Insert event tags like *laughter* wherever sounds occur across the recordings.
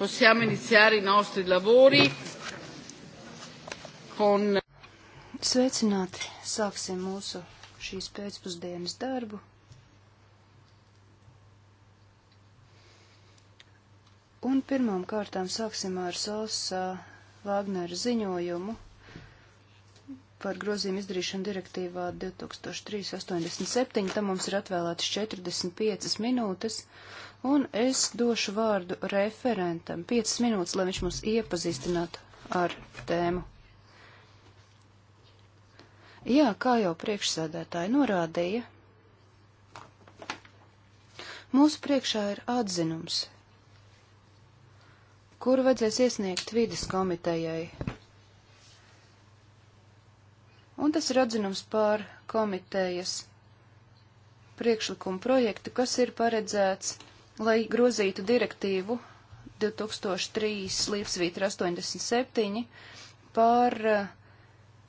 Possiamo iniziare i nostri lavori con. Sveicināti! Sāksim mūsu šīs pēcpusdienas darbu. Un pirmām kārtām sāksim ar Sosa Vāgnera ziņojumu par grozījumu izdarīšanu direktīvā 2003-87. Tam mums ir atvēlētas 45 minūtes un es došu vārdu referentam 5 minūtes, lai viņš mūs iepazīstinātu ar tēmu. Jā, kā jau priekšsēdētāji norādīja, mūsu priekšā ir atzinums, kuru vajadzēs iesniegt vides komitejai. Un tas ir atzinums pār komitejas priekšlikumu projektu, kas ir paredzēts lai grozītu direktīvu 2003 līdzsvītra 87 par eh,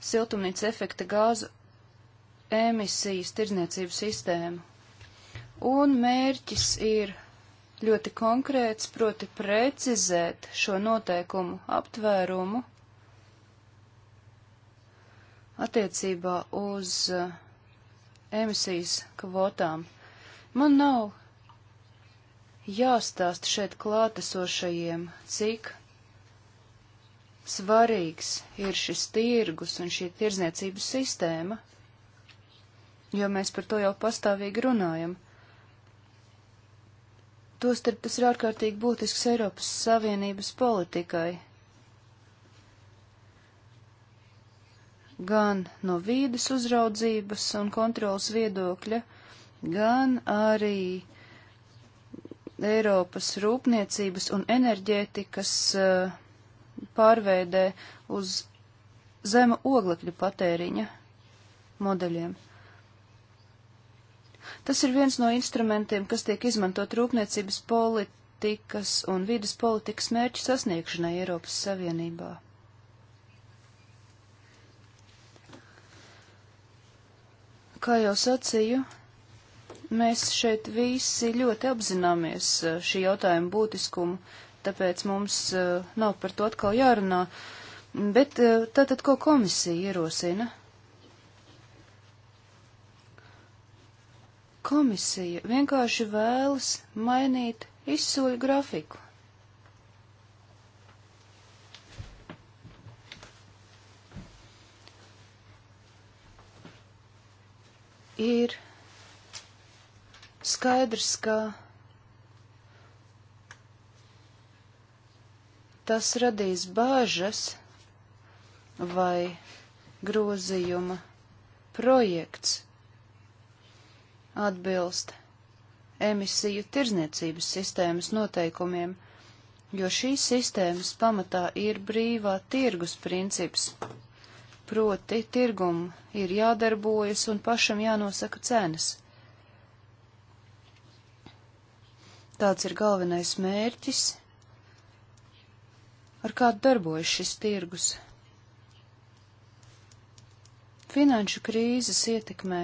siltumnīca efekta gāzu emisijas tirdzniecības sistēmu. Un mērķis ir ļoti konkrēts, proti precizēt šo noteikumu aptvērumu attiecībā uz eh, emisijas kvotām. Man nav jāstāst šeit klātesošajiem, cik svarīgs ir šis tirgus un šī tirzniecības sistēma, jo mēs par to jau pastāvīgi runājam. Tostarp tas ir ārkārtīgi būtisks Eiropas Savienības politikai. Gan no vīdes uzraudzības un kontrolas viedokļa, gan arī Eiropas rūpniecības un enerģētikas eh, pārveidē uz zema oglekļa patēriņa modeļiem. Tas ir viens no instrumentiem, kas tiek izmantot rūpniecības politikas un vidas politikas mērķu sasniegšanai Eiropas Savienībā. Kā jau sacīju, Mēs šeit visi ļoti apzināmies eh, šī jautājuma būtiskumu, tāpēc mums eh, nav par to atkal jārunā. Bet eh, tātad, ko komisija ierosina? Komisija vienkārši vēlas mainīt izsoļu grafiku. Ir Skaidrs, ka tas radīs bāžas vai grozījuma projekts atbilst emisiju tirzniecības sistēmas noteikumiem, jo šīs sistēmas pamatā ir brīvā tirgus princips. Proti, tirgumu ir jādarbojas un pašam jānosaka cenas. Tāds ir galvenais mērķis. Ar kādu darbojas šis tirgus? Finanšu krīzes ietekmē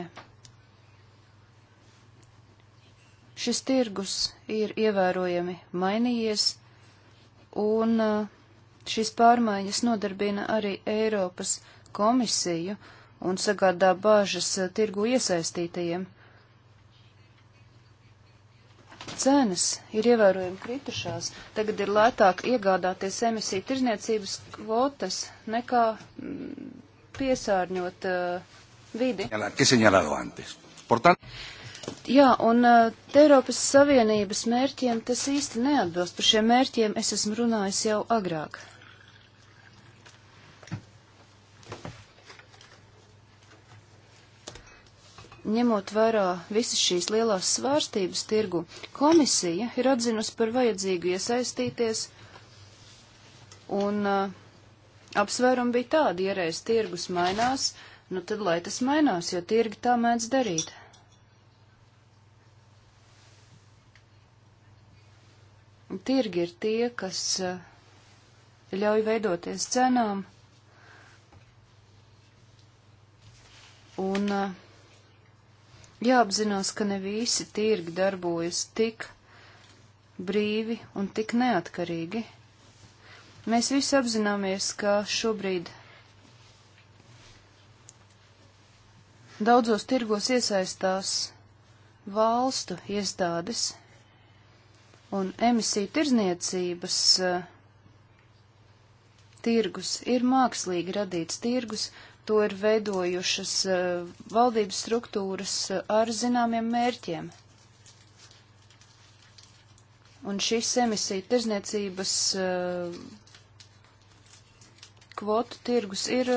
šis tirgus ir ievērojami mainījies, un uh, šīs pārmaiņas nodarbina arī Eiropas komisiju un sagādā bāžas uh, tirgu iesaistītajiem cenas ir ievērojami kritušās. Tagad ir lētāk iegādāties emisiju tirzniecības kvotas nekā mm, piesārņot uh, vidi. Jā, un uh, Eiropas Savienības mērķiem tas īsti neatbilst. Par šiem mērķiem es esmu runājis jau agrāk. ņemot vērā visas šīs lielās svārstības tirgu, komisija ir atzinusi par vajadzīgu iesaistīties, un uh, apsvērumi bija tādi, ja reiz tirgus mainās, nu tad lai tas mainās, jo tirgi tā mēdz darīt. Tirgi ir tie, kas uh, ļauj veidoties cenām, un uh, Jāapzinās, ka ne visi tirgi darbojas tik brīvi un tik neatkarīgi. Mēs visi apzināmies, ka šobrīd daudzos tirgos iesaistās valstu iestādes un emisiju tirzniecības uh, tirgus ir mākslīgi radīts tirgus, To ir veidojušas eh, valdības struktūras eh, ar zināmiem mērķiem. Un šis emisija tirzniecības eh, kvotu tirgus ir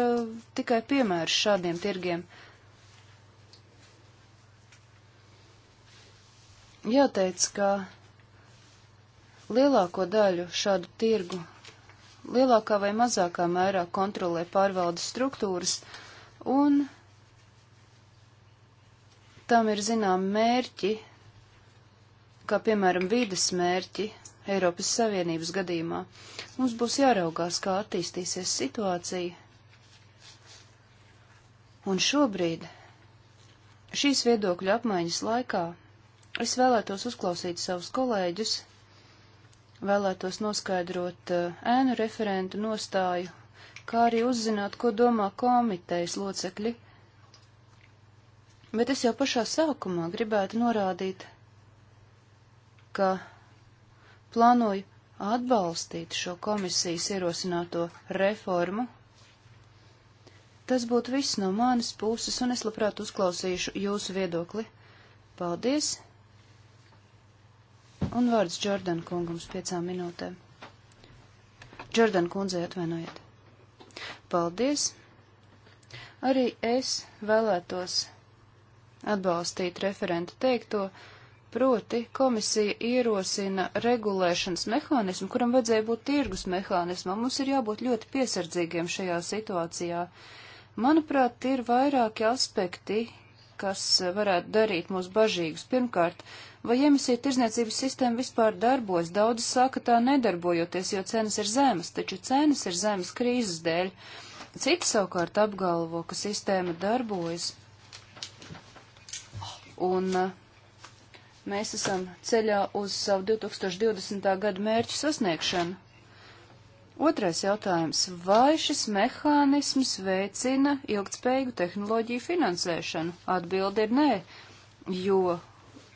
tikai piemērs šādiem tirgiem. Jāteic, ka lielāko daļu šādu tirgu lielākā vai mazākā mērā kontrolē pārvaldes struktūras, un tam ir zinām mērķi, kā piemēram vīdes mērķi Eiropas Savienības gadījumā. Mums būs jāraugās, kā attīstīsies situācija. Un šobrīd, šīs viedokļu apmaiņas laikā, es vēlētos uzklausīt savus kolēģus Vēlētos noskaidrot eh, ēnu referentu nostāju, kā arī uzzināt, ko domā komitejas locekļi. Bet es jau pašā sākumā gribētu norādīt, ka plānoju atbalstīt šo komisijas ierosināto reformu. Tas būtu viss no manas puses, un es labprāt uzklausīšu jūsu viedokli. Paldies! Un vārds Jordan kungums piecām minūtēm. Jordan kundzei atvainojiet. Paldies! Arī es vēlētos atbalstīt referenta teikto, proti komisija ierosina regulēšanas mehānismu, kuram vajadzēja būt tirgus mehānismam. Mums ir jābūt ļoti piesardzīgiem šajā situācijā. Manuprāt, ir vairāki aspekti, kas varētu darīt mūs bažīgus. Pirmkārt, uh, Vai emisiju tirzniecības sistēma vispār darbos? Daudz saka tā nedarbojoties, jo cenas ir zemas, taču cenas ir zemas krīzes dēļ. Citi savukārt apgalvo, ka sistēma darbojas. Un uh, mēs esam ceļā uz savu 2020. gadu mērķu sasniegšanu. Otrais jautājums. Vai šis mehānisms veicina ilgtspējīgu tehnoloģiju finansēšanu? Atbildi ir nē, jo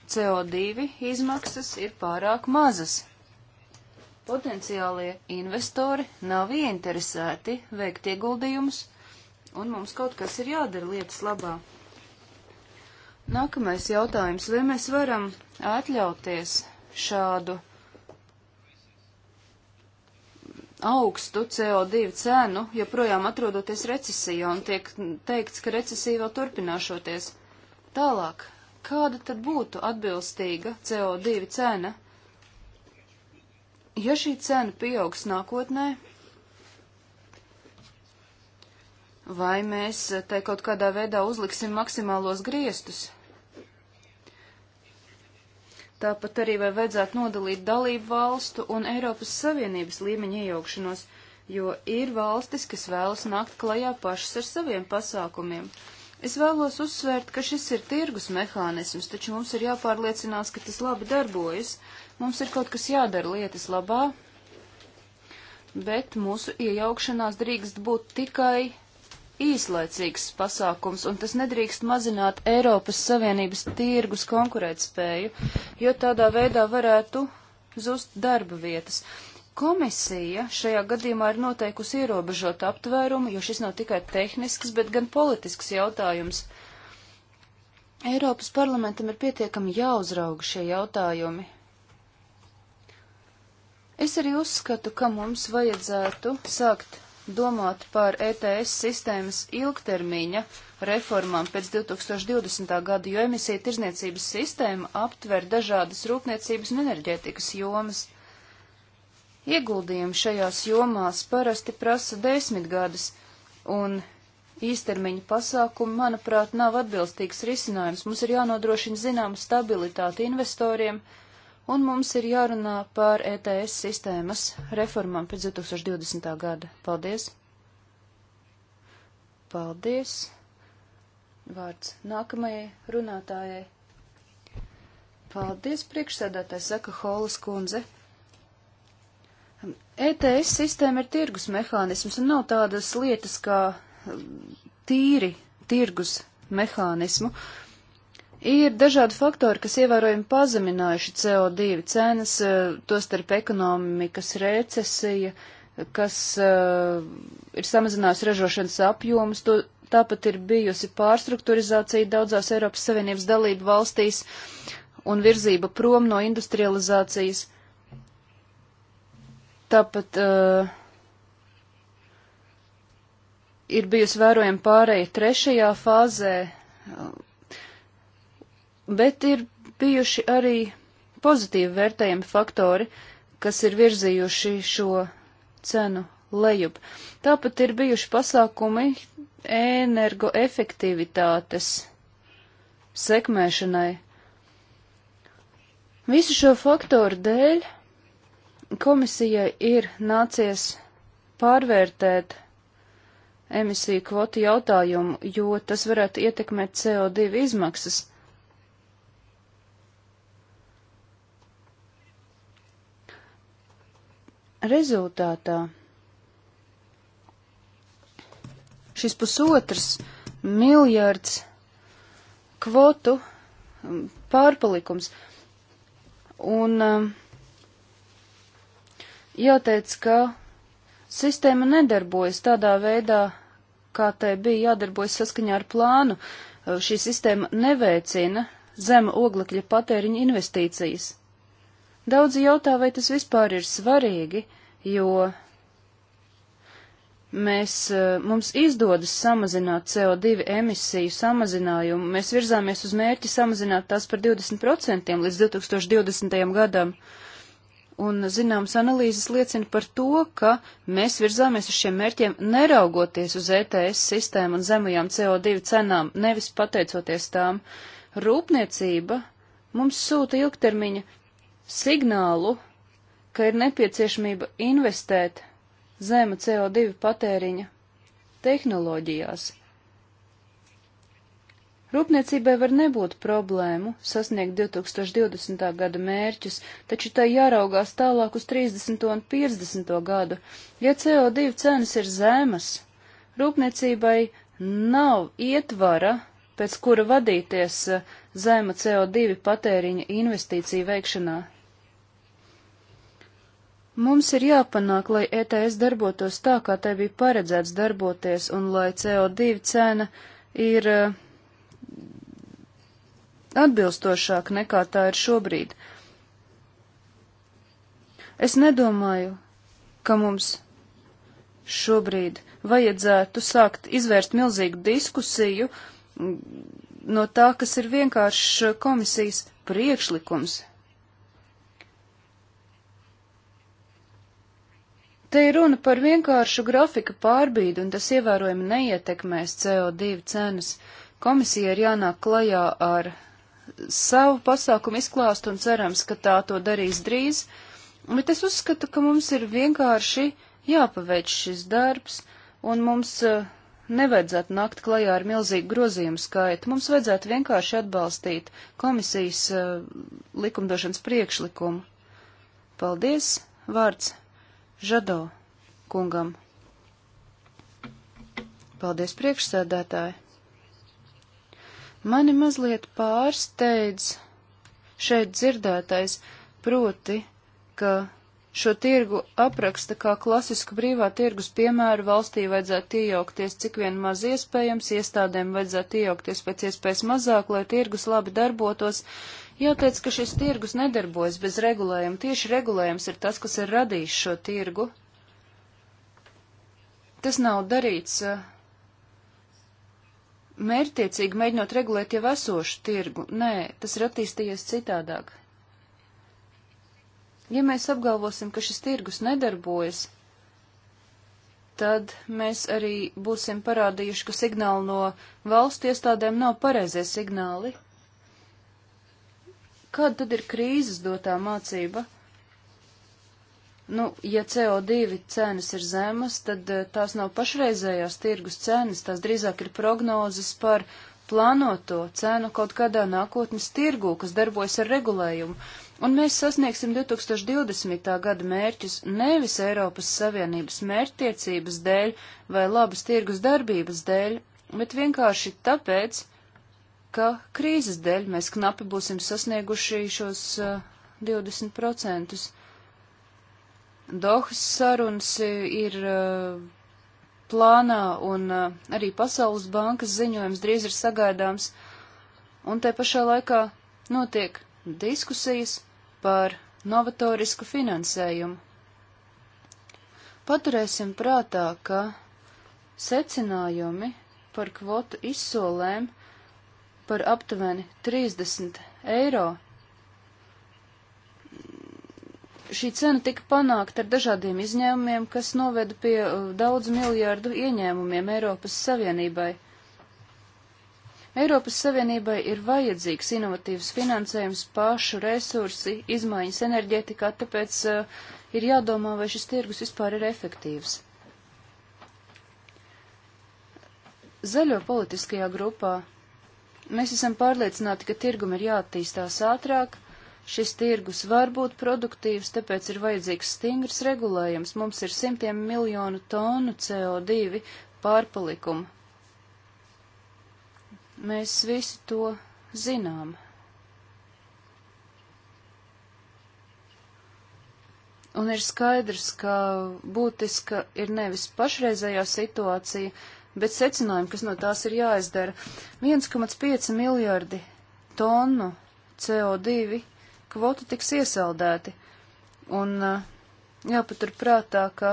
CO2 izmaksas ir pārāk mazas. Potenciālie investori nav ieinteresēti veikt ieguldījumus, un mums kaut kas ir jādara lietas labā. Nākamais jautājums. Vai mēs varam atļauties šādu augstu CO2 cenu, joprojām atrodoties recesijā, un tiek teikts, ka recesija vēl turpināšoties? Tālāk kāda tad būtu atbilstīga CO2 cena? Ja šī cena pieaugs nākotnē, vai mēs eh, tai kaut kādā veidā uzliksim maksimālos griestus? Tāpat arī vai vajadzētu nodalīt dalību valstu un Eiropas Savienības līmeņa iejaukšanos, jo ir valstis, kas vēlas nākt klajā pašas ar saviem pasākumiem. Uh, Es vēlos uzsvērt, ka šis ir tirgus mehānisms, taču mums ir jāpārliecinās, ka tas labi darbojas. Mums ir kaut kas jādara lietas labā, bet mūsu iejaukšanās drīkst būt tikai īslaicīgs pasākums, un tas nedrīkst mazināt Eiropas Savienības tirgus konkurētspēju, jo tādā veidā varētu zust darba vietas. Komisija šajā gadījumā ir noteikusi ierobežot aptvērumu, jo šis nav tikai tehnisks, bet gan politisks jautājums. Eiropas parlamentam ir pietiekami jāuzrauga šie jautājumi. Es arī uzskatu, ka mums vajadzētu sākt domāt par ETS sistēmas ilgtermiņa reformām pēc 2020. gada, jo emisija tirzniecības sistēma aptver dažādas rūpniecības un enerģētikas jomas. Ieguldījumi šajās jomās parasti prasa desmit gadus, un īstermiņa pasākumi, manuprāt, nav atbilstīgs risinājums. Mums ir jānodrošina zināma stabilitāte investoriem, un mums ir jārunā par ETS sistēmas reformām pēc 2020. gada. Paldies! Paldies! Vārds nākamajai runātājai. Paldies, priekšsēdētāji, saka Holas kundze. ETS sistēma ir tirgus mehānisms un nav tādas lietas kā um, tīri tirgus mehānismu. Ir dažādi faktori, kas ievērojami pazeminājuši CO2 cenas, uh, tostarp ekonomikas recesija, kas uh, ir samazinājusi ražošanas apjomus, to, tāpat ir bijusi pārstrukturizācija daudzās Eiropas Savienības dalību valstīs un virzība prom no industrializācijas. Tāpat uh, ir bijusi vērojama pārēja trešajā fāzē, bet ir bijuši arī pozitīvi vērtējami faktori, kas ir virzījuši šo cenu lejup. Tāpat ir bijuši pasākumi energoefektivitātes sekmēšanai. Visu šo faktoru dēļ Komisijai ir nācies pārvērtēt emisiju kvotu jautājumu, jo tas varētu ietekmēt CO2 izmaksas. Rezultātā šis pusotrs miljards kvotu um, pārpalikums un uh, jāteic, ka sistēma nedarbojas tādā veidā, kā tai bija jādarbojas saskaņā ar plānu. Šī sistēma neveicina zema oglekļa patēriņa investīcijas. Daudzi jautā, vai tas vispār ir svarīgi, jo mēs, mums izdodas samazināt CO2 emisiju samazinājumu. Mēs virzāmies uz mērķi samazināt tās par 20% līdz 2020. gadam. Uh, Un zināms analīzes liecina par to, ka mēs virzāmies uz šiem mērķiem neraugoties uz ETS sistēmu un zemajām CO2 cenām, nevis pateicoties tām. Rūpniecība mums sūta ilgtermiņa signālu, ka ir nepieciešamība investēt zema CO2 patēriņa tehnoloģijās. Rūpniecībai var nebūt problēmu sasniegt 2020. gada mērķus, taču tai jāraugās tālāk uz 30. un 50. gadu. Ja CO2 cenas ir zemas, rūpniecībai nav ietvara, pēc kura vadīties eh, zema CO2 patēriņa investīciju veikšanā. Mums ir jāpanāk, lai ETS darbotos tā, kā tai bija paredzēts darboties, un lai CO2 cena ir eh, atbilstošāk nekā tā ir šobrīd. Es nedomāju, ka mums šobrīd vajadzētu sākt izvērst milzīgu diskusiju no tā, kas ir vienkāršs komisijas priekšlikums. Te ir runa par vienkāršu grafika pārbīdi, un tas ievērojami neietekmēs CO2 cenas. Komisija ir jānāk klajā ar savu pasākumu izklāstu un cerams, ka tā to darīs drīz, bet es uzskatu, ka mums ir vienkārši jāpaveic šis darbs un mums eh, nevajadzētu nākt klajā ar milzīgu grozījumu skaitu. Mums vajadzētu vienkārši atbalstīt komisijas eh, likumdošanas priekšlikumu. Paldies! Vārds Žado kungam. Paldies priekšsēdētāji! Mani mazliet pārsteidz šeit dzirdētais, proti, ka šo tirgu apraksta kā klasisku brīvā tirgus piemēru valstī vajadzētu iejaukties cik vien maz iespējams, iestādēm vajadzētu iejaukties pēc iespējas mazāk, lai tirgus labi darbotos. Jāteic, ka šis tirgus nedarbojas bez regulējuma. Tieši regulējums ir tas, kas ir radījis šo tirgu. Tas nav darīts uh, mērtiecīgi mēģinot regulēt jau esošu tirgu. Nē, tas ir attīstījies citādāk. Ja mēs apgalvosim, ka šis tirgus nedarbojas, tad mēs arī būsim parādījuši, ka signāli no valstu iestādēm nav pareizie signāli. Kāda tad ir krīzes dotā mācība? Nu, ja CO2 cenas ir zemas, tad eh, tās nav pašreizējās tirgus cenas, tās drīzāk ir prognozes par plānoto cenu kaut kādā nākotnes tirgū, kas darbojas ar regulējumu. Un mēs sasniegsim 2020. gada mērķus nevis Eiropas Savienības mērķtiecības dēļ vai labas tirgus darbības dēļ, bet vienkārši tāpēc, ka krīzes dēļ mēs knapi būsim sasnieguši šos uh, eh, 20%. Dohas sarunas ir eh, plānā un eh, arī Pasaules bankas ziņojums drīz ir sagaidāms, un te pašā laikā notiek diskusijas par novatorisku finansējumu. Paturēsim prātā, ka secinājumi par kvotu izsolēm par aptuveni 30 eiro šī cena tika panākta ar dažādiem izņēmumiem, kas noveda pie uh, daudz miljārdu ieņēmumiem Eiropas Savienībai. Eiropas Savienībai ir vajadzīgs inovatīvs finansējums, pašu resursi, izmaiņas enerģētikā, tāpēc uh, ir jādomā, vai šis tirgus vispār ir efektīvs. Zaļo politiskajā grupā mēs esam pārliecināti, ka tirgum ir jāattīstās ātrāk, Šis tirgus var būt produktīvs, tāpēc ir vajadzīgs stingrs regulējums. Mums ir simtiem miljonu tonu CO2 pārpalikumu. Mēs visi to zinām. Un ir skaidrs, ka būtiska ir nevis pašreizējā situācija, bet secinājumi, kas no tās ir jāizdara. 1,5 miljardi tonu CO2 kvota tiks iesaldēti. Un eh, jāpatur prātā, ka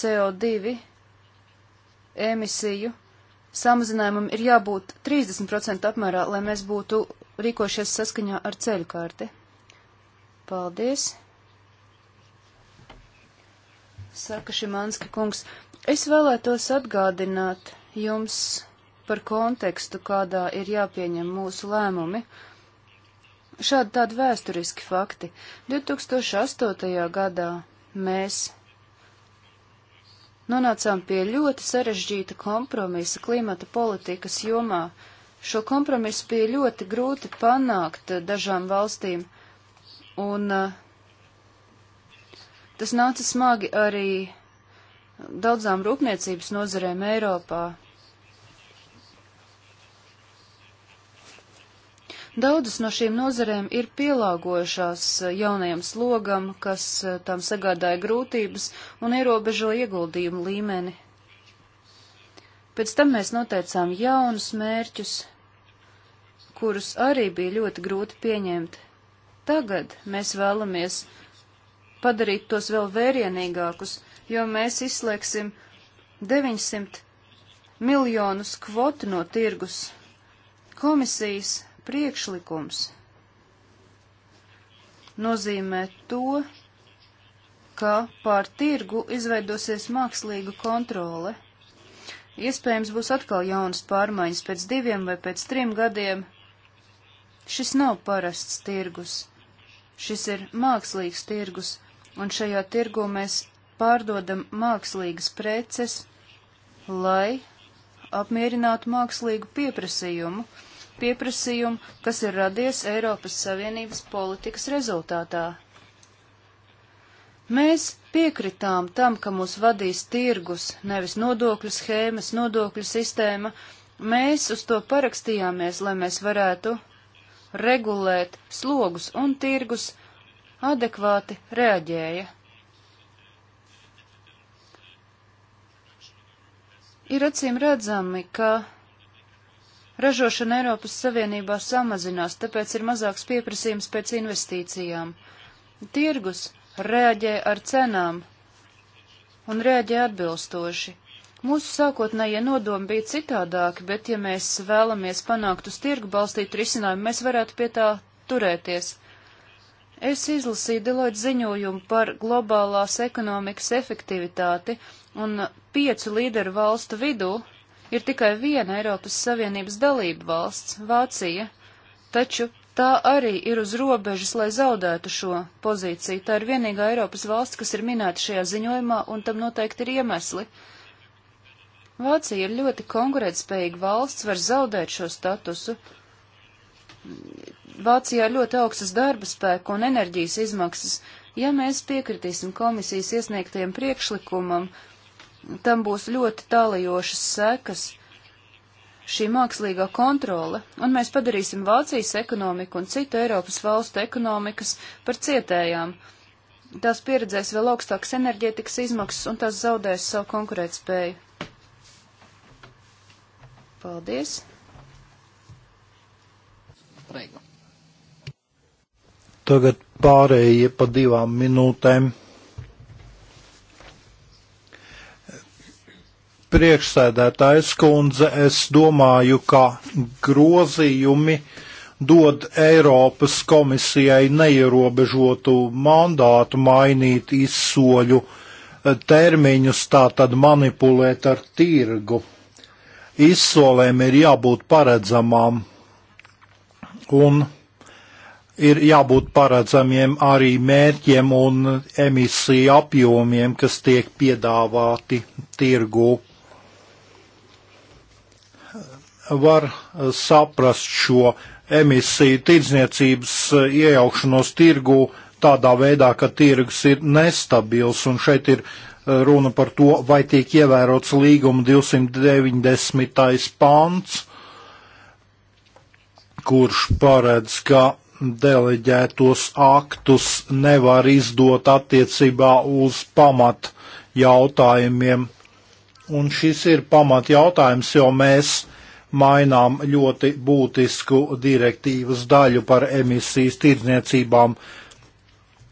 CO2 emisiju samazinājumam ir jābūt 30% apmērā, lai mēs būtu rīkošies saskaņā ar ceļkārti. Paldies! Saka Šimanska kungs, es vēlētos atgādināt jums par kontekstu, kādā ir jāpieņem mūsu lēmumi. Šādi tādi vēsturiski fakti. 2008. gadā mēs nonācām pie ļoti sarežģīta kompromisa klimata politikas jomā. Šo kompromisu bija ļoti grūti panākt eh, dažām valstīm, un eh, tas nāca smagi arī daudzām rūpniecības nozarēm Eiropā, Daudzas no šīm nozarēm ir pielāgojušās jaunajam slogam, kas eh, tām sagādāja grūtības un ierobežo ieguldījumu līmeni. Pēc tam mēs noteicām jaunus mērķus, kurus arī bija ļoti grūti pieņemt. Tagad mēs vēlamies padarīt tos vēl vērienīgākus, jo mēs izslēgsim 900 miljonus kvotu no tirgus. Komisijas priekšlikums nozīmē to, ka pār tirgu izveidosies mākslīga kontrole. Iespējams, būs atkal jaunas pārmaiņas pēc diviem vai pēc trim gadiem. Šis nav parasts tirgus. Šis ir mākslīgs tirgus, un šajā tirgu mēs pārdodam mākslīgas preces, lai apmierinātu mākslīgu pieprasījumu pieprasījumu, kas ir radies Eiropas Savienības politikas rezultātā. Mēs piekritām tam, ka mūs vadīs tirgus, nevis nodokļu schēmas, nodokļu sistēma. Mēs uz to parakstījāmies, lai mēs varētu regulēt slogus un tirgus adekvāti reaģēja. Ir acīm redzami, ka Ražošana Eiropas Savienībā samazinās, tāpēc ir mazāks pieprasījums pēc investīcijām. Tirgus reaģē ar cenām un reaģē atbilstoši. Mūsu sākotnējie nodomi bija citādāki, bet ja mēs vēlamies panākt uz tirgu balstītu risinājumu, mēs varētu pie tā turēties. Es izlasīju Deloitte ziņojumu par globālās ekonomikas efektivitāti, un piecu līderu valstu vidū ir tikai viena Eiropas Savienības dalība valsts - Vācija, taču tā arī ir uz robežas, lai zaudētu šo pozīciju. Tā ir vienīgā Eiropas valsts, kas ir minēta šajā ziņojumā, un tam noteikti ir iemesli. Vācija ir ļoti konkurētspējīga valsts, var zaudēt šo statusu. Vācijā ir ļoti augstas darba spēka un enerģijas izmaksas. Ja mēs piekritīsim komisijas iesniegtajam priekšlikumam, uh, tam būs ļoti tālajošas sekas šī mākslīgā kontrole, un mēs padarīsim Vācijas ekonomiku un citu Eiropas valstu ekonomikas par cietējām. Tās pieredzēs vēl augstākas enerģētikas izmaksas, un tās zaudēs savu konkurētspēju. Paldies! Prego. Tagad pārējie pa divām minūtēm. priekšsēdētājs kundze, es domāju, ka grozījumi dod Eiropas komisijai neierobežotu mandātu mainīt izsoļu eh, termiņus, tātad manipulēt ar tirgu. Izsolēm ir jābūt paredzamām un ir jābūt paredzamiem arī mērķiem un emisiju apjomiem, kas tiek piedāvāti tirgu var eh, saprast šo emisiju tirdzniecības eh, iejaukšanos tirgu tādā veidā, ka tirgs ir nestabils, un šeit ir eh, runa par to, vai tiek ievērots līguma 290. pants, kurš paredz, ka deleģētos aktus nevar izdot attiecībā uz pamat jautājumiem. Un šis ir pamat jautājums, jo mēs uh, mainām ļoti būtisku direktīvas daļu par emisijas tirdzniecībām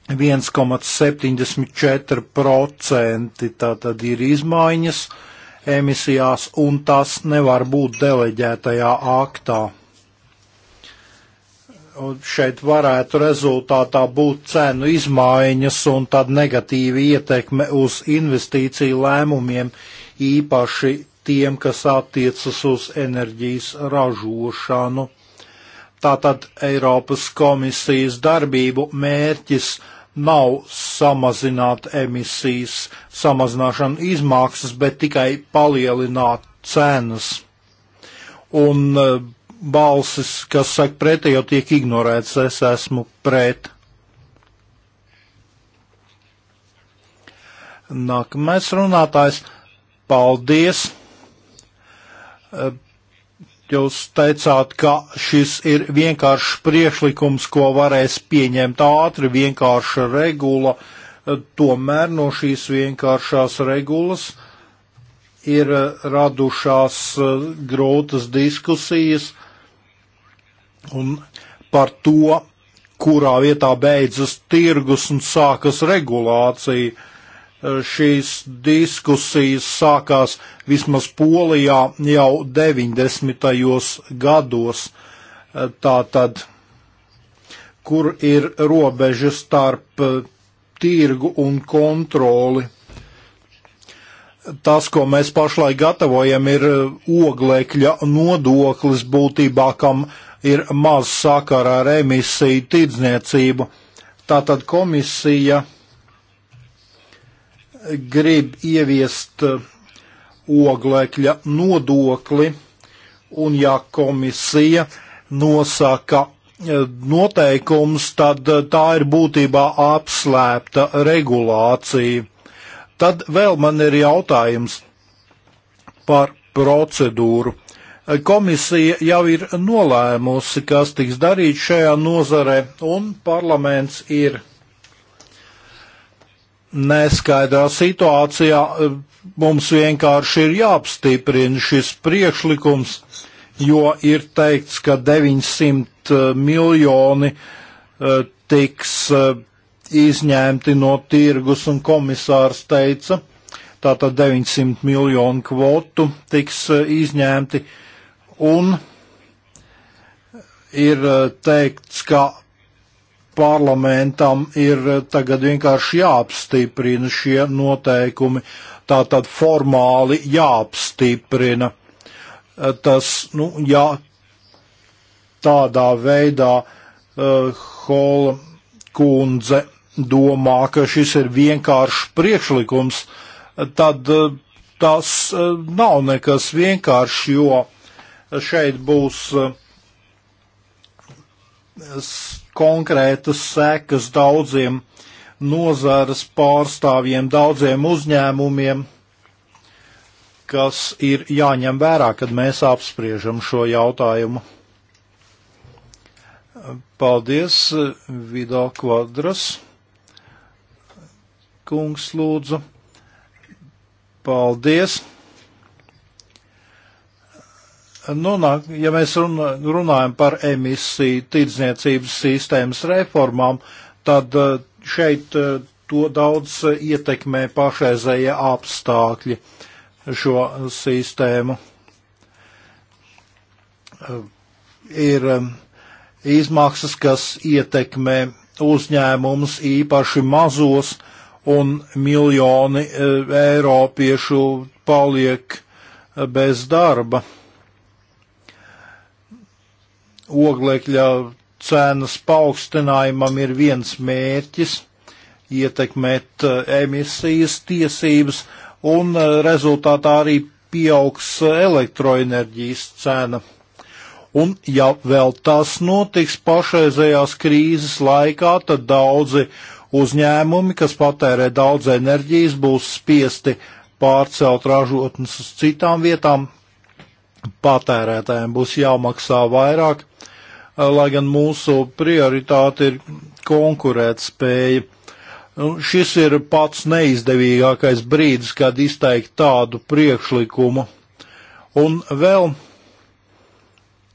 1,74%. Tātad ir izmaiņas emisijās, un tas nevar būt deleģētajā aktā. Un šeit varētu rezultātā būt cenu izmaiņas un tad negatīva ietekme uz investīciju lēmumiem, īpaši tiem, kas attiecas uz enerģijas ražošanu. Tātad Eiropas komisijas darbību mērķis nav samazināt emisijas samazināšanu izmaksas, bet tikai palielināt cenas. Un e, balsis, kas saka pretējo, tiek ignorēts, es esmu pret. Nākamais runātājs. Paldies! Eh, jūs teicāt, ka šis ir vienkāršs priekšlikums, ko varēs pieņemt ātri, vienkārša regula. Eh, tomēr no šīs vienkāršās regulas ir eh, radušās grūtas diskusijas un par to, kurā vietā beidzas tirgus un sākas regulācija šīs diskusijas sākās vismaz Polijā jau 90. gados. Tātad, kur ir robeža starp eh, tirgu un kontroli? Tas, ko mēs pašlaik gatavojam, ir eh, oglekļa nodoklis būtībā, kam ir maz sakara ar emisiju tirdzniecību. Tātad komisija grib ieviest oglekļa nodokli, un ja komisija nosaka eh, noteikums, tad eh, tā ir būtībā apslēpta regulācija. Tad vēl man ir jautājums par procedūru. Eh, komisija jau ir nolēmusi, kas tiks darīts šajā nozarē, un parlaments ir neskaidā situācijā e, mums vienkārši ir jāapstiprina šis priekšlikums, jo ir teikts, ka 900 e, miljoni e, tiks izņemti no tirgus, un komisārs teica, tātad 900 miljonu kvotu tiks izņemti, un ir teikts, ka parlamentam ir eh, tagad vienkārši jāapstiprina šie noteikumi, tā tad formāli jāapstiprina. Eh, tas, nu, ja tādā veidā uh, Hola kundze domā, ka šis ir vienkāršs priekšlikums, tad uh, tas uh, nav nekas vienkāršs, jo šeit būs uh, konkrētas sekas daudziem nozares pārstāvjiem, daudziem uzņēmumiem, kas ir jāņem vērā, kad mēs apspriežam šo jautājumu. Paldies, Vido Kvadras. Kungs lūdzu. Paldies nonāk, nu, ja mēs runājam par emisiju tirdzniecības sistēmas reformām, tad eh, šeit eh, to daudz ietekmē pašreizējie apstākļi šo sistēmu. Eh, ir izmaksas, kas ietekmē uzņēmumus īpaši mazos, un miljoni eiropiešu paliek bez darba oglekļa cenas paaugstinājumam ir viens mērķis - ietekmēt uh, emisijas tiesības, un uh, rezultātā arī pieaugs uh, elektroenerģijas cena. Un ja vēl tas notiks pašreizējās krīzes laikā, tad daudzi uzņēmumi, kas patērē daudz enerģijas, būs spiesti pārcelt ražotnes uz citām vietām, patērētājiem būs jāmaksā vairāk, eh, lai gan mūsu prioritāte ir konkurētspēja. Nu, šis ir pats neizdevīgākais brīdis, kad izteikt tādu priekšlikumu. Un vēl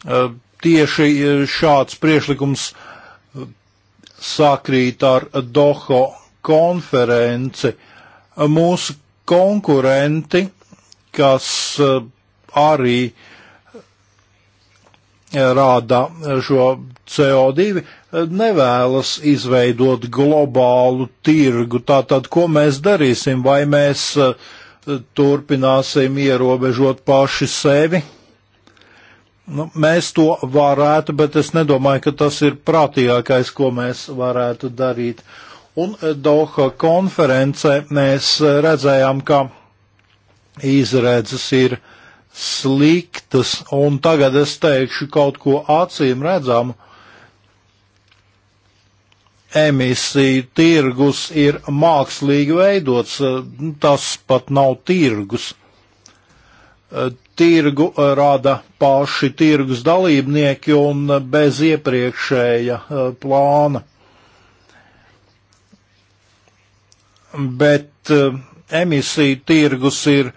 eh, tieši eh, šāds priekšlikums sakrīt ar Doho konferenci. Mūsu konkurenti, kas arī eh, rāda šo CO2, nevēlas izveidot globālu tirgu. Tātad, ko mēs darīsim? Vai mēs eh, turpināsim ierobežot paši sevi? Nu, mēs to varētu, bet es nedomāju, ka tas ir prātīgākais, ko mēs varētu darīt. Un eh, Doha konferencē mēs redzējām, ka izredzes ir sliktas, un tagad es teikšu kaut ko acīm redzamu. Emisiju tirgus ir mākslīgi veidots, eh, tas pat nav tirgus. Eh, tirgu eh, rada paši tirgus dalībnieki un bez iepriekšēja plāna. Bet emisiju tirgus ir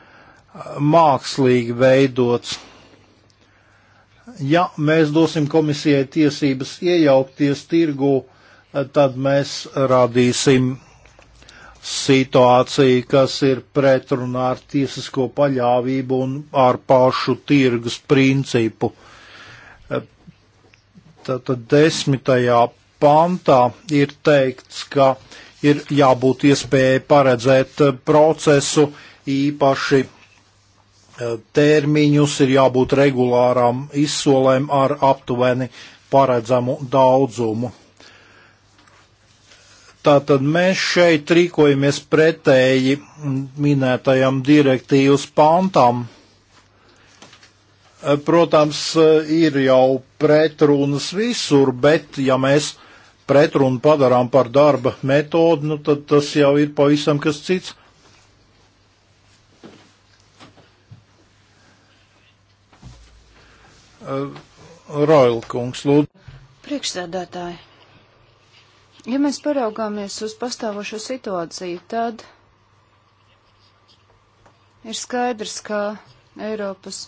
mākslīgi veidots. Ja mēs dosim komisijai tiesības iejaukties tirgu, tad mēs radīsim situāciju, kas ir pretrunā ar tiesisko paļāvību un ar pašu tirgus principu. Tātad desmitajā pantā ir teikts, ka ir jābūt iespējai paredzēt procesu īpaši Eh, termiņus, ir jābūt regulārām izsolēm ar aptuveni paredzamu daudzumu. Tātad mēs šeit rīkojamies pretēji minētajam direktīvas pantam. Eh, protams, eh, ir jau pretrunas visur, bet ja mēs pretrunu padarām par darba metodu, nu tad tas jau ir pavisam kas cits. Uh, Roila kungs, lūdzu. Priekšsēdētāji, ja mēs paraugāmies uz pastāvošo situāciju, tad ir skaidrs, ka Eiropas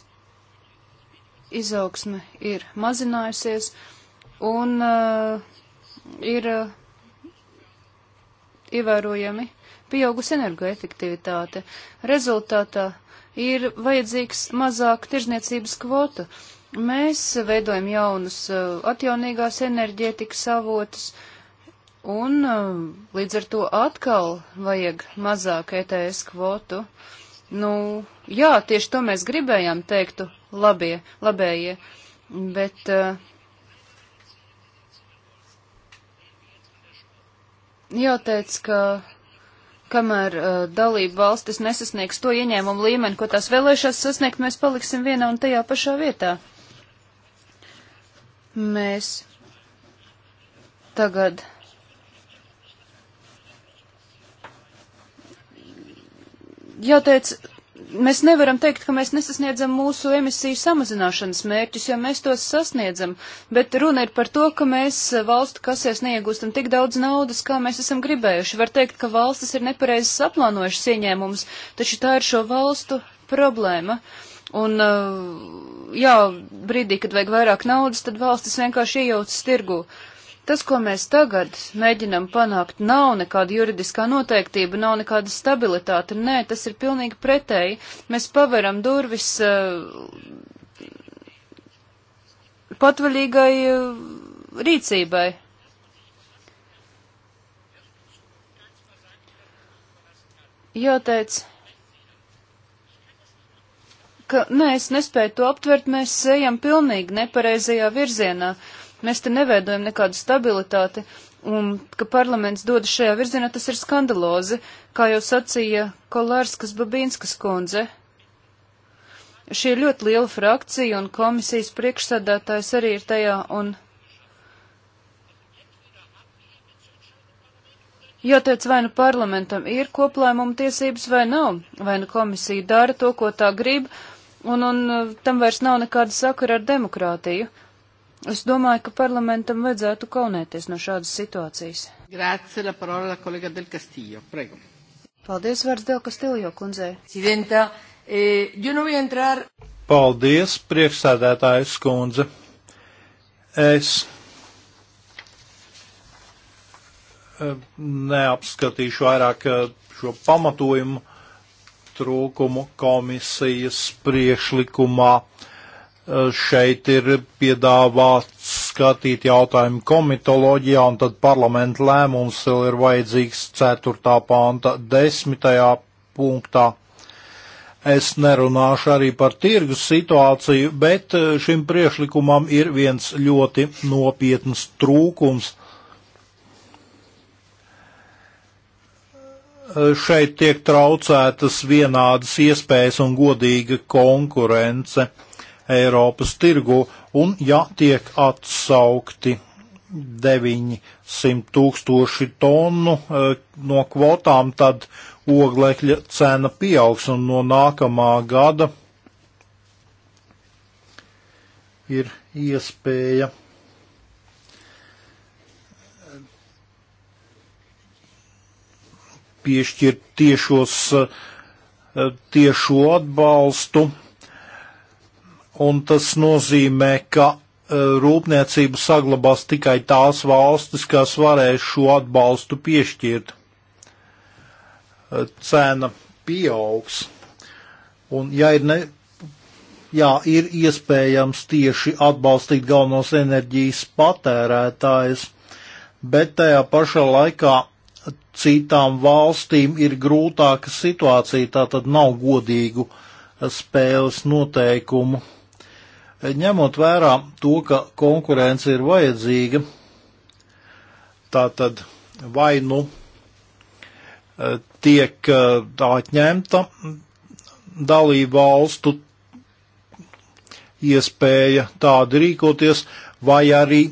izaugsme ir mazinājusies un uh, ir uh, ievērojami pieaugusi energoefektivitāte. Rezultātā ir vajadzīgs mazāk tirzniecības kvotu. Uh, Mēs veidojam jaunus uh, atjaunīgās enerģētikas avotus, un uh, līdz ar to atkal vajag mazāk ETS kvotu. Nu, jā, tieši to mēs gribējām teiktu labie, labējie, bet. Uh, jāteic, ka kamēr uh, dalību valstis nesasniegs to ieņēmumu līmeni, ko tās vēlēšās sasniegt, mēs paliksim vienā un tajā pašā vietā. Uh, Mēs tagad jāteic, mēs nevaram teikt, ka mēs nesasniedzam mūsu emisiju samazināšanas mērķus, jo mēs tos sasniedzam, bet runa ir par to, ka mēs valstu kasēs neiegūstam tik daudz naudas, kā mēs esam gribējuši. Var teikt, ka valstis ir nepareizes aplānojušas ieņēmumus, taču tā ir šo valstu problēma. Uh, Un, uh, jā, brīdī, kad vajag vairāk naudas, tad valstis vienkārši iejaucas tirgu. Tas, ko mēs tagad mēģinam panākt, nav nekāda juridiskā noteiktība, nav nekāda stabilitāte. Nē, tas ir pilnīgi pretēji. Mēs paveram durvis uh, patvaļīgai uh, rīcībai. Jāteic, saka, nē, es nespēju to aptvert, mēs ejam pilnīgi nepareizajā virzienā. Mēs te neveidojam nekādu stabilitāti, un ka parlaments dodas šajā virzienā, tas ir skandalozi, kā jau sacīja Kolārskas Babīnskas kundze. Šī ir ļoti liela frakcija, un komisijas priekšsādātājs arī ir tajā, un Jāteic, vai nu parlamentam ir koplēmuma tiesības vai nav, vai nu komisija dara to, ko tā grib, un, un uh, tam vairs nav nekāda sakara ar demokrātiju. Es domāju, ka parlamentam vajadzētu kaunēties no šādas situācijas. Grācija, la parola, la kolega del Castillo. Prego. Paldies, vārds Del Castillo kundzei. Sidenta, eh, yo no voy a entrar. Paldies, priekšsēdētājas kundze. Es eh, neapskatīšu vairāk eh, šo pamatojumu trūkumu komisijas priekšlikumā. E, šeit ir piedāvāts skatīt jautājumu komitoloģijā, un tad parlamenta lēmums vēl ir vajadzīgs 4. panta 10. punktā. Es nerunāšu arī par tirgus situāciju, bet e, šim priekšlikumam ir viens ļoti nopietns trūkums. Eh, šeit tiek traucētas vienādas iespējas un godīga konkurence Eiropas tirgu, un ja tiek atsaukti 900 tūkstoši tonu eh, no kvotām, tad oglekļa cena pieaugs un no nākamā gada ir iespēja piešķirt tiešos, eh, tiešo atbalstu, un tas nozīmē, ka eh, rūpniecību saglabās tikai tās valstis, kas varēs šo atbalstu piešķirt. Eh, cena pieaugs, un ja ir ne, jā, ir iespējams tieši atbalstīt galvenos enerģijas patērētājus, bet tajā pašā laikā citām valstīm ir grūtāka situācija, tā tad nav godīgu eh, spēles noteikumu. Eh, ņemot vērā to, ka konkurence ir vajadzīga, tā tad vai nu eh, tiek atņemta dalību valstu iespēja tādi rīkoties, vai arī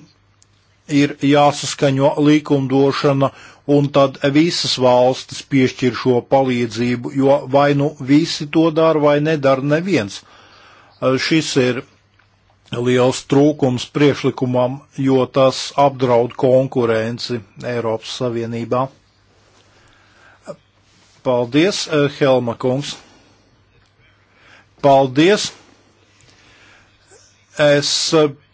ir jāsaskaņo likumdošana uh, un tad visas valstis piešķir šo palīdzību, jo vai nu visi to dara, vai nedara neviens. Šis ir liels trūkums priekšlikumam, jo tas apdraud konkurenci Eiropas Savienībā. Paldies, Helma kungs! Paldies! Es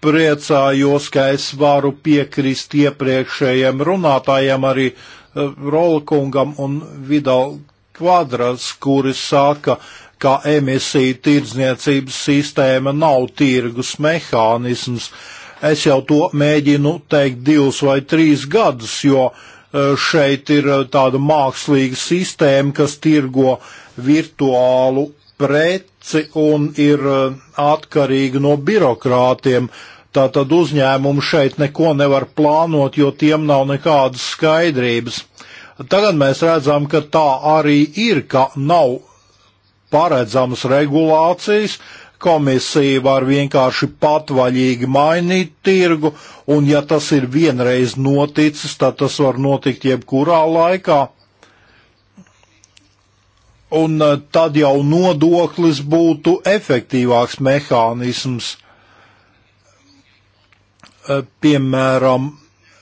priecājos, ka es varu piekrist iepriekšējiem runātājiem, arī eh, Rolkungam un Vidal Kvadras, kuri saka, ka emisiju tirdzniecības sistēma nav tirgus mehānisms. Es jau to mēģinu teikt divus vai trīs gadus, jo eh, šeit ir eh, tāda mākslīga sistēma, kas tirgo virtuālu preci un ir eh, atkarīga no birokrātiem. Tātad uzņēmumi šeit neko nevar plānot, jo tiem nav nekādas skaidrības. Tagad mēs redzam, ka tā arī ir, ka nav paredzamas regulācijas, komisija var vienkārši patvaļīgi mainīt tirgu, un ja tas ir vienreiz noticis, tad tas var notikt jebkurā laikā un eh, tad jau nodoklis būtu efektīvāks mehānisms. Eh, piemēram,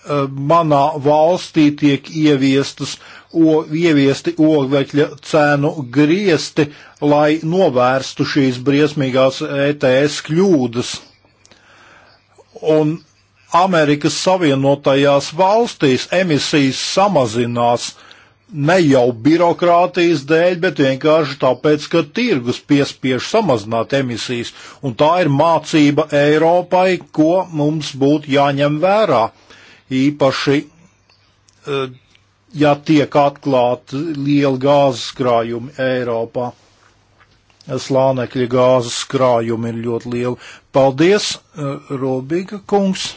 eh, manā valstī tiek ieviestas, o, ieviesti ogvekļa cēnu griesti, lai novērstu šīs briesmīgās ETS kļūdas. Un Amerikas Savienotajās valstīs emisijas samazinās uh, ne jau birokrātijas dēļ, bet vienkārši tāpēc, ka tirgus piespiež samazināt emisijas, un tā ir mācība Eiropai, ko mums būtu jāņem vērā. Īpaši, eh, ja tiek atklāti lieli gāzes krājumi Eiropā. Slānekļa gāzes krājumi ir ļoti lieli. Paldies, eh, Robīga kungs!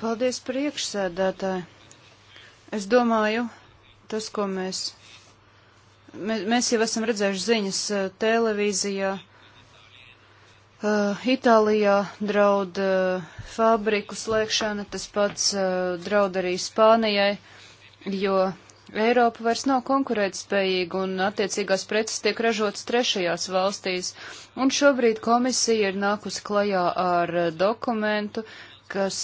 Paldies priekšsēdētāji! Es domāju, tas, ko mēs, mēs, mēs jau esam redzējuši ziņas televīzijā, uh, Itālijā draud uh, fabriku slēgšana, tas pats uh, draud arī Spānijai, jo Eiropa vairs nav konkurētspējīga un attiecīgās preces tiek ražotas trešajās valstīs, un šobrīd komisija ir nākusi klajā ar dokumentu, kas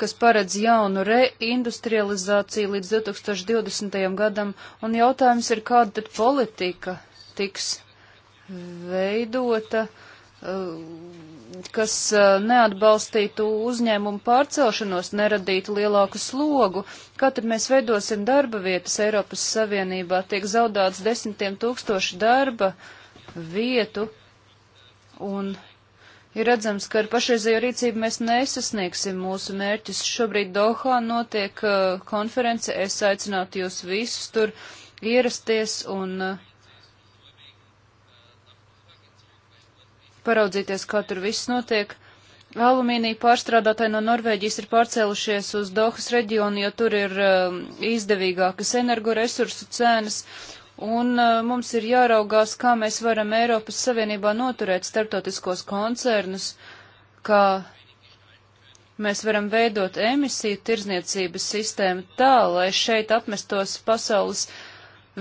kas paredz jaunu reindustrializāciju līdz 2020. gadam, un jautājums ir, kāda tad politika tiks veidota, eh, kas eh, neatbalstītu uzņēmumu pārcelšanos, neradītu lielāku slogu. Kā tad mēs veidosim darba vietas Eiropas Savienībā? Tiek zaudāts desmitiem tūkstoši darba vietu, un Ir redzams, ka ar pašreizējo rīcību mēs nesasniegsim mūsu mērķus. Šobrīd Dohā notiek uh, konference. Es aicinātu jūs visus tur ierasties un uh, paraudzīties, kā tur viss notiek. Alumīnija pārstrādātāji no Norvēģijas ir pārcēlušies uz Dohas reģionu, jo tur ir uh, izdevīgākas energoresursu cenas, un eh, mums ir jāraugās, kā mēs varam Eiropas Savienībā noturēt starptautiskos koncernus, kā mēs varam veidot emisiju tirzniecības sistēmu tā, lai šeit apmestos pasaules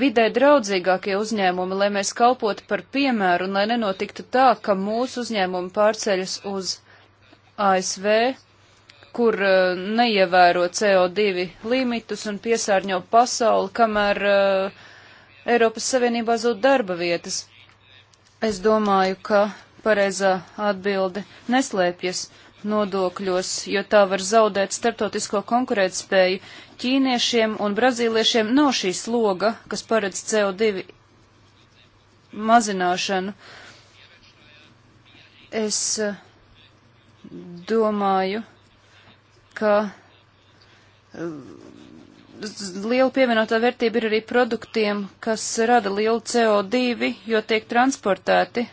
vidē draudzīgākie uzņēmumi, lai mēs kalpotu par piemēru un lai nenotiktu tā, ka mūsu uzņēmumi pārceļas uz ASV, kur uh, neievēro CO2 limitus un piesārņo pasauli, kamēr uh, Eiropas Savienībā zūd darba vietas. Es domāju, ka pareizā atbilde neslēpjas nodokļos, jo tā var zaudēt starptautisko konkurētspēju. Ķīniešiem un brazīliešiem nav šī sloga, kas paredz CO2 mazināšanu. Es eh, domāju, ka eh, liela pievienotā vērtība ir arī produktiem, kas rada lielu CO2, jo tiek transportēti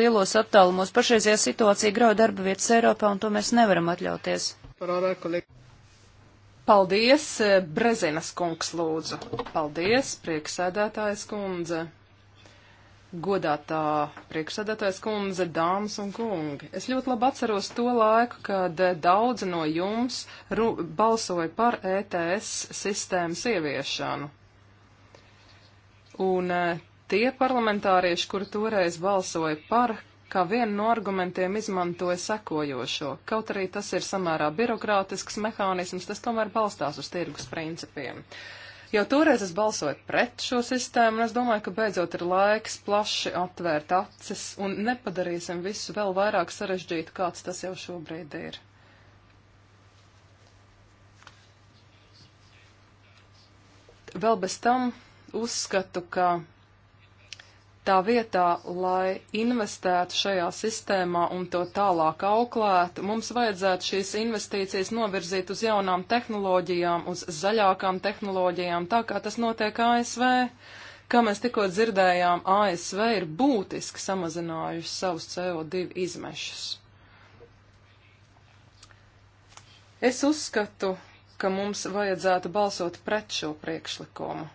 lielos attālumos. Pašreizajā situācija grauj darba vietas Eiropā, un to mēs nevaram atļauties. Paldies, Brezinas kungs lūdzu. Paldies, prieksēdētājs kundze. Godātā priekšsēdētājs kundze, dāmas un kungi, es ļoti labi atceros to laiku, kad daudzi no jums balsoja par ETS sistēmas ieviešanu. Un e, tie parlamentārieši, kuri toreiz balsoja par, kā vienu no argumentiem izmantoja sekojošo, kaut arī tas ir samērā birokrātisks mehānisms, tas tomēr balstās uz tirgus principiem. Uh, Jau toreiz es balsoju pret šo sistēmu, un es domāju, ka beidzot ir laiks plaši atvērt acis un nepadarīsim visu vēl vairāk sarežģītu, kāds tas jau šobrīd ir. Vēl bez tam uzskatu, ka Tā vietā, lai investētu šajā sistēmā un to tālāk auklētu, mums vajadzētu šīs investīcijas novirzīt uz jaunām tehnoloģijām, uz zaļākām tehnoloģijām, tā kā tas notiek ASV. Kā mēs tikko dzirdējām, ASV ir būtiski samazinājuši savus CO2 izmešus. Es uzskatu, ka mums vajadzētu balsot pret šo priekšlikumu.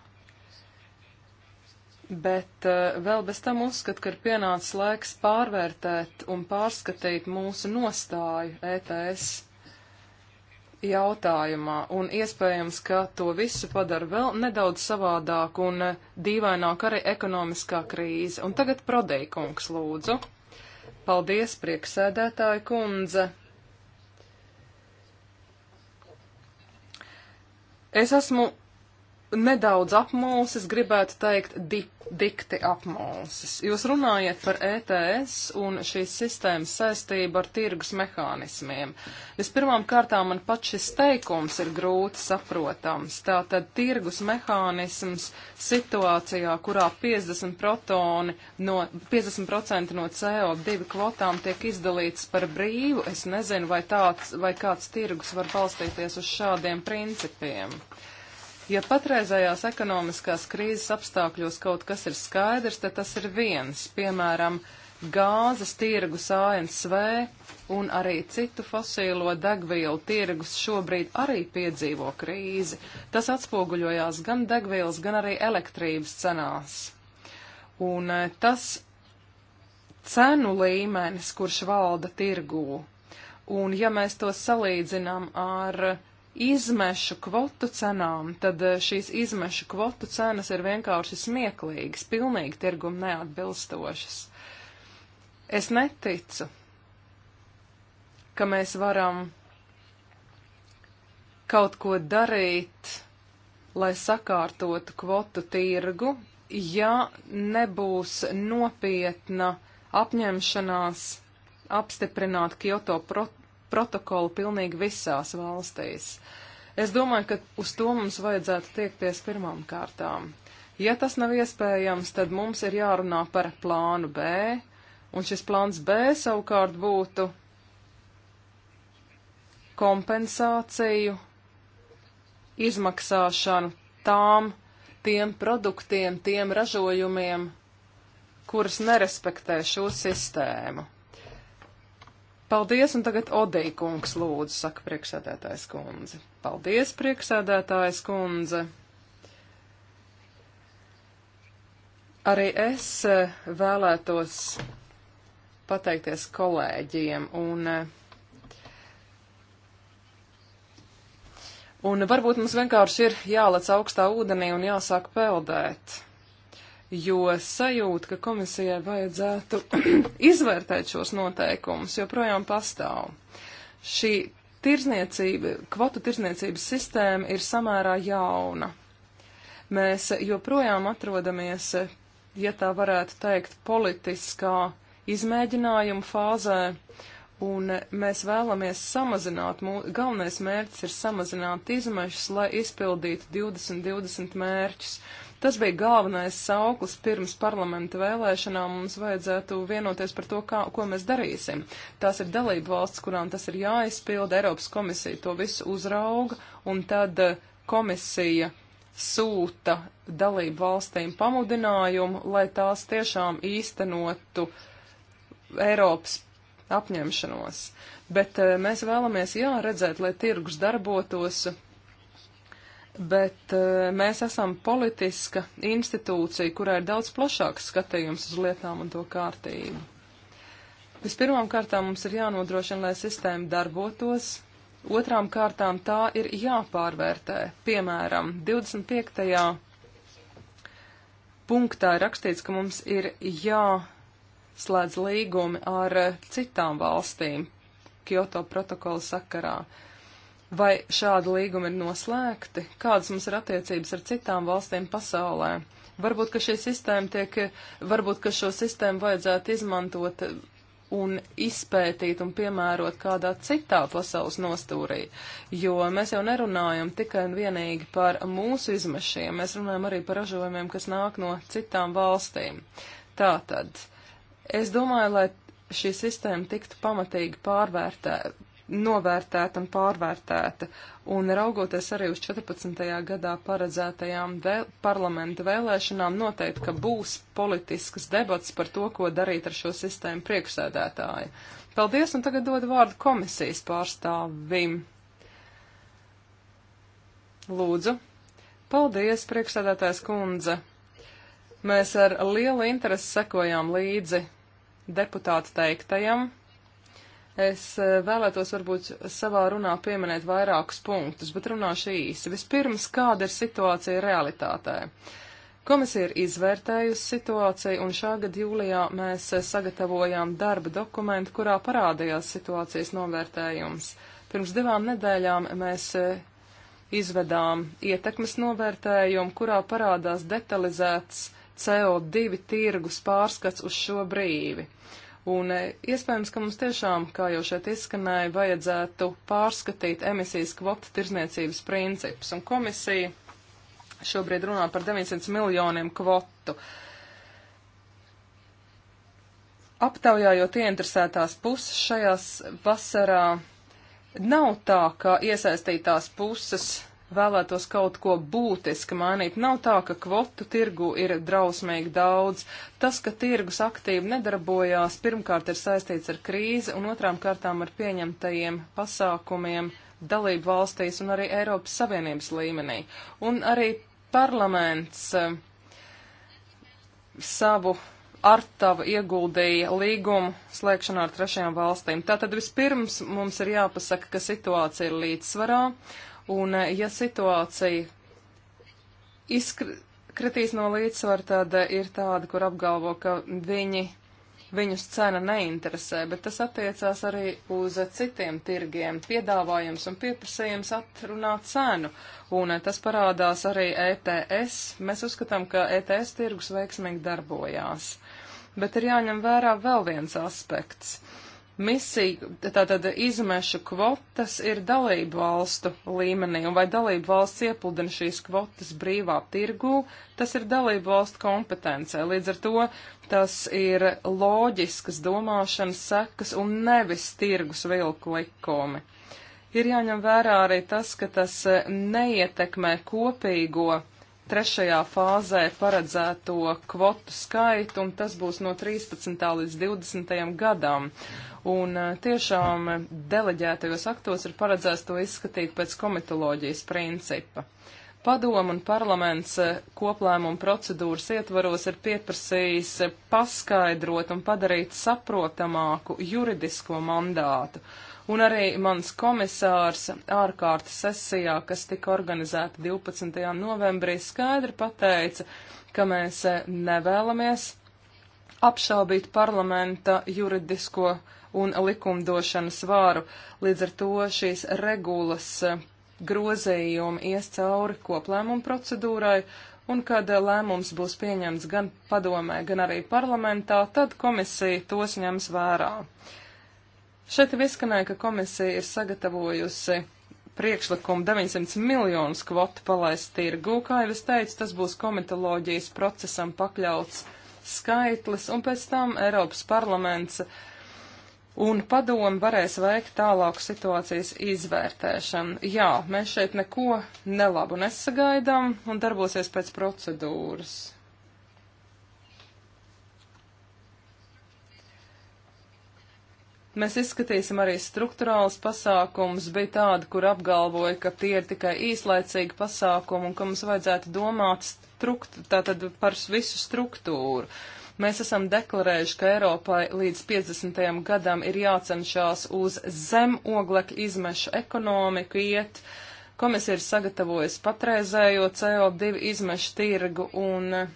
Bet eh, vēl bez tam uzskatu, ka ir pienācis laiks pārvērtēt un pārskatīt mūsu nostāju ETS jautājumā, un iespējams, ka to visu padara vēl nedaudz savādāk un eh, dīvaināk arī ekonomiskā krīze. Un tagad prodeikungs lūdzu. Paldies, prieksēdētāja kundze. Es esmu nedaudz apmulsis, gribētu teikt, di dikti apmulsis. Jūs runājat par ETS un šīs sistēmas saistību ar tirgus mehānismiem. Vispirmām kārtām man pats šis teikums ir grūti saprotams. Tātad tirgus mehānisms situācijā, kurā 50%, protoni no, 50 no CO2 kvotām tiek izdalīts par brīvu, es nezinu, vai, tāds, vai kāds tirgus var balstīties uz šādiem principiem. Ja patreizējās ekonomiskās krīzes apstākļos kaut kas ir skaidrs, tad tas ir viens, piemēram, gāzes tirgus ANSV un arī citu fosīlo degvielu tirgus šobrīd arī piedzīvo krīzi. Tas atspoguļojās gan degvielas, gan arī elektrības cenās. Un e, tas cenu līmenis, kurš valda tirgū, un ja mēs to salīdzinām ar izmešu kvotu cenām, tad eh, šīs izmešu kvotu cenas ir vienkārši smieklīgas, pilnīgi tirgum neatbilstošas. Es neticu, ka mēs varam kaut ko darīt, lai sakārtotu kvotu tirgu, ja nebūs nopietna apņemšanās apstiprināt Kyoto protoku protokolu pilnīgi visās valstīs. Es domāju, ka uz to mums vajadzētu tiekties pirmām kārtām. Ja tas nav iespējams, tad mums ir jārunā par plānu B, un šis plāns B savukārt būtu kompensāciju izmaksāšanu tām, tiem produktiem, tiem ražojumiem, kuras nerespektē šo sistēmu. Paldies, un tagad Odeikungs lūdzu, saka priekšsēdētājs kundze. Paldies, priekšsēdētājs kundze. Arī es e, vēlētos pateikties kolēģiem un, e, un varbūt mums vienkārši ir jālec augstā ūdenī un jāsāk peldēt jo sajūta, ka komisijai vajadzētu *clears throat* izvērtēt šos noteikumus, joprojām pastāv. Šī tirzniecība, kvotu tirzniecības sistēma ir samērā jauna. Mēs joprojām atrodamies, ja tā varētu teikt, politiskā izmēģinājuma fāzē, un mēs vēlamies samazināt, galvenais mērķis ir samazināt izmešas, lai izpildītu 2020 mērķus. Tas bija galvenais sauklis pirms parlamenta vēlēšanām. Mums vajadzētu vienoties par to, kā, ko mēs darīsim. Tās ir dalību valsts, kurām tas ir jāizpilda. Eiropas komisija to visu uzrauga, un tad eh, komisija sūta dalību valstīm pamudinājumu, lai tās tiešām īstenotu Eiropas apņemšanos. Bet eh, mēs vēlamies, jā, redzēt, lai tirgus darbotos bet eh, mēs esam politiska institūcija, kurai ir daudz plašāks skatījums uz lietām un to kārtību. Vispirmām kārtām mums ir jānodrošina, lai sistēma darbotos, otrām kārtām tā ir jāpārvērtē. Piemēram, 25. punktā ir rakstīts, ka mums ir jāslēdz līgumi ar citām valstīm Kyoto protokola sakarā. Uh, Vai šādi līgumi ir noslēgti? Kādas mums ir attiecības ar citām valstīm pasaulē? Varbūt, ka šī sistēma tiek, varbūt, ka šo sistēmu vajadzētu izmantot un izpētīt un piemērot kādā citā pasaules nostūrī. Jo mēs jau nerunājam tikai un vienīgi par mūsu izmešiem, mēs runājam arī par ražojumiem, kas nāk no citām valstīm. Tātad, es domāju, lai šī sistēma tiktu pamatīgi pārvērtēta novērtēta un pārvērtēta, un raugoties arī uz 14. gadā paredzētajām vēl, parlamenta vēlēšanām, noteikti, ka būs politiskas debats par to, ko darīt ar šo sistēmu priekšsēdētāju. Paldies, un tagad dodu vārdu komisijas pārstāvim. Lūdzu. Paldies, priekšsēdētājs kundze. Mēs ar lielu interesi sekojām līdzi deputātu teiktajam Es eh, vēlētos varbūt savā runā pieminēt vairākus punktus, bet runāšu īsi. Vispirms, kāda ir situācija realitātē? Komisija ir izvērtējusi situāciju, un šā gada jūlijā mēs eh, sagatavojām darba dokumentu, kurā parādījās situācijas novērtējums. Pirms divām nedēļām mēs eh, izvedām ietekmes novērtējumu, kurā parādās detalizēts CO2 tirgus pārskats uz šo brīvi. Un e, iespējams, ka mums tiešām, kā jau šeit izskanēja, vajadzētu pārskatīt emisijas kvotu tirzniecības principus. Un komisija šobrīd runā par 900 miljoniem kvotu. Aptaujājot ieinteresētās puses šajās vasarā, nav tā, ka iesaistītās puses vēlētos kaut ko būtiski mainīt. Nav tā, ka kvotu tirgu ir drausmīgi daudz. Tas, ka tirgus aktīvi nedarbojās, pirmkārt ir saistīts ar krīzi un otrām kārtām ar pieņemtajiem pasākumiem dalību valstīs un arī Eiropas Savienības līmenī. Un arī parlaments eh, savu artavu ieguldīja līgumu slēgšanā ar trešajām valstīm. Tātad vispirms mums ir jāpasaka, ka situācija ir līdzsvarā, Un eh, ja situācija izkritīs no līdzsvara, tad eh, ir tādi, kur apgalvo, ka viņi, viņus cena neinteresē, bet tas attiecās arī uz citiem tirgiem. Piedāvājums un pieprasījums atrunā cenu, un eh, tas parādās arī ETS. Mēs uzskatām, ka ETS tirgus veiksmīgi darbojās. Bet ir jāņem vērā vēl viens aspekts. Uh, Misija, tātad izmešu kvotas ir dalību valstu līmenī, un vai dalību valsts iepludina šīs kvotas brīvā tirgū, tas ir dalību valstu kompetencē. Līdz ar to tas ir loģiskas domāšanas sekas un nevis tirgus vilku likumi ir jāņem vērā arī tas, ka tas neietekmē kopīgo trešajā fāzē paredzēto kvotu skaitu, un tas būs no 13. līdz 20. gadam. Un eh, tiešām deleģētajos aktos ir paredzēts to izskatīt pēc komitoloģijas principa. Padoma un parlaments eh, koplēmuma procedūras ietvaros ir pieprasījis eh, paskaidrot un padarīt saprotamāku juridisko mandātu. Un arī mans komisārs ārkārtas sesijā, kas tika organizēta 12. novembrī, skaidri pateica, ka mēs nevēlamies apšaubīt parlamenta juridisko mandātu un likumdošanas vāru. Līdz ar to šīs regulas eh, grozējumi ies cauri koplēmumu procedūrai, un kad eh, lēmums būs pieņemts gan padomē, gan arī parlamentā, tad komisija tos ņems vērā. Šeit jau izskanēja, ka komisija ir sagatavojusi priekšlikumu 900 miljonus kvotu palaist tirgū, kā jau es teicu, tas būs komitoloģijas procesam pakļauts skaitlis, un pēc tam Eiropas parlaments un padomi varēs veikt tālāku situācijas izvērtēšanu. Jā, mēs šeit neko nelabu nesagaidām un darbosies pēc procedūras. Mēs izskatīsim arī struktūrāls pasākums, bija tāda, kur apgalvoja, ka tie ir tikai īslaicīgi pasākumi un ka mums vajadzētu domāt strukt, tātad par visu struktūru. Uh, Mēs esam deklarējuši, ka Eiropai līdz 50. gadam ir jācenšās uz zem oglekļa izmešu ekonomiku iet. Komisija ir sagatavojusi patreizējo CO2 izmešu tirgu un eh,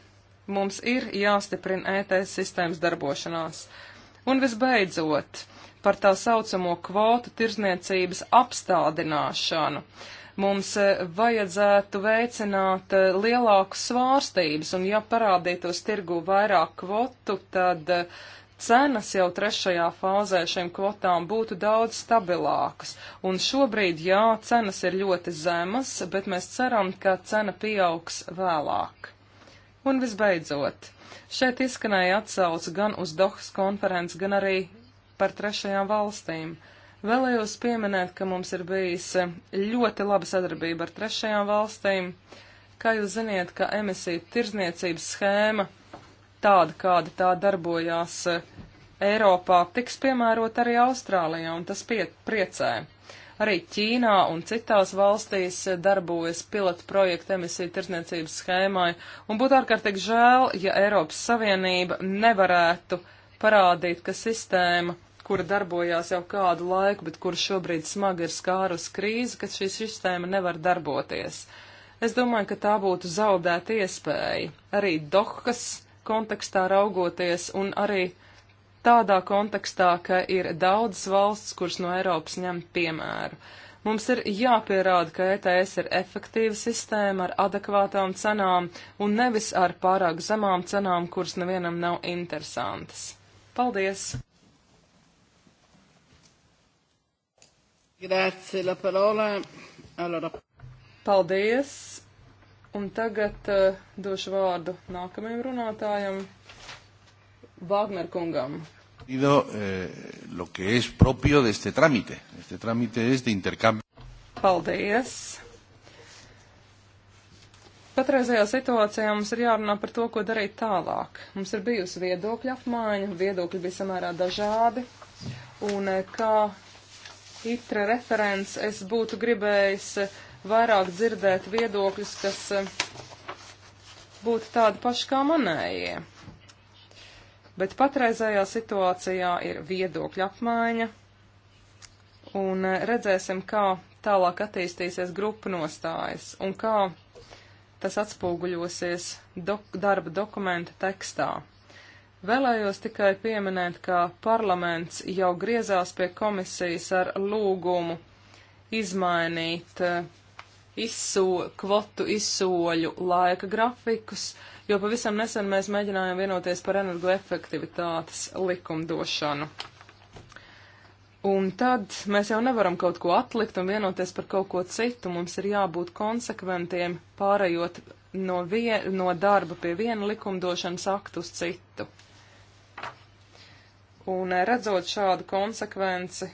mums ir jāstiprina ETS sistēmas darbošanās. Un visbeidzot, par tā saucamo kvotu tirzniecības apstādināšanu. Uh, Mums e, vajadzētu veicināt e, lielāku svārstības, un ja parādītos tirgu vairāk kvotu, tad e, cenas jau trešajā fāzē šiem kvotām būtu daudz stabilākas. Un šobrīd, jā, cenas ir ļoti zemas, bet mēs ceram, ka cena pieaugs vēlāk. Un visbeidzot, šeit izskanēja atsauce gan uz Dohas konferenci, gan arī par trešajām valstīm. Uh, Vēlējos pieminēt, ka mums ir bijis eh, ļoti laba sadarbība ar trešajām valstīm. Kā jūs ziniet, ka emisiju tirzniecības schēma tāda, kāda tā darbojās eh, Eiropā, tiks piemērot arī Austrālijā, un tas pie, priecē. Arī Ķīnā un citās valstīs eh, darbojas pilotu projekta emisiju tirsniecības schēmai, un būtu ārkārtīgi žēl, ja Eiropas Savienība nevarētu parādīt, ka sistēma kura darbojās jau kādu laiku, bet kur šobrīd smagi ir skārus krīze, kad šī sistēma nevar darboties. Es domāju, ka tā būtu zaudēta iespēja arī Dohas kontekstā raugoties un arī tādā kontekstā, ka ir daudzas valsts, kuras no Eiropas ņem piemēru. Mums ir jāpierāda, ka ETS ir efektīva sistēma ar adekvātām cenām un nevis ar pārāk zemām cenām, kuras nevienam nav interesantas. Paldies! Grāci, la parola. Allora. Paldies. Un tagad uh, došu vārdu nākamajam runātājam, Vāgner kungam. Ido, eh, lo que es propio de este trámite. Este trámite es de intercambio. Paldies. Patreizajā situācijā mums ir jārunā par to, ko darīt tālāk. Mums ir bijusi viedokļa apmaiņa, viedokļi bija samērā dažādi, un eh, kā itra referents, es būtu gribējis eh, vairāk dzirdēt viedokļus, kas eh, būtu tādi paši kā manējie. Bet patreizējā situācijā ir viedokļa apmaiņa, un eh, redzēsim, kā tālāk attīstīsies grupu nostājas un kā tas atspoguļosies dok darba dokumenta tekstā. Vēlējos tikai pieminēt, ka parlaments jau griezās pie komisijas ar lūgumu izmainīt eh, izso, kvotu izsoļu laika grafikus, jo pavisam nesen mēs mēģinājām vienoties par energoefektivitātes likumdošanu. Un tad mēs jau nevaram kaut ko atlikt un vienoties par kaut ko citu. Mums ir jābūt konsekventiem, pārējot no, vien, no darba pie viena likumdošanas aktu uz citu. Un eh, redzot šādu konsekvenci,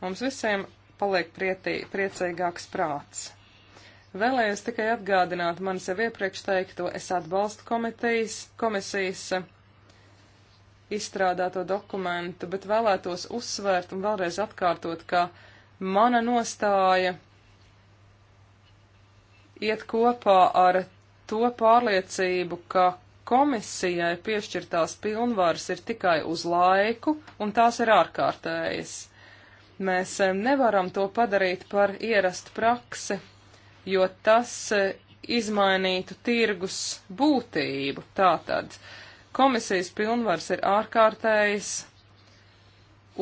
mums visiem paliek prietī, priecīgāks prāts. Vēlējos tikai atgādināt man sev iepriekš teikto, es atbalstu komitijas, komisijas eh, izstrādāto dokumentu, bet vēlētos uzsvērt un vēlreiz atkārtot, ka mana nostāja iet kopā ar to pārliecību, ka komisijai piešķirtās pilnvaras ir tikai uz laiku, un tās ir ārkārtējas. Mēs eh, nevaram to padarīt par ierastu praksi, jo tas eh, izmainītu tirgus būtību. Tātad komisijas pilnvaras ir ārkārtējas,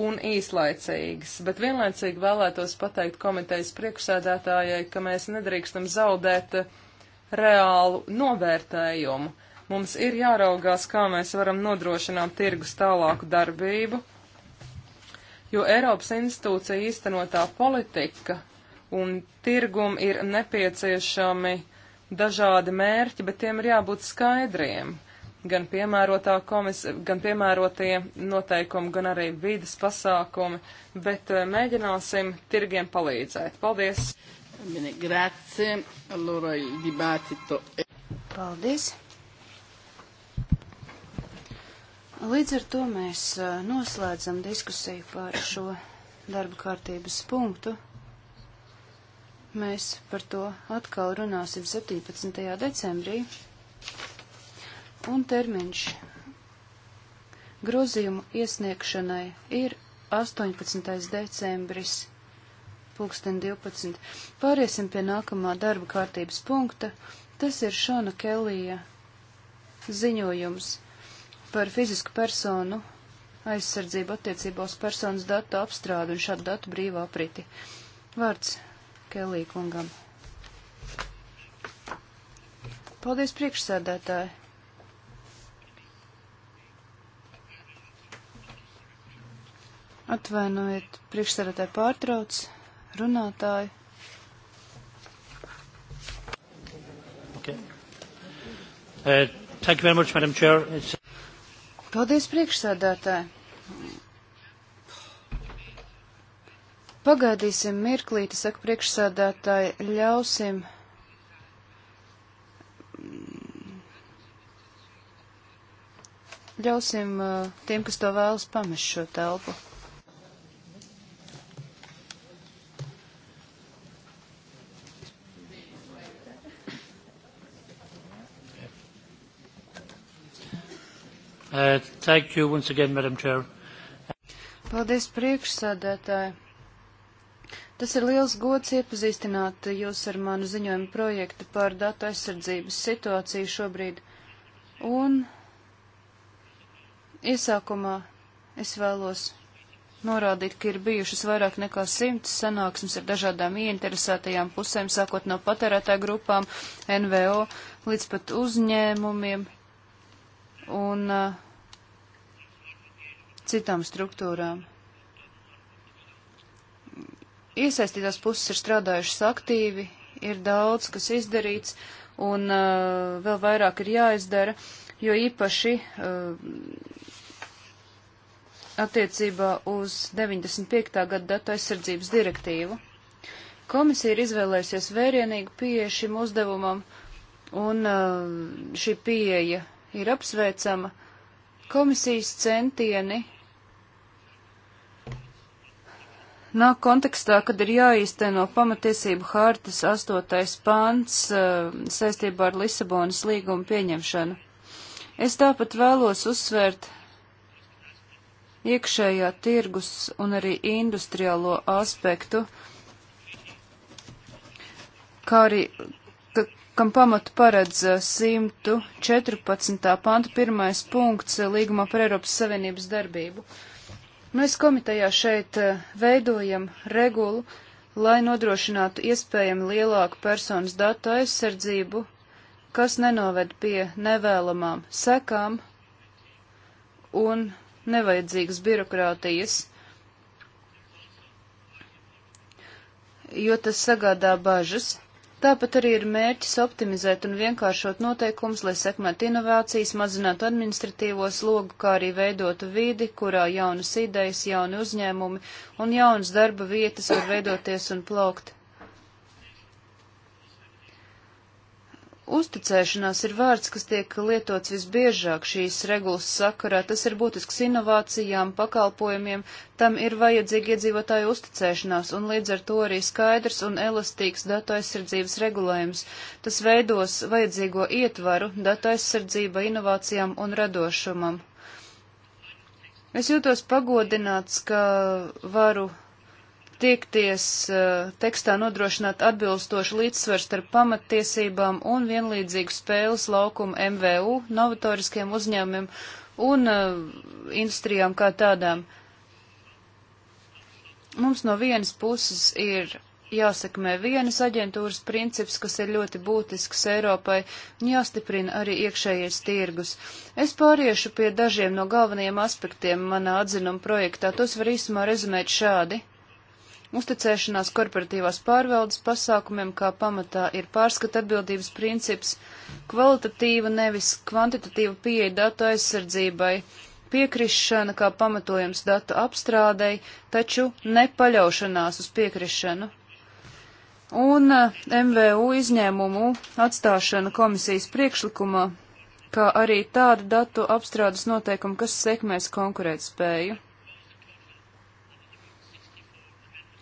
un īslaicīgas, bet vienlaicīgi vēlētos pateikt komitejas priekšsēdētājai, ka mēs nedrīkstam zaudēt eh, reālu novērtējumu. Mums ir jāraugās, kā mēs varam nodrošināt tirgus tālāku darbību, jo Eiropas institūcija īstenotā politika un tirgum ir nepieciešami dažādi mērķi, bet tiem ir jābūt skaidriem gan, komis, gan piemērotie noteikumi, gan arī vīdas pasākumi, bet eh, mēģināsim tirgiem palīdzēt. Paldies! Paldies! Līdz ar to mēs eh, noslēdzam diskusiju par šo darba kārtības punktu. Mēs par to atkal runāsim 17. decembrī un termiņš grozījumu iesniegšanai ir 18. decembris, pulksten 12. Pāriesim pie nākamā darba kārtības punkta. Tas ir Šona Kelija ziņojums par fizisku personu aizsardzību attiecībā uz personas datu apstrādu un šādu datu brīvā apriti. Vārds Kelija kungam. Paldies priekšsēdētāji! Atvainojiet, priekšsēdētāji pārtrauc, runātāji. Okay. Uh, thank you very much, Madam Chair. It's... Paldies, priekšsēdētāji. Pagaidīsim mirklīti, saka priekšsēdētāji, ļausim ļausim uh, tiem, kas to vēlas, pamest šo telpu. Uh, thank you once again, Madam Chair. Paldies, priekšsādātāji. Tas ir liels gods iepazīstināt jūs ar manu ziņojumu projektu par datu aizsardzības situāciju šobrīd. Un iesākumā es vēlos norādīt, ka ir bijušas vairāk nekā simts sanāksmes ar dažādām ieinteresētajām pusēm, sākot no patērētāju grupām, NVO līdz pat uzņēmumiem. Un uh, citām struktūrām. Iesaistītās puses ir strādājušas aktīvi, ir daudz, kas izdarīts, un uh, vēl vairāk ir jāizdara, jo īpaši uh, attiecībā uz 95. gada datu aizsardzības direktīvu. Komisija ir izvēlējusies vērienīgu pieeju šim uzdevumam, un uh, šī pieeja ir apsveicama. Komisijas centieni nāk kontekstā, kad ir jāīsteno pamatiesību hārtas 8. pāns saistībā ar Lisabonas līgumu pieņemšanu. Es tāpat vēlos uzsvērt iekšējā tirgus un arī industriālo aspektu, kā arī, ka, kam pamatu paredz 114. Eh, panta pirmais punkts eh, līgumā par Eiropas Savienības darbību. Uh, Mēs komitejā šeit eh, veidojam regulu, lai nodrošinātu iespējami lielāku personas datu aizsardzību, kas nenoved pie nevēlamām sekām un nevajadzīgas birokrātijas, jo tas sagādā bažas. Tāpat arī ir mērķis optimizēt un vienkāršot noteikumus, lai sekmētu inovācijas, mazinātu administratīvo slogu, kā arī veidotu vidi, kurā jaunas idejas, jauni uzņēmumi un jaunas darba vietas var veidoties un plaukt. Uzticēšanās ir vārds, kas tiek lietots visbiežāk šīs regulas sakarā. Tas ir būtisks inovācijām, pakalpojumiem, tam ir vajadzīga iedzīvotāju uzticēšanās un līdz ar to arī skaidrs un elastīgs datu aizsardzības regulējums. Tas veidos vajadzīgo ietvaru datu aizsardzība inovācijām un radošumam. Es jūtos pagodināts, ka varu tiekties eh, tekstā nodrošināt atbilstošu līdzsvaru starp pamattiesībām un vienlīdzīgu spēles laukumu MVU, novatoriskiem uzņēmumiem un eh, industrijām kā tādām. Mums no vienas puses ir jāsekmē vienas aģentūras princips, kas ir ļoti būtisks Eiropai, un jāstiprina arī iekšējais tirgus. Es pāriešu pie dažiem no galvenajiem aspektiem manā atzinuma projektā. Tos var īsumā rezumēt šādi. Uzticēšanās korporatīvās pārvaldes pasākumiem kā pamatā ir pārskata atbildības princips, kvalitatīva nevis kvantitatīva pieeja datu aizsardzībai, piekrišana kā pamatojums datu apstrādei, taču nepaļaušanās uz piekrišanu. Un eh, MVU izņēmumu atstāšana komisijas priekšlikumā, kā arī tāda datu apstrādes noteikuma, kas sekmēs konkurētspēju.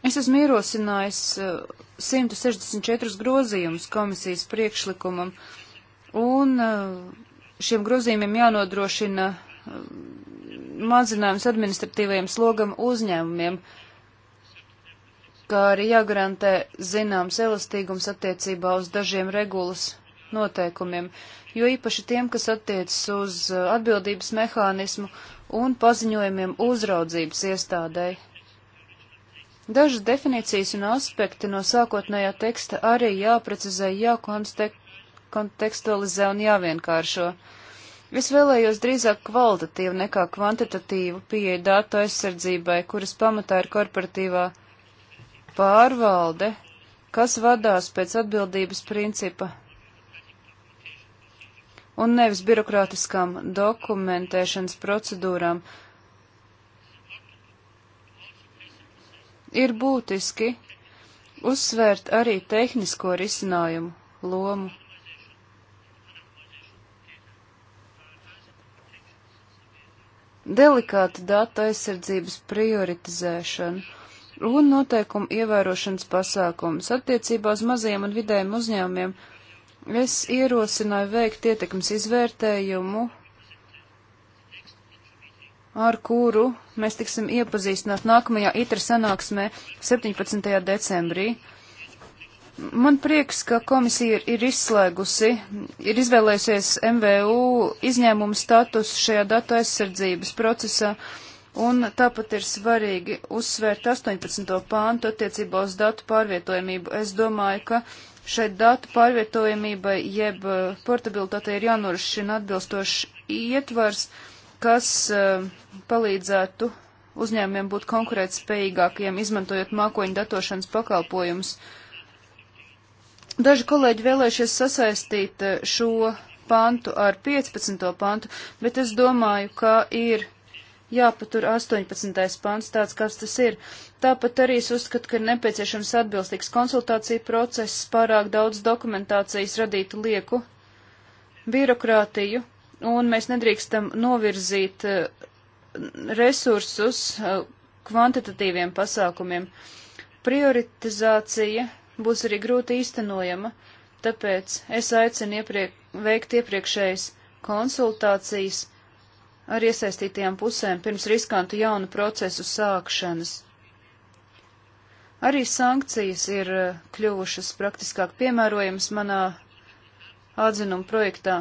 Es esmu ierosinājis 164 eh, grozījumus komisijas priekšlikumam, un eh, šiem grozījumiem jānodrošina eh, mazinājums administratīvajiem slogam uzņēmumiem, kā arī jāgarantē zināms elastīgums attiecībā uz dažiem regulas noteikumiem, jo īpaši tiem, kas attiecas uz atbildības mehānismu un paziņojumiem uzraudzības iestādēji. Dažas definīcijas un aspekti no sākotnējā teksta arī jāprecizē, jākontekstualizē un jāvienkāršo. Es vēlējos drīzāk kvalitatīvu nekā kvantitatīvu pieeja datu aizsardzībai, kuras pamatā ir korporatīvā pārvalde, kas vadās pēc atbildības principa un nevis birokrātiskām dokumentēšanas procedūrām, Ir būtiski uzsvērt arī tehnisko risinājumu lomu. Delikāta data aizsardzības prioritizēšana un noteikumu ievērošanas pasākums attiecībā uz mazajiem un vidējiem uzņēmumiem es ierosināju veikt ietekmes izvērtējumu ar kuru mēs tiksim iepazīstināt nākamajā itra sanāksmē 17. decembrī. Man prieks, ka komisija ir, ir izslēgusi, ir izvēlējusies MVU izņēmumu statusu šajā datu aizsardzības procesā, un tāpat ir svarīgi uzsvērt 18. pāntu attiecībā uz datu pārvietojamību. Es domāju, ka šai datu pārvietojamībai jeb eh, portabilitātei ir jānorošina atbilstošs ietvars. Uh, kas uh, palīdzētu uzņēmumiem būt konkurētspējīgākiem, izmantojot mākoņu datošanas pakalpojumus. Daži kolēģi vēlējušies sasaistīt eh, šo pantu ar 15. pantu, bet es domāju, ka ir jāpatur 18. pants tāds, kāds tas ir. Tāpat arī es uzskatu, ka ir nepieciešams atbilstīgs konsultāciju process, pārāk daudz dokumentācijas radītu lieku birokrātiju un mēs nedrīkstam novirzīt eh, resursus eh, kvantitatīviem pasākumiem. Prioritizācija būs arī grūti īstenojama, tāpēc es aicinu iepriek, veikt iepriekšējas konsultācijas ar iesaistītajām pusēm pirms riskantu jaunu procesu sākšanas. Arī sankcijas ir eh, kļuvušas praktiskāk piemērojamas manā atzinuma projektā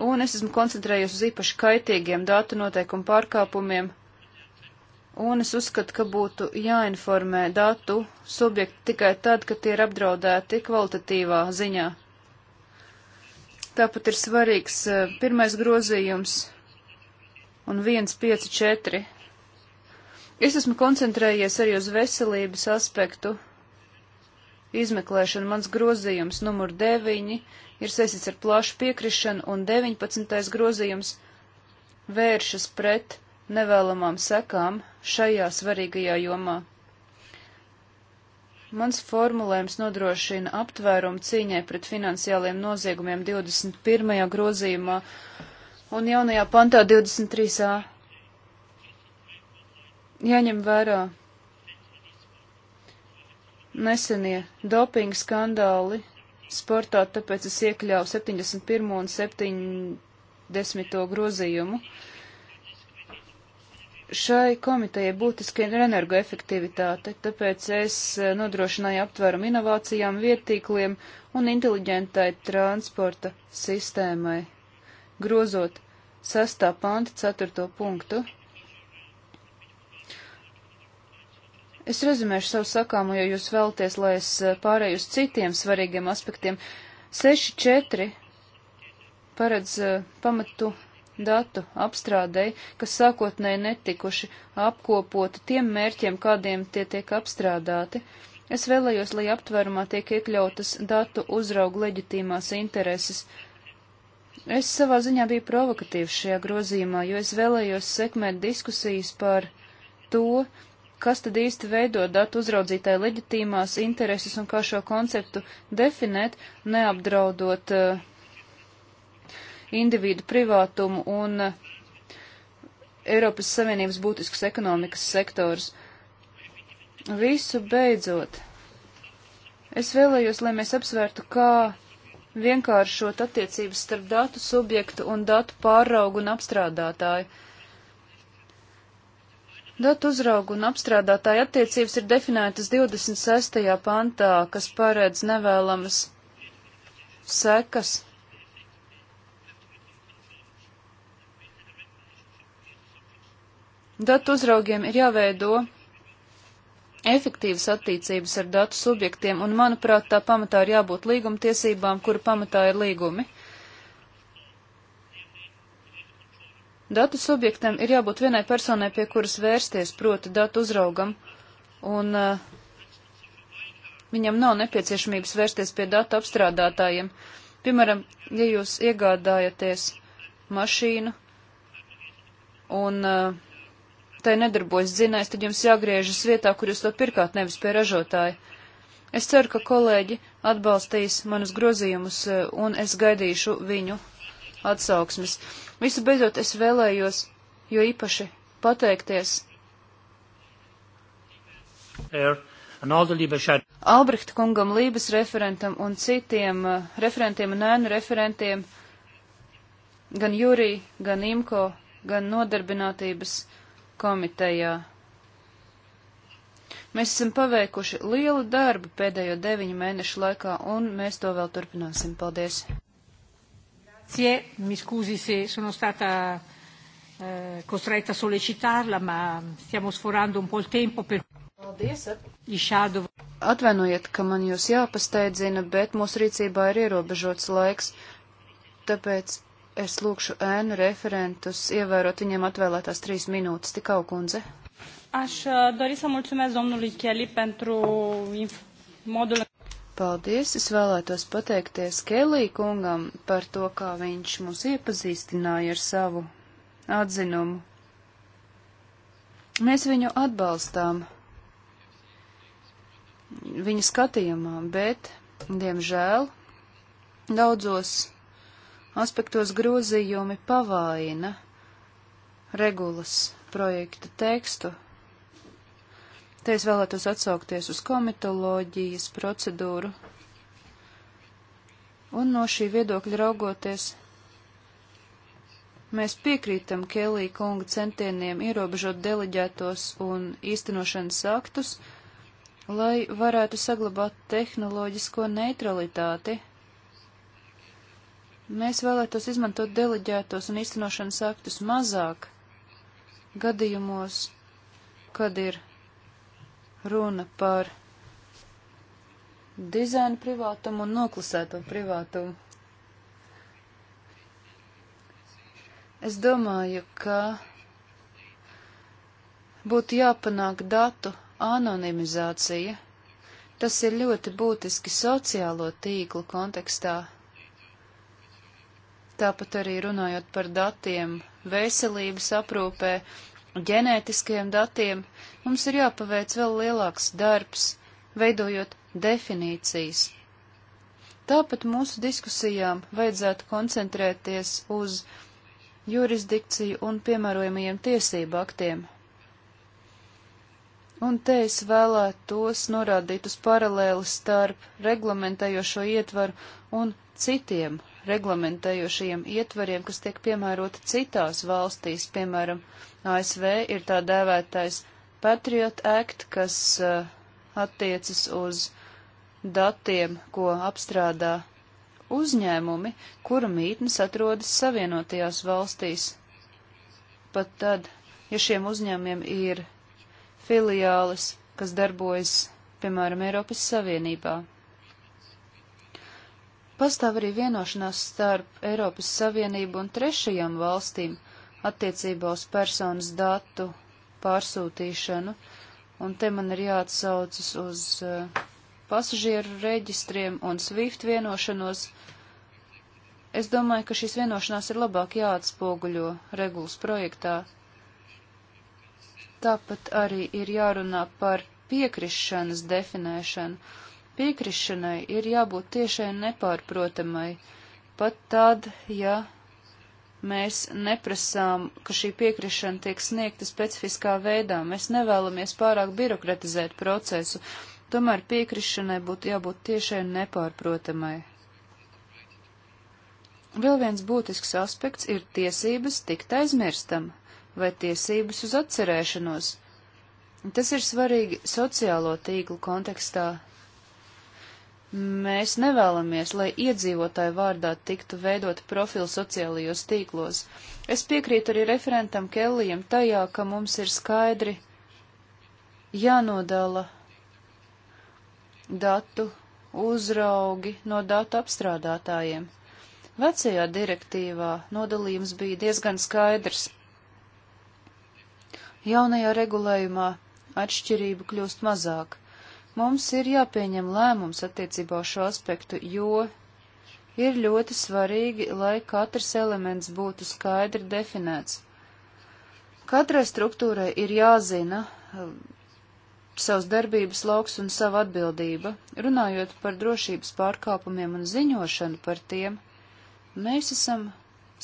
un es esmu koncentrējies uz īpaši kaitīgiem datu noteikumu pārkāpumiem, un es uzskatu, ka būtu jāinformē datu subjekti tikai tad, kad tie ir apdraudēti kvalitatīvā ziņā. Tāpat ir svarīgs e, pirmais grozījums un 154. Es esmu koncentrējies arī uz veselības aspektu izmeklēšanu. Mans grozījums numur 9 ir saistīts ar plašu piekrišanu, un 19. grozījums vēršas pret nevēlamām sekām šajā svarīgajā jomā. Mans formulējums nodrošina aptvērumu cīņai pret finansiāliem noziegumiem 21. grozījumā un jaunajā pantā 23a. Jāņem vērā nesenie dopinga skandāli sportā, tāpēc es iekļāvu 71. un 70. grozījumu. Šai komitejai būtiski ir energoefektivitāte, tāpēc es eh, nodrošināju aptvērumu inovācijām, vietīkliem un inteliģentai transporta sistēmai, grozot 6. panta 4. punktu. Es rezumēšu savu sakāmu, jo jūs vēlaties, lai es eh, pārēju uz citiem svarīgiem aspektiem. 6.4 paredz eh, pamatu datu apstrādei, kas sākotnēji netikuši apkopoti tiem mērķiem, kādiem tie tiek apstrādāti. Es vēlējos, lai aptvērumā tiek iekļautas datu uzraugu leģitīmās intereses. Es savā ziņā biju provokatīvs šajā grozījumā, jo es vēlējos sekmēt diskusijas par to, kas tad īsti veido datu uzraudzītāju leģitīmās intereses un kā šo konceptu definēt, neapdraudot uh, individu privātumu un uh, Eiropas Savienības būtiskus ekonomikas sektors. Visu beidzot, es vēlējos, lai mēs apsvērtu, kā vienkāršot attiecības starp datu subjektu un datu pāraugu un apstrādātāju. Datu uzraugu un apstrādātāja attiecības ir definētas 26. pantā, kas paredz nevēlamas sekas. Datu uzraugiem ir jāveido efektīvas attīcības ar datu subjektiem, un, manuprāt, tā pamatā ir jābūt līgumtiesībām, kura pamatā ir līgumi. Datu subjektam ir jābūt vienai personai, pie kuras vērsties, proti datu uzraugam, un uh, viņam nav nepieciešamības vērsties pie datu apstrādātājiem. Piemēram, ja jūs iegādājaties mašīnu un uh, tai nedarbojas dzinējs, tad jums jāgriežas vietā, kur jūs to pirkāt, nevis pie ražotāja. Es ceru, ka kolēģi atbalstīs manus grozījumus eh, un es gaidīšu viņu atsauksmes. Visu beidzot es vēlējos, jo īpaši pateikties. Air. Albrehta kungam, Lības referentam un citiem uh, referentiem un ēnu referentiem, gan Jurī, gan Imko, gan Nodarbinātības komitejā. Mēs esam paveikuši lielu darbu pēdējo deviņu mēnešu laikā, un mēs to vēl turpināsim. Paldies! Grazie, mi scusi se sono stata eh, costretta a sollecitarla, ma stiamo sforando un po' il tempo per Paldies. Šādu... Atvainojiet, ka man jūs jāpasteidzina, bet mūsu rīcībā ir ierobežots laiks, tāpēc es lūkšu ēnu referentus ievērot viņiem atvēlētās trīs minūtes, tik augundze. Aș uh, dori să mulțumesc domnului Kelly pentru modul paldies! Es vēlētos pateikties Kelī kungam par to, kā viņš mūs iepazīstināja ar savu atzinumu. Mēs viņu atbalstām viņa skatījumā, bet, diemžēl, daudzos aspektos grozījumi pavāina regulas projekta tekstu Te es vēlētos atsaukties uz komitoloģijas procedūru. Un no šī viedokļa raugoties, mēs piekrītam Kelī kunga centieniem ierobežot deleģētos un īstenošanas aktus, lai varētu saglabāt tehnoloģisko neutralitāti. Mēs vēlētos izmantot deleģētos un īstenošanas aktus mazāk gadījumos, kad ir runa par dizaina privātumu un noklusēto privātumu. Es domāju, ka būtu jāpanāk datu anonimizācija. Tas ir ļoti būtiski sociālo tīklu kontekstā. Tāpat arī runājot par datiem veselības aprūpē, ģenētiskajiem datiem, mums ir jāpaveic vēl lielāks darbs, veidojot definīcijas. Tāpat mūsu diskusijām vajadzētu koncentrēties uz jurisdikciju un piemērojamajiem tiesību aktiem. Un te es vēlētos norādīt uz paralēli starp reglamentējošo ietvaru un citiem reglamentējošajiem ietvariem, kas tiek piemēroti citās valstīs, piemēram, uh, ASV ir tā dēvētais Patriot Act, kas uh, attiecas uz datiem, ko apstrādā uzņēmumi, kuru mītnes atrodas Savienotajās valstīs. Pat tad, ja šiem uzņēmumiem ir filiālis, kas darbojas, piemēram, Eiropas Savienībā. Pastāv arī vienošanās starp Eiropas Savienību un trešajām valstīm – attiecībā uz personas datu pārsūtīšanu, un te man ir jāatsaucas uz eh, pasažieru reģistriem un SWIFT vienošanos. Es domāju, ka šīs vienošanās ir labāk jāatspoguļo regulas projektā. Tāpat arī ir jārunā par piekrišanas definēšanu. Piekrišanai ir jābūt tiešai nepārprotamai, pat tad, ja Mēs neprasām, ka šī piekrišana tiek sniegta specifiskā veidā. Mēs nevēlamies pārāk birokratizēt procesu. Tomēr piekrišanai būtu jābūt tiešai un nepārprotamai. Vēl viens būtisks aspekts ir tiesības tikt aizmirstam vai tiesības uz atcerēšanos. Tas ir svarīgi sociālo tīklu kontekstā, Mēs nevēlamies, lai iedzīvotāju vārdā tiktu veidot profilu sociālajos tīklos. Es piekrītu arī referentam Kellijam tajā, ka mums ir skaidri jānodala datu uzraugi no datu apstrādātājiem. Vecajā direktīvā nodalījums bija diezgan skaidrs. Jaunajā regulējumā atšķirība kļūst mazāk. Mums ir jāpieņem lēmums attiecībā uz šo aspektu, jo ir ļoti svarīgi, lai katrs elements būtu skaidri definēts. Katrai struktūrai ir jāzina uh, savs darbības lauks un sava atbildība. Runājot par drošības pārkāpumiem un ziņošanu par tiem, mēs esam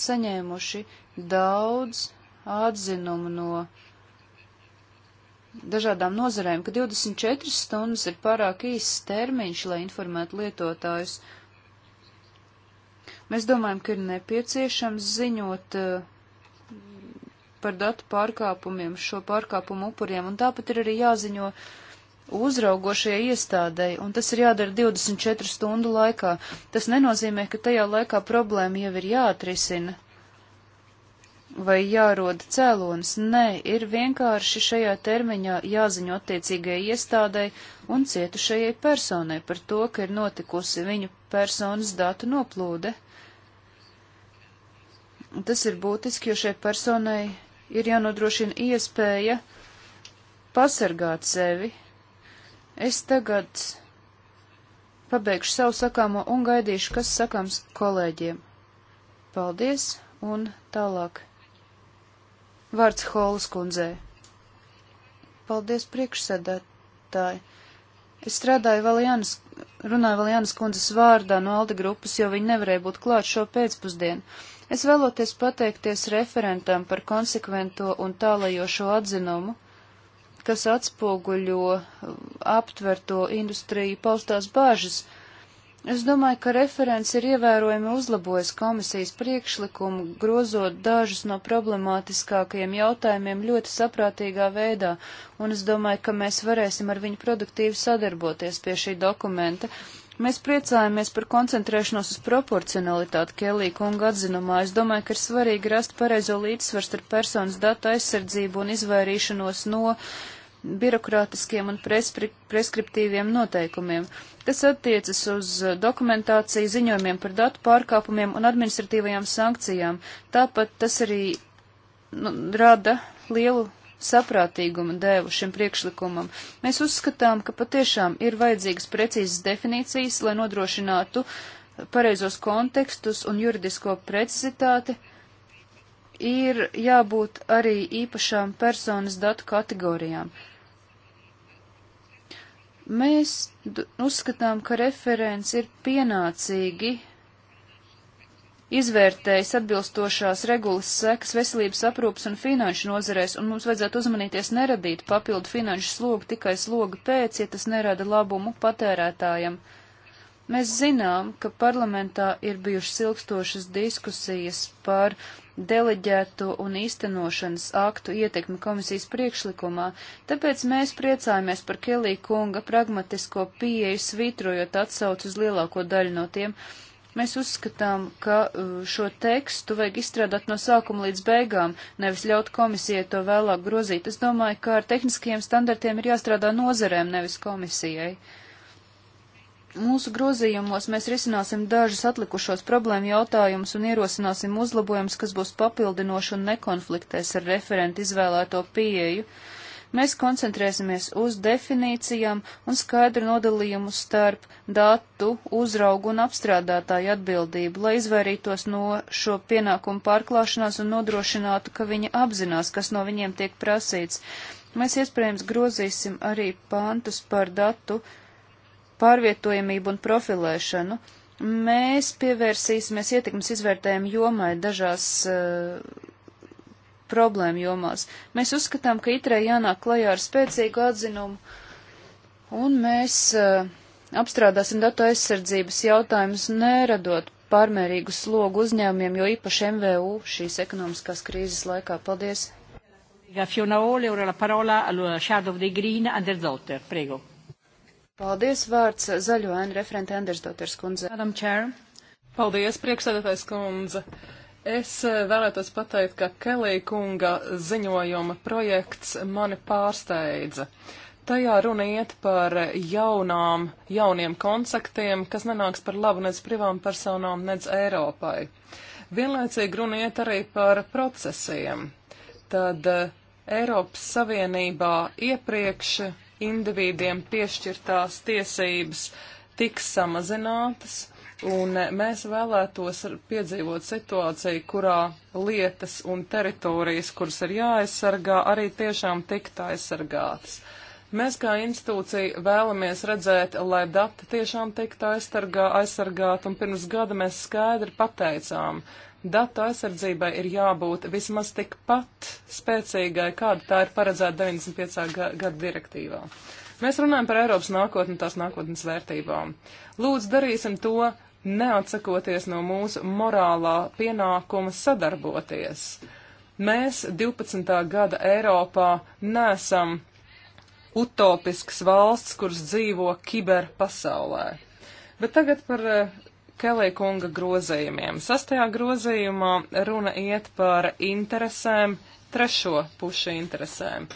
saņēmuši daudz atzinumu no dažādām nozarēm, ka 24 stundas ir pārāk īsts termiņš, lai informētu lietotājus. Mēs domājam, ka ir nepieciešams ziņot eh, par datu pārkāpumiem, šo pārkāpumu upuriem, un tāpat ir arī jāziņo uzraugošajai iestādēji, un tas ir jādara 24 stundu laikā. Tas nenozīmē, ka tajā laikā problēma jau ir jāatrisina, vai jāroda cēlonis. Nē, ir vienkārši šajā termiņā jāziņo attiecīgajai iestādai un cietušajai personai par to, ka ir notikusi viņu personas datu noplūde. Tas ir būtiski, jo šai personai ir jānodrošina iespēja pasargāt sevi. Es tagad pabeigšu savu sakāmo un gaidīšu, kas sakāms kolēģiem. Paldies un tālāk. Vārds Holas kundzē. Paldies priekšsēdētāji. Es strādāju Valjanas, runāju Valjanas kundzes vārdā no Alde grupas, jo viņa nevarēja būt klāt šo pēcpusdienu. Es vēloties pateikties referentam par konsekvento un tālajošo atzinumu, kas atspoguļo uh, aptverto industriju paustās bāžas. Es domāju, ka referents ir ievērojami uzlabojis komisijas priekšlikumu, grozot dažus no problemātiskākajiem jautājumiem ļoti saprātīgā veidā, un es domāju, ka mēs varēsim ar viņu produktīvi sadarboties pie šī dokumenta. Mēs priecājamies par koncentrēšanos uz proporcionalitāti Kelī kunga atzinumā. Es domāju, ka ir svarīgi rast pareizo līdzsvaru starp personas datu aizsardzību un izvairīšanos no uh, birokrātiskiem un prespri, preskriptīviem noteikumiem. Tas attiecas uz dokumentāciju ziņojumiem par datu pārkāpumiem un administratīvajām sankcijām. Tāpat tas arī nu, rada lielu saprātīgumu devu šim priekšlikumam. Mēs uzskatām, ka patiešām ir vajadzīgas precīzas definīcijas, lai nodrošinātu pareizos kontekstus un juridisko precizitāti ir jābūt arī īpašām personas datu kategorijām. Mēs uzskatām, ka referents ir pienācīgi izvērtējis atbilstošās regulas sekas veselības aprūpas un finanšu nozarēs, un mums vajadzētu uzmanīties neradīt papildu finanšu slogu tikai slogu pēc, ja tas nerada labumu patērētājam. Mēs zinām, ka parlamentā ir bijušas ilgstošas diskusijas par deleģēto un īstenošanas aktu ietekmi komisijas priekšlikumā, tāpēc mēs priecājamies par Kelī kunga pragmatisko pieeju svītrojot atsauc uz lielāko daļu no tiem. Mēs uzskatām, ka uh, šo tekstu vajag izstrādāt no sākuma līdz beigām, nevis ļaut komisijai to vēlāk grozīt. Es domāju, ka ar tehniskajiem standartiem ir jāstrādā nozerēm, nevis komisijai. Uh, Mūsu grozījumos mēs risināsim dažus atlikušos problēmu jautājumus un ierosināsim uzlabojumus, kas būs papildinoši un nekonfliktēs ar referentu izvēlēto pieeju. Mēs koncentrēsimies uz definīcijām un skaidru nodalījumu starp datu, uzraugu un apstrādātāju atbildību, lai izvairītos no šo pienākumu pārklāšanās un nodrošinātu, ka viņi apzinās, kas no viņiem tiek prasīts. Mēs iespējams grozīsim arī pāntus par datu pārvietojamību un profilēšanu. Mēs pievērsīsimies ietekmes izvērtējumu jomai dažās uh, problēmu jomās. Mēs uzskatām, ka itrē jānāk klajā ar spēcīgu atzinumu, un mēs uh, apstrādāsim datu aizsardzības jautājumus, neradot pārmērīgu slogu uzņēmumiem, jo īpaši MVU šīs ekonomiskās krīzes laikā. Paldies! Fiona Ole, ora la parola al shadow dei Green, Andersdotter, prego. Paldies vārds zaļo ēnu referenta Enders Doters kundze. Madam Chair. Paldies, priekšsēdētājs kundze. Es eh, vēlētos pateikt, ka Kelī kunga ziņojuma projekts mani pārsteidza. Tajā runa iet par jaunām, jauniem konceptiem, kas nenāks par labu nec privām personām, nec Eiropai. Vienlaicīgi runa iet arī par procesiem. Tad eh, Eiropas Savienībā iepriekš individiem piešķirtās tiesības tiks samazinātas, un mēs vēlētos piedzīvot situāciju, kurā lietas un teritorijas, kuras ir jāaizsargā, arī tiešām tikt aizsargātas. Mēs kā institūcija vēlamies redzēt, lai dati tiešām tiktu aizsargāti, un pirms gada mēs skaidri pateicām, Datu aizsardzībai ir jābūt vismaz tikpat spēcīgai, kāda tā ir paredzēta 95. gada direktīvā. Mēs runājam par Eiropas nākotni un tās nākotnes vērtībām. Lūdzu, darīsim to, neatsakoties no mūsu morālā pienākuma sadarboties. Mēs 12. gada Eiropā nesam utopisks valsts, kuras dzīvo kiberpasaulē. Bet tagad par eh, Kelī kunga grozījumiem. Sastajā grozījumā runa iet par interesēm, trešo pušu interesēm.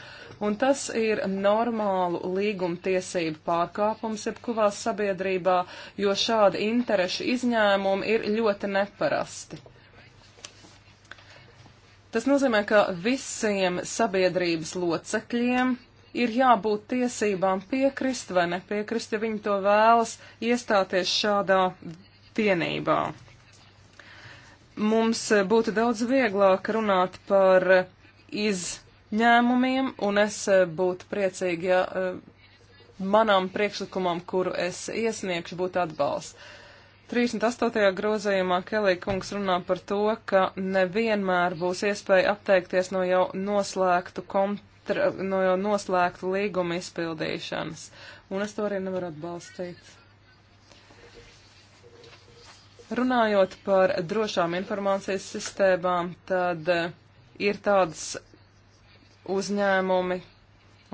Un tas ir normālu līgumtiesību pārkāpums jebkurā sabiedrībā, jo šādi interešu izņēmumi ir ļoti neparasti. Tas nozīmē, ka visiem sabiedrības locekļiem ir jābūt tiesībām piekrist vai nepiekrist, ja viņi to vēlas iestāties šādā pienībā. Mums eh, būtu daudz vieglāk runāt par eh, izņēmumiem, un es eh, būtu priecīgi, ja manām priekšlikumam, kuru es iesniegšu, būtu atbalsts. 38. grozījumā Kelija kungs runā par to, ka nevienmēr būs iespēja apteikties no jau noslēgtu, kontra, no jau noslēgtu līguma izpildīšanas. Un es to arī nevaru atbalstīt. Runājot par drošām informācijas sistēmām, tad eh, ir tādas uzņēmumi,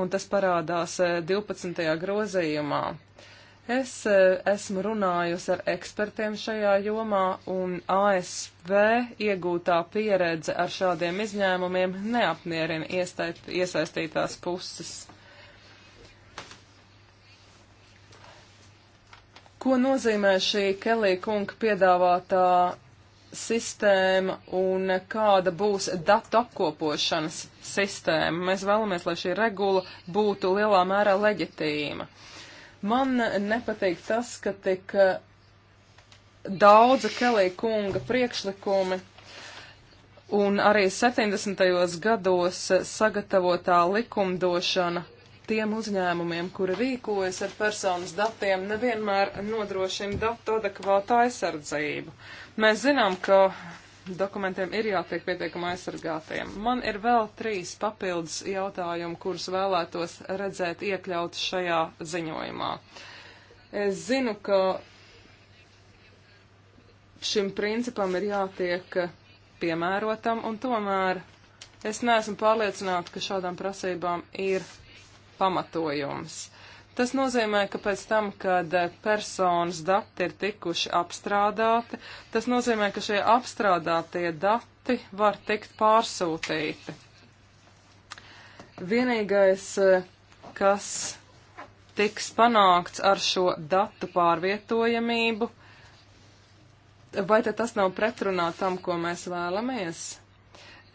un tas parādās 12. Eh, grozījumā. Es eh, esmu runājusi ar ekspertiem šajā jomā, un ASV iegūtā pieredze ar šādiem izņēmumiem neapmierina iesaistītās puses. Ko nozīmē šī Kelija kunga piedāvātā sistēma un kāda būs datu apkopošanas sistēma? Mēs vēlamies, lai šī regula būtu lielā mērā leģitīma. Man nepatīk tas, ka tik daudzi Kelija kunga priekšlikumi un arī 70. gados sagatavotā likumdošana tiem uzņēmumiem, kuri rīkojas ar personas datiem, nevienmēr nodrošina datu adekvātu aizsardzību. Mēs zinām, ka dokumentiem ir jātiek pietiekami aizsargātiem. Man ir vēl trīs papildus jautājumi, kurus vēlētos redzēt iekļaut šajā ziņojumā. Es zinu, ka šim principam ir jātiek piemērotam, un tomēr es neesmu pārliecināta, ka šādām prasībām ir pamatojums. Tas nozīmē, ka pēc tam, kad personas dati ir tikuši apstrādāti, tas nozīmē, ka šie apstrādātie dati var tikt pārsūtīti. Vienīgais, kas tiks panākts ar šo datu pārvietojamību, vai tad tas nav pretrunā tam, ko mēs vēlamies?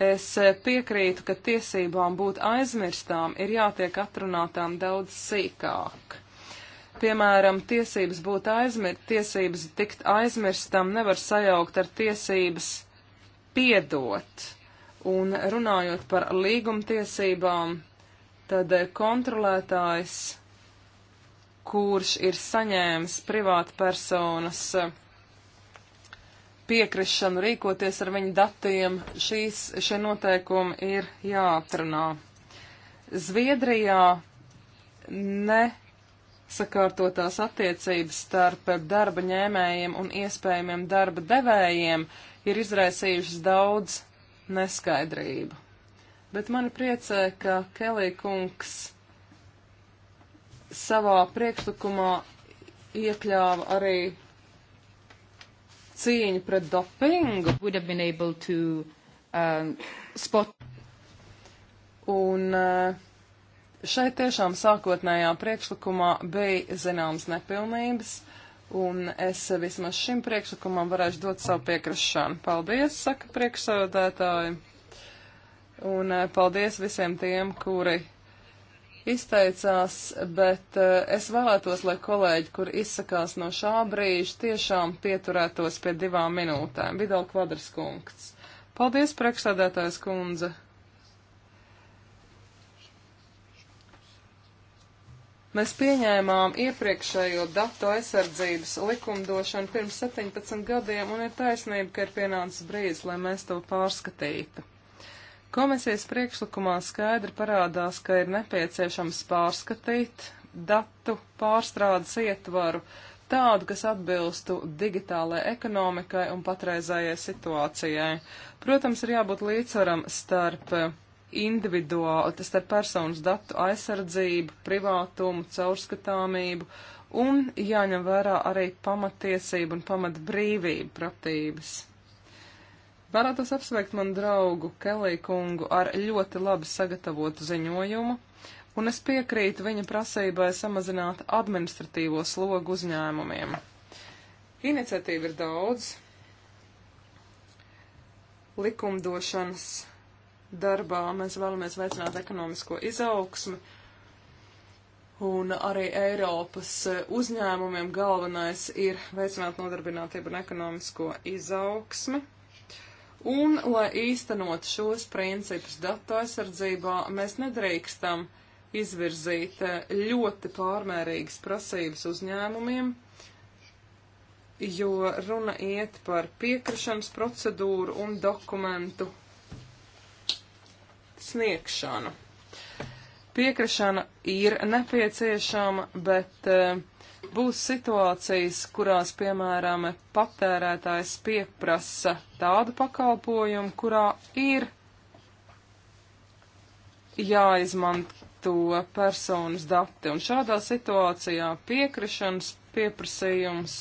Es piekrītu, ka tiesībām būt aizmirstām ir jātiek atrunātām daudz sīkāk. Piemēram, tiesības būt aizmirst, tiesības tikt aizmirstam nevar sajaukt ar tiesības piedot. Un runājot par līgumtiesībām, tad kontrolētājs, kurš ir saņēmis privātpersonas personas piekrišanu rīkoties ar viņu datiem, šīs, šie noteikumi ir jāatrunā. Zviedrijā nesakārtotās attiecības starp darba ņēmējiem un iespējamiem darba devējiem ir izraisījušas daudz neskaidrību. Bet mani priecē, ka Kelī kungs savā priekšlikumā iekļāva arī cīņu pret dopingu. To, um, spot... Un uh, šeit tiešām sākotnējā priekšlikumā bija zināmas nepilnības, un es vismaz šim priekšlikumam varēšu dot savu piekrišanu. Paldies, saka priekšsēdētāji, un uh, paldies visiem tiem, kuri izteicās, bet eh, es vēlētos, lai kolēģi, kur izsakās no šā brīža, tiešām pieturētos pie divām minūtēm. Vidal Kvadraskungs. Paldies, priekšsādētājs kundze. Mēs pieņēmām iepriekšējo datu aizsardzības likumdošanu pirms 17 gadiem, un ir taisnība, ka ir pienācis brīdis, lai mēs to pārskatītu. Komisijas priekšlikumā skaidri parādās, ka ir nepieciešams pārskatīt datu pārstrādes ietvaru tādu, kas atbilstu digitālajai ekonomikai un patreizējai situācijai. Protams, ir jābūt līdzsvaram starp individuāli, tas ir personas datu aizsardzību, privātumu, caurskatāmību un jāņem vērā arī pamatiesību un pamatbrīvību pratības. Vēlētos apsveikt manu draugu Kelly kungu ar ļoti labi sagatavotu ziņojumu, un es piekrītu viņa prasībai samazināt administratīvo slogu uzņēmumiem. Iniciatīva ir daudz. Likumdošanas darbā mēs vēlamies veicināt ekonomisko izaugsmi, un arī Eiropas uzņēmumiem galvenais ir veicināt nodarbinātību un ekonomisko izaugsmi Un, lai īstenot šos principus datu aizsardzībā, mēs nedrīkstam izvirzīt eh, ļoti pārmērīgas prasības uzņēmumiem, jo runa iet par piekrišanas procedūru un dokumentu sniegšanu. Piekrišana ir nepieciešama, bet uh, Būs situācijas, kurās, piemēram, patērētājs pieprasa tādu pakalpojumu, kurā ir jāizmanto personas dati, un šādā situācijā piekrišanas pieprasījums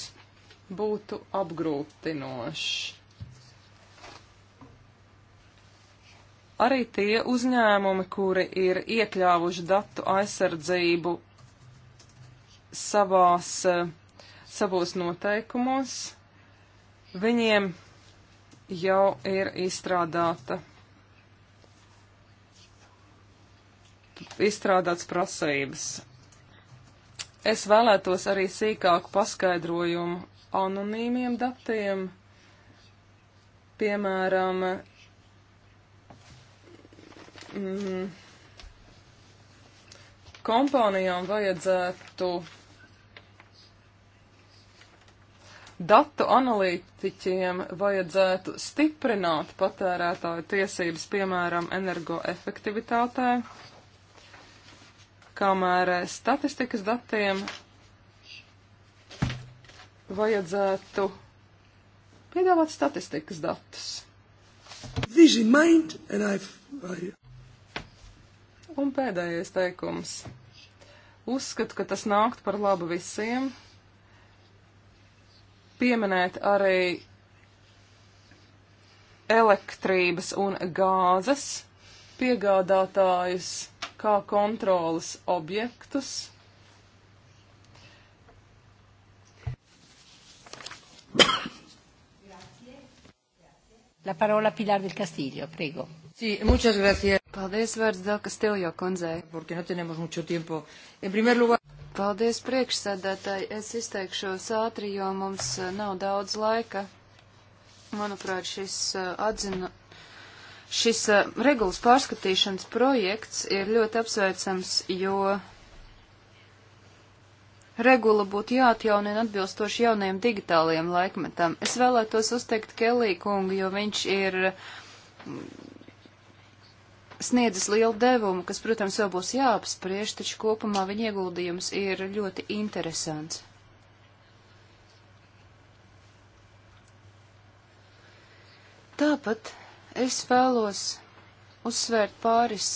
būtu apgrūtinošs. Arī tie uzņēmumi, kuri ir iekļāvuši datu aizsardzību savās, eh, savos noteikumos viņiem jau ir izstrādāta, izstrādāts prasības. Es vēlētos arī sīkāku paskaidrojumu anonīmiem datiem, piemēram, mm, kompānijām vajadzētu datu analītiķiem vajadzētu stiprināt patērētāju tiesības, piemēram, energoefektivitātē, kamēr statistikas datiem vajadzētu piedāvāt statistikas datus. Mind, I... Un pēdējais teikums. Uzskatu, ka tas nākt par labu visiem, pieminēt arī elektrības un gāzes piegādātājus kā kontrolas objektus. La parola Pilar del Castillo, prego. Sí, muchas gracias. Paldies, vārds Del Castillo, konzē. Porque no tenemos mucho tiempo. En primer lugar... Paldies priekšsēdētāji. Es izteikšos ātri, jo mums eh, nav daudz laika. Manuprāt, šis eh, atzina. Šis eh, regulas pārskatīšanas projekts ir ļoti apsveicams, jo regula būtu jāatjaunina atbilstoši jaunajam digitālajam laikmetam. Es vēlētos uzteikt Kelī kungu, jo viņš ir sniedzis lielu devumu, kas, protams, vēl būs jāapspriež, taču kopumā viņa ieguldījums ir ļoti interesants. Tāpat es vēlos uzsvērt pāris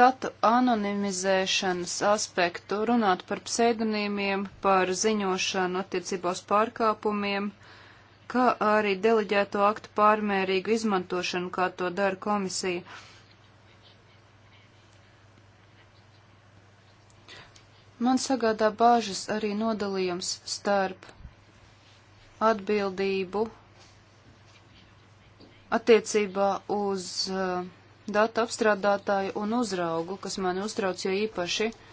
datu anonimizēšanas aspektu, runāt par pseidonīmiem, par ziņošanu attiecībā uz pārkāpumiem, uh, kā arī deleģēto aktu pārmērīgu izmantošanu, kā to dara komisija. Man sagādā bāžas arī nodalījums starp atbildību attiecībā uz uh, datu apstrādātāju un uzraugu, kas mani uztrauc jo īpaši. Uh,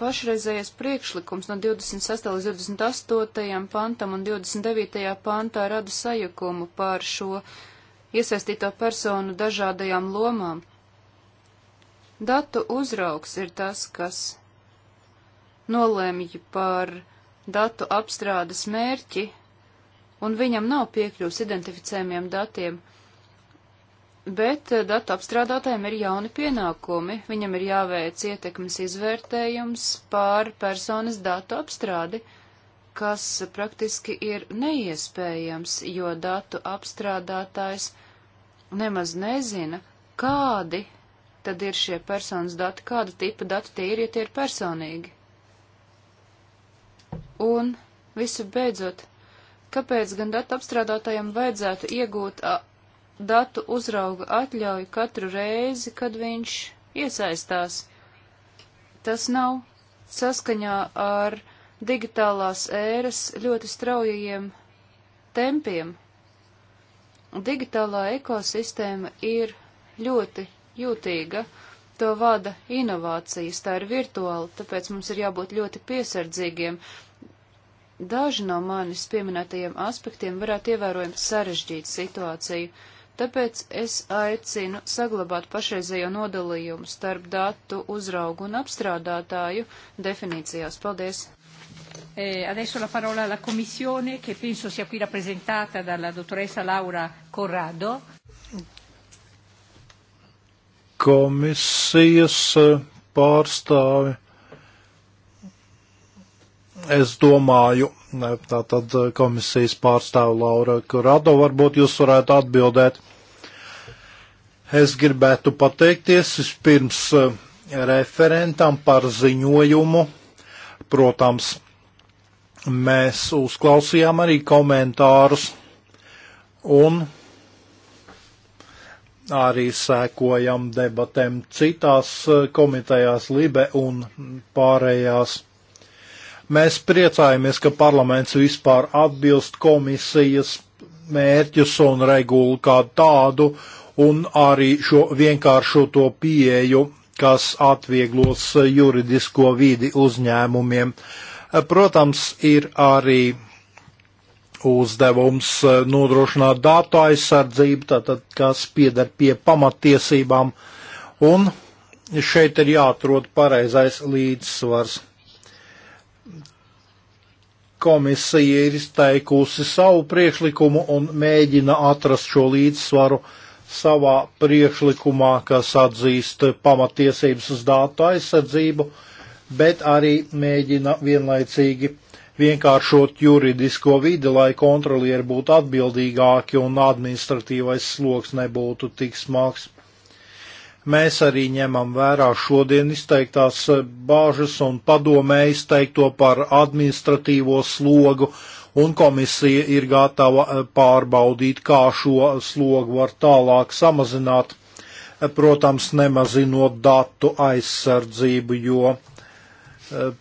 pašreizējais priekšlikums no 26. līdz 28. pantam un 29. pantā rada sajukumu pār šo iesaistīto personu dažādajām lomām. Datu uzraugs ir tas, kas nolēmj par datu apstrādes mērķi, un viņam nav piekļūs identificējumiem datiem. Bet eh, datu apstrādātājiem ir jauni pienākumi. Viņam ir jāveic ietekmes izvērtējums pār personas datu apstrādi, kas praktiski ir neiespējams, jo datu apstrādātājs nemaz nezina, kādi tad ir šie personas dati, kāda tipa dati tie ir, ja tie ir personīgi. Un visu beidzot, kāpēc gan datu apstrādātājiem vajadzētu iegūt datu uzrauga atļauju katru reizi, kad viņš iesaistās. Tas nav saskaņā ar digitālās ēras ļoti straujajiem tempiem. Digitālā ekosistēma ir ļoti jūtīga, to vada inovācijas, tā ir virtuāla, tāpēc mums ir jābūt ļoti piesardzīgiem. Daži no manis pieminētajiem aspektiem varētu ievērojami sarežģīt situāciju. Tāpēc es aicinu saglabāt pašreizējo nodalījumu starp datu uzraugu un apstrādātāju definīcijās. Paldies! Eh, adesso la parola alla Commissione, che penso sia qui rappresentata dalla dottoressa Laura Corrado. Komisijas eh, pārstāvi. Es domāju, Tātad eh, komisijas pārstāva Laura Kurado, varbūt jūs varētu atbildēt. Es gribētu pateikties vispirms eh, referentam par ziņojumu. Protams, mēs uzklausījām arī komentārus un arī sēkojam debatēm citās eh, komitejās, Libe un pārējās. Mēs priecājamies, ka parlaments vispār atbilst komisijas mērķus un regulu kā tādu, un arī šo vienkāršo to pieeju, kas atvieglos juridisko vidi uzņēmumiem. Protams, ir arī uzdevums nodrošināt datu aizsardzību, tātad, kas pieder pie pamatiesībām, un šeit ir jāatrod pareizais līdzsvars komisija ir izteikusi savu priekšlikumu un mēģina atrast šo līdzsvaru savā priekšlikumā, kas atzīst pamatiesības uz datu aizsardzību, bet arī mēģina vienlaicīgi vienkāršot juridisko vidi, lai kontrolieri būtu atbildīgāki un administratīvais sloks nebūtu tik smags. Mēs arī ņemam vērā šodien izteiktās bāžas un padomē izteikto par administratīvo slogu, un komisija ir gatava eh, pārbaudīt, kā šo slogu var tālāk samazināt, eh, protams, nemazinot datu aizsardzību, jo eh,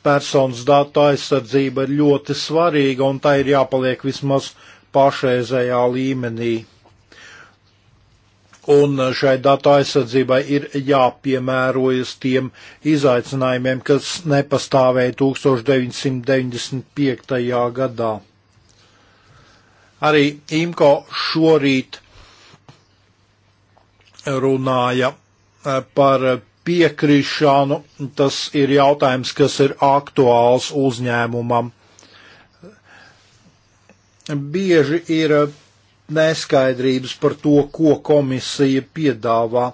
personas datu aizsardzība ir ļoti svarīga, un tā ir jāpaliek vismaz pašreizējā līmenī un šai datu aizsardzībai ir jāpiemērojas tiem izaicinājumiem, kas nepastāvēja 1995. gadā. Arī Imko šorīt runāja eh, par piekrišanu. Tas ir jautājums, kas ir aktuāls uzņēmumam. Bieži ir neskaidrības par to, ko komisija piedāvā.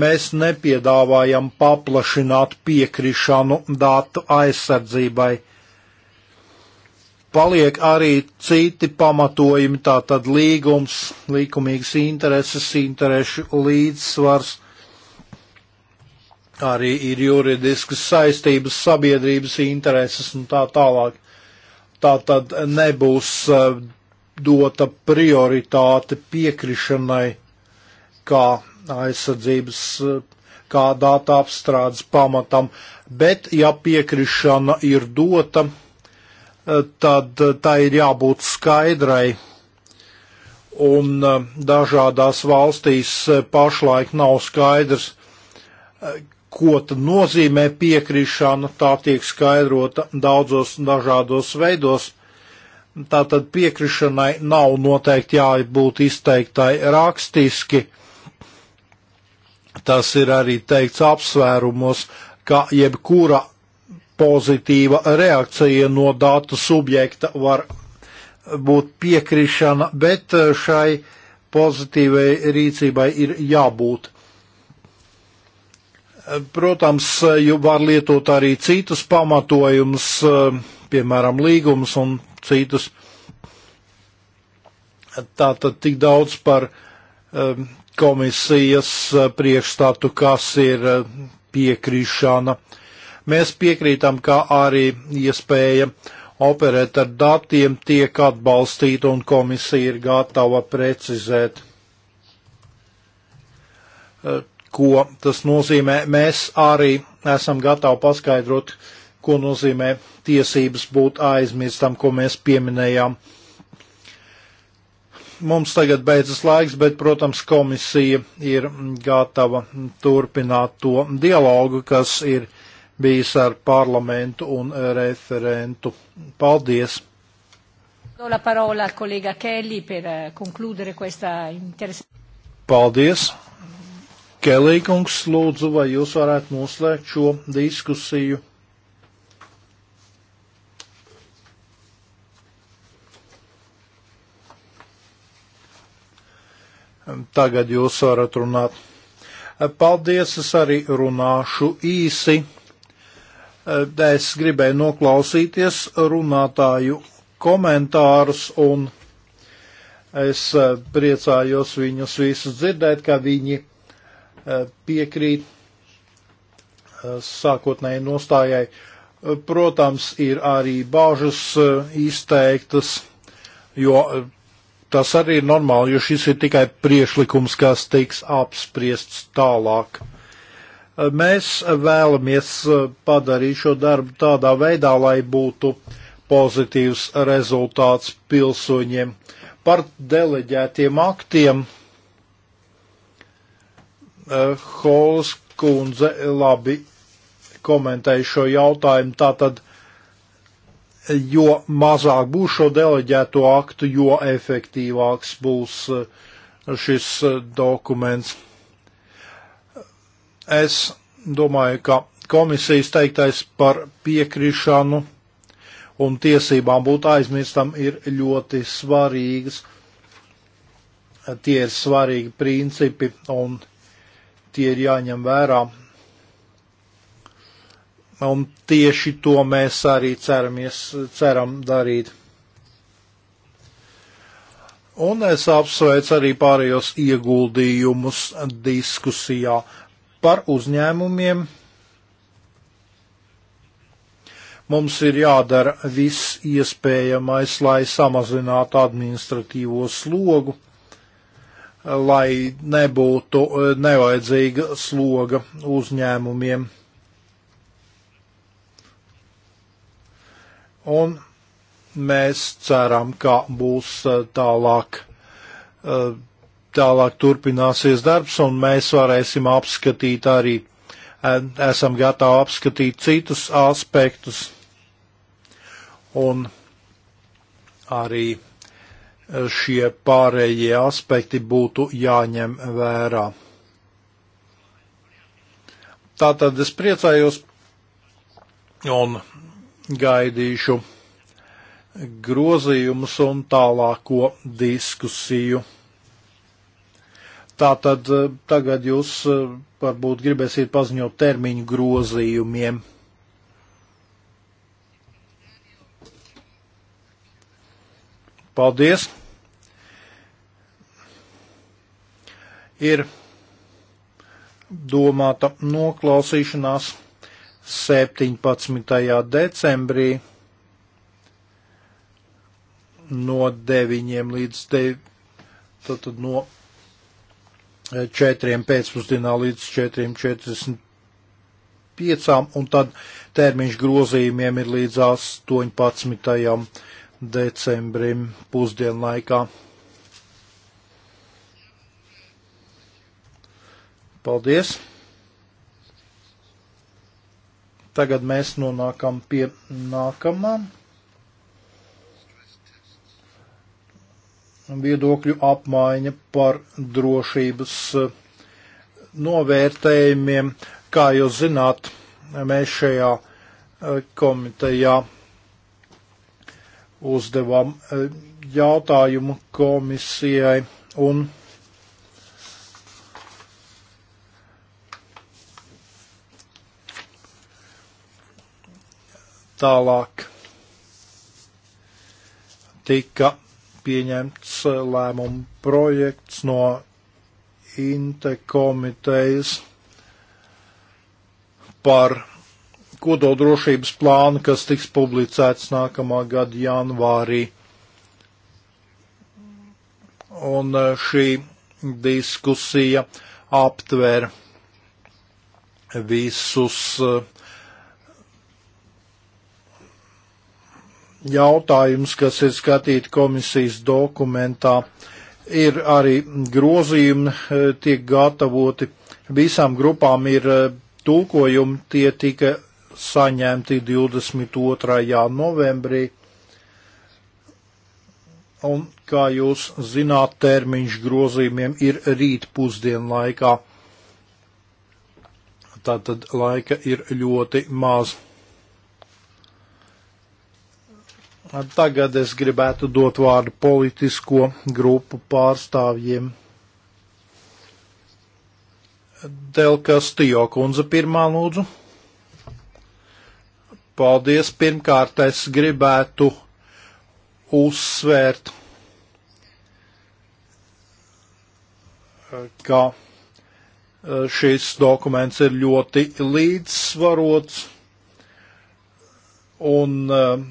Mēs nepiedāvājam paplašināt piekrišanu datu aizsardzībai. Paliek arī citi pamatojumi, tātad līgums, līkumīgas intereses, interešu līdzsvars arī ir juridiskas saistības, sabiedrības intereses un tā tālāk. Tā tad nebūs eh, dota prioritāte piekrišanai kā aizsardzības, kā dāta apstrādes pamatam, bet ja piekrišana ir dota, tad tā ir jābūt skaidrai. Un dažādās valstīs pašlaik nav skaidrs, ko tad nozīmē piekrišana, tā tiek skaidrota daudzos dažādos veidos Tātad piekrišanai nav noteikti jābūt izteiktai rakstiski. Tas ir arī teikts apsvērumos, ka jebkura pozitīva reakcija no datu subjekta var būt piekrišana, bet šai pozitīvai rīcībai ir jābūt. Protams, var lietot arī citus pamatojumus piemēram, līgumus un citus. Tā tad tik daudz par um, komisijas uh, priekšstatu, kas ir uh, piekrišana. Mēs piekrītam, ka arī iespēja operēt ar datiem tiek atbalstīta un komisija ir gatava precizēt uh, ko tas nozīmē. Mēs arī esam gatavi paskaidrot, ko nozīmē tiesības būt aizmirstam, ko mēs pieminējām. Mums tagad beidzas laiks, bet, protams, komisija ir gatava turpināt to dialogu, kas ir bijis ar parlamentu un referentu. Paldies! La parola al collega Kelly per eh, concludere questa interessante. Paldies! Kelīkungs, lūdzu, vai jūs varētu noslēgt šo diskusiju? tagad jūs varat runāt. Paldies, es arī runāšu īsi. Es gribēju noklausīties runātāju komentārus un es eh, priecājos viņus visus dzirdēt, ka viņi eh, piekrīt eh, sākotnēji nostājai. Protams, ir arī bāžas izteiktas, jo tas arī ir normāli, jo šis ir tikai priešlikums, kas tiks apspriests tālāk. Mēs vēlamies padarīt šo darbu tādā veidā, lai būtu pozitīvs rezultāts pilsoņiem. Par deleģētiem aktiem eh, Holas kundze labi komentēja šo jautājumu. Tātad jo mazāk būs šo deleģēto aktu, jo efektīvāks būs eh, šis eh, dokuments. Es domāju, ka komisijas teiktais par piekrišanu un tiesībām būt aizmirstam ir ļoti svarīgas. Tie ir svarīgi principi un tie ir jāņem vērā Un tieši to mēs arī ceramies, ceram darīt. Un es apsveicu arī pārējos ieguldījumus diskusijā par uzņēmumiem. Mums ir jādara viss iespējamais, lai samazinātu administratīvo slogu, lai nebūtu nevajadzīga sloga uzņēmumiem. Un mēs ceram, ka būs eh, tālāk, eh, tālāk turpināsies darbs, un mēs varēsim apskatīt arī, eh, esam gatavi apskatīt citus aspektus. Un arī šie pārējie aspekti būtu jāņem vērā. Tātad es priecājos un gaidīšu grozījumus un tālāko diskusiju. Tātad eh, tagad jūs eh, varbūt gribēsiet paziņot termiņu grozījumiem. Paldies! Ir domāta noklausīšanās. 17. decembrī no 9 līdz 9, tātad no 4 eh, pēcpusdienā līdz 4.45, un tad termiņš grozījumiem ir līdz 18. decembrim pusdienlaikā. Paldies! Tagad mēs nonākam pie nākamā viedokļu apmaiņa par drošības eh, novērtējumiem. Kā jūs zināt, mēs šajā eh, komitejā uzdevām eh, jautājumu komisijai un Tālāk tika pieņemts lēmumu projekts no Inte komitejas par kodoldrošības plānu, kas tiks publicēts nākamā gada janvārī. Un e, šī diskusija aptver visus uh, jautājums, kas ir skatīti komisijas dokumentā. Ir arī grozījumi, e, tiek gatavoti. Visām grupām ir e, tulkojumi, tie tika saņemti 22. novembrī. Un, kā jūs zināt, termiņš grozījumiem ir rīt pusdienu laikā. Tātad laika ir ļoti maz. Tagad es gribētu dot vārdu politisko grupu pārstāvjiem. Delkas Tijo kundze pirmā lūdzu. Paldies. Pirmkārt, es gribētu uzsvērt, ka eh, šis dokuments ir ļoti līdzsvarots un uh,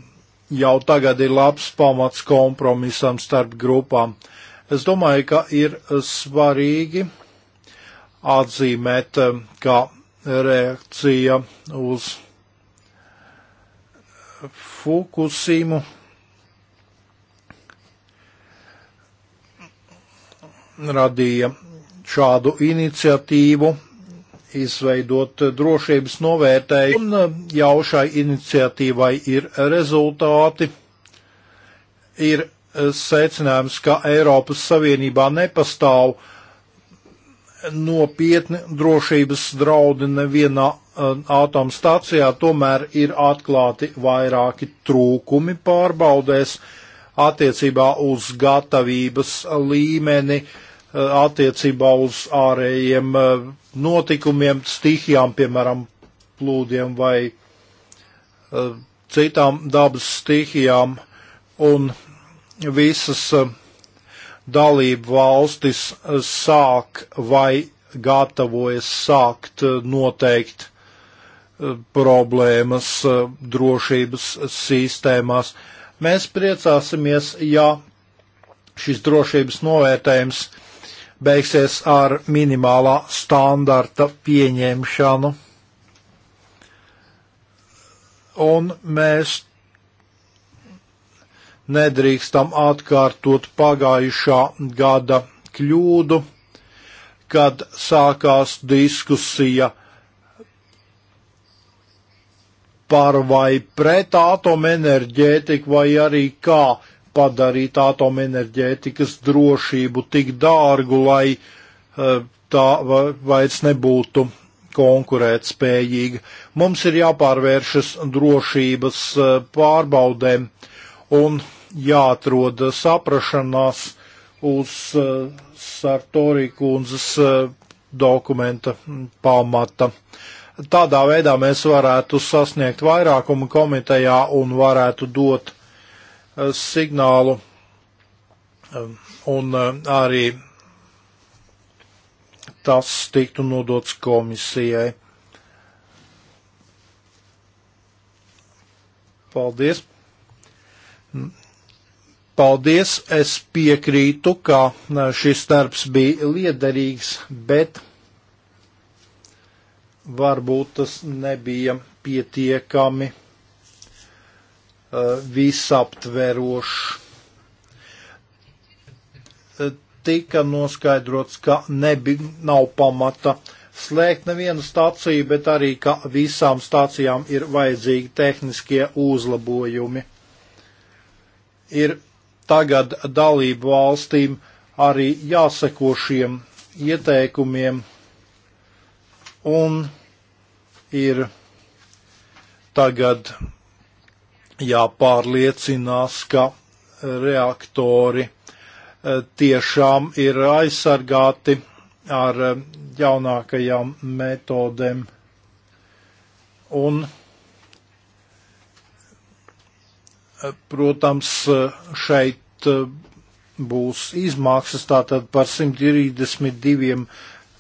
jau tagad ir labs pamats kompromisam starp grupām. Es domāju, ka ir svarīgi atzīmēt, eh, ka reakcija uz Fukusimu radīja šādu iniciatīvu izveidot drošības novērtēju, un eh, jau šai iniciatīvai ir rezultāti. Ir eh, secinājums, ka Eiropas Savienībā nepastāv nopietni drošības draudi nevienā eh, atomstācijā, tomēr ir atklāti vairāki trūkumi pārbaudēs attiecībā uz gatavības līmeni, uh, Eh, attiecībā uz ārējiem eh, notikumiem, stihijām, piemēram, plūdiem vai eh, citām dabas stihijām, un visas dalību valstis sāk vai gatavojas sākt noteikt problēmas drošības sistēmās. Mēs priecāsimies, ja šis drošības novērtējums uh, beigsies ar minimālā standarta pieņemšanu. Un mēs nedrīkstam atkārtot pagājušā gada kļūdu, kad sākās diskusija par vai pret atomenerģētiku vai arī kā padarīt atomenerģētikas drošību tik dārgu, lai eh, tā vairs nebūtu konkurēt spējīga. Mums ir jāpārvēršas drošības eh, pārbaudēm un jāatrod saprašanās uz eh, Sartori kundzes dokumenta pamata. Tādā veidā mēs varētu sasniegt vairākumu komitejā un varētu dot Eh, signālu eh, un eh, arī tas tiktu nodots komisijai. Paldies! Paldies! Es piekrītu, ka šis darbs bija liederīgs, bet varbūt tas nebija pietiekami Uh, visaptverošs. Uh, tika noskaidrots, ka nebi, nav pamata slēgt nevienu stāciju, bet arī, ka visām stācijām ir vajadzīgi tehniskie uzlabojumi. Ir tagad dalību valstīm arī jāseko šiem ieteikumiem un ir tagad jāpārliecinās, ka reaktori eh, tiešām ir aizsargāti ar eh, jaunākajām metodēm. Un, eh, protams, šeit būs izmaksas tātad par 132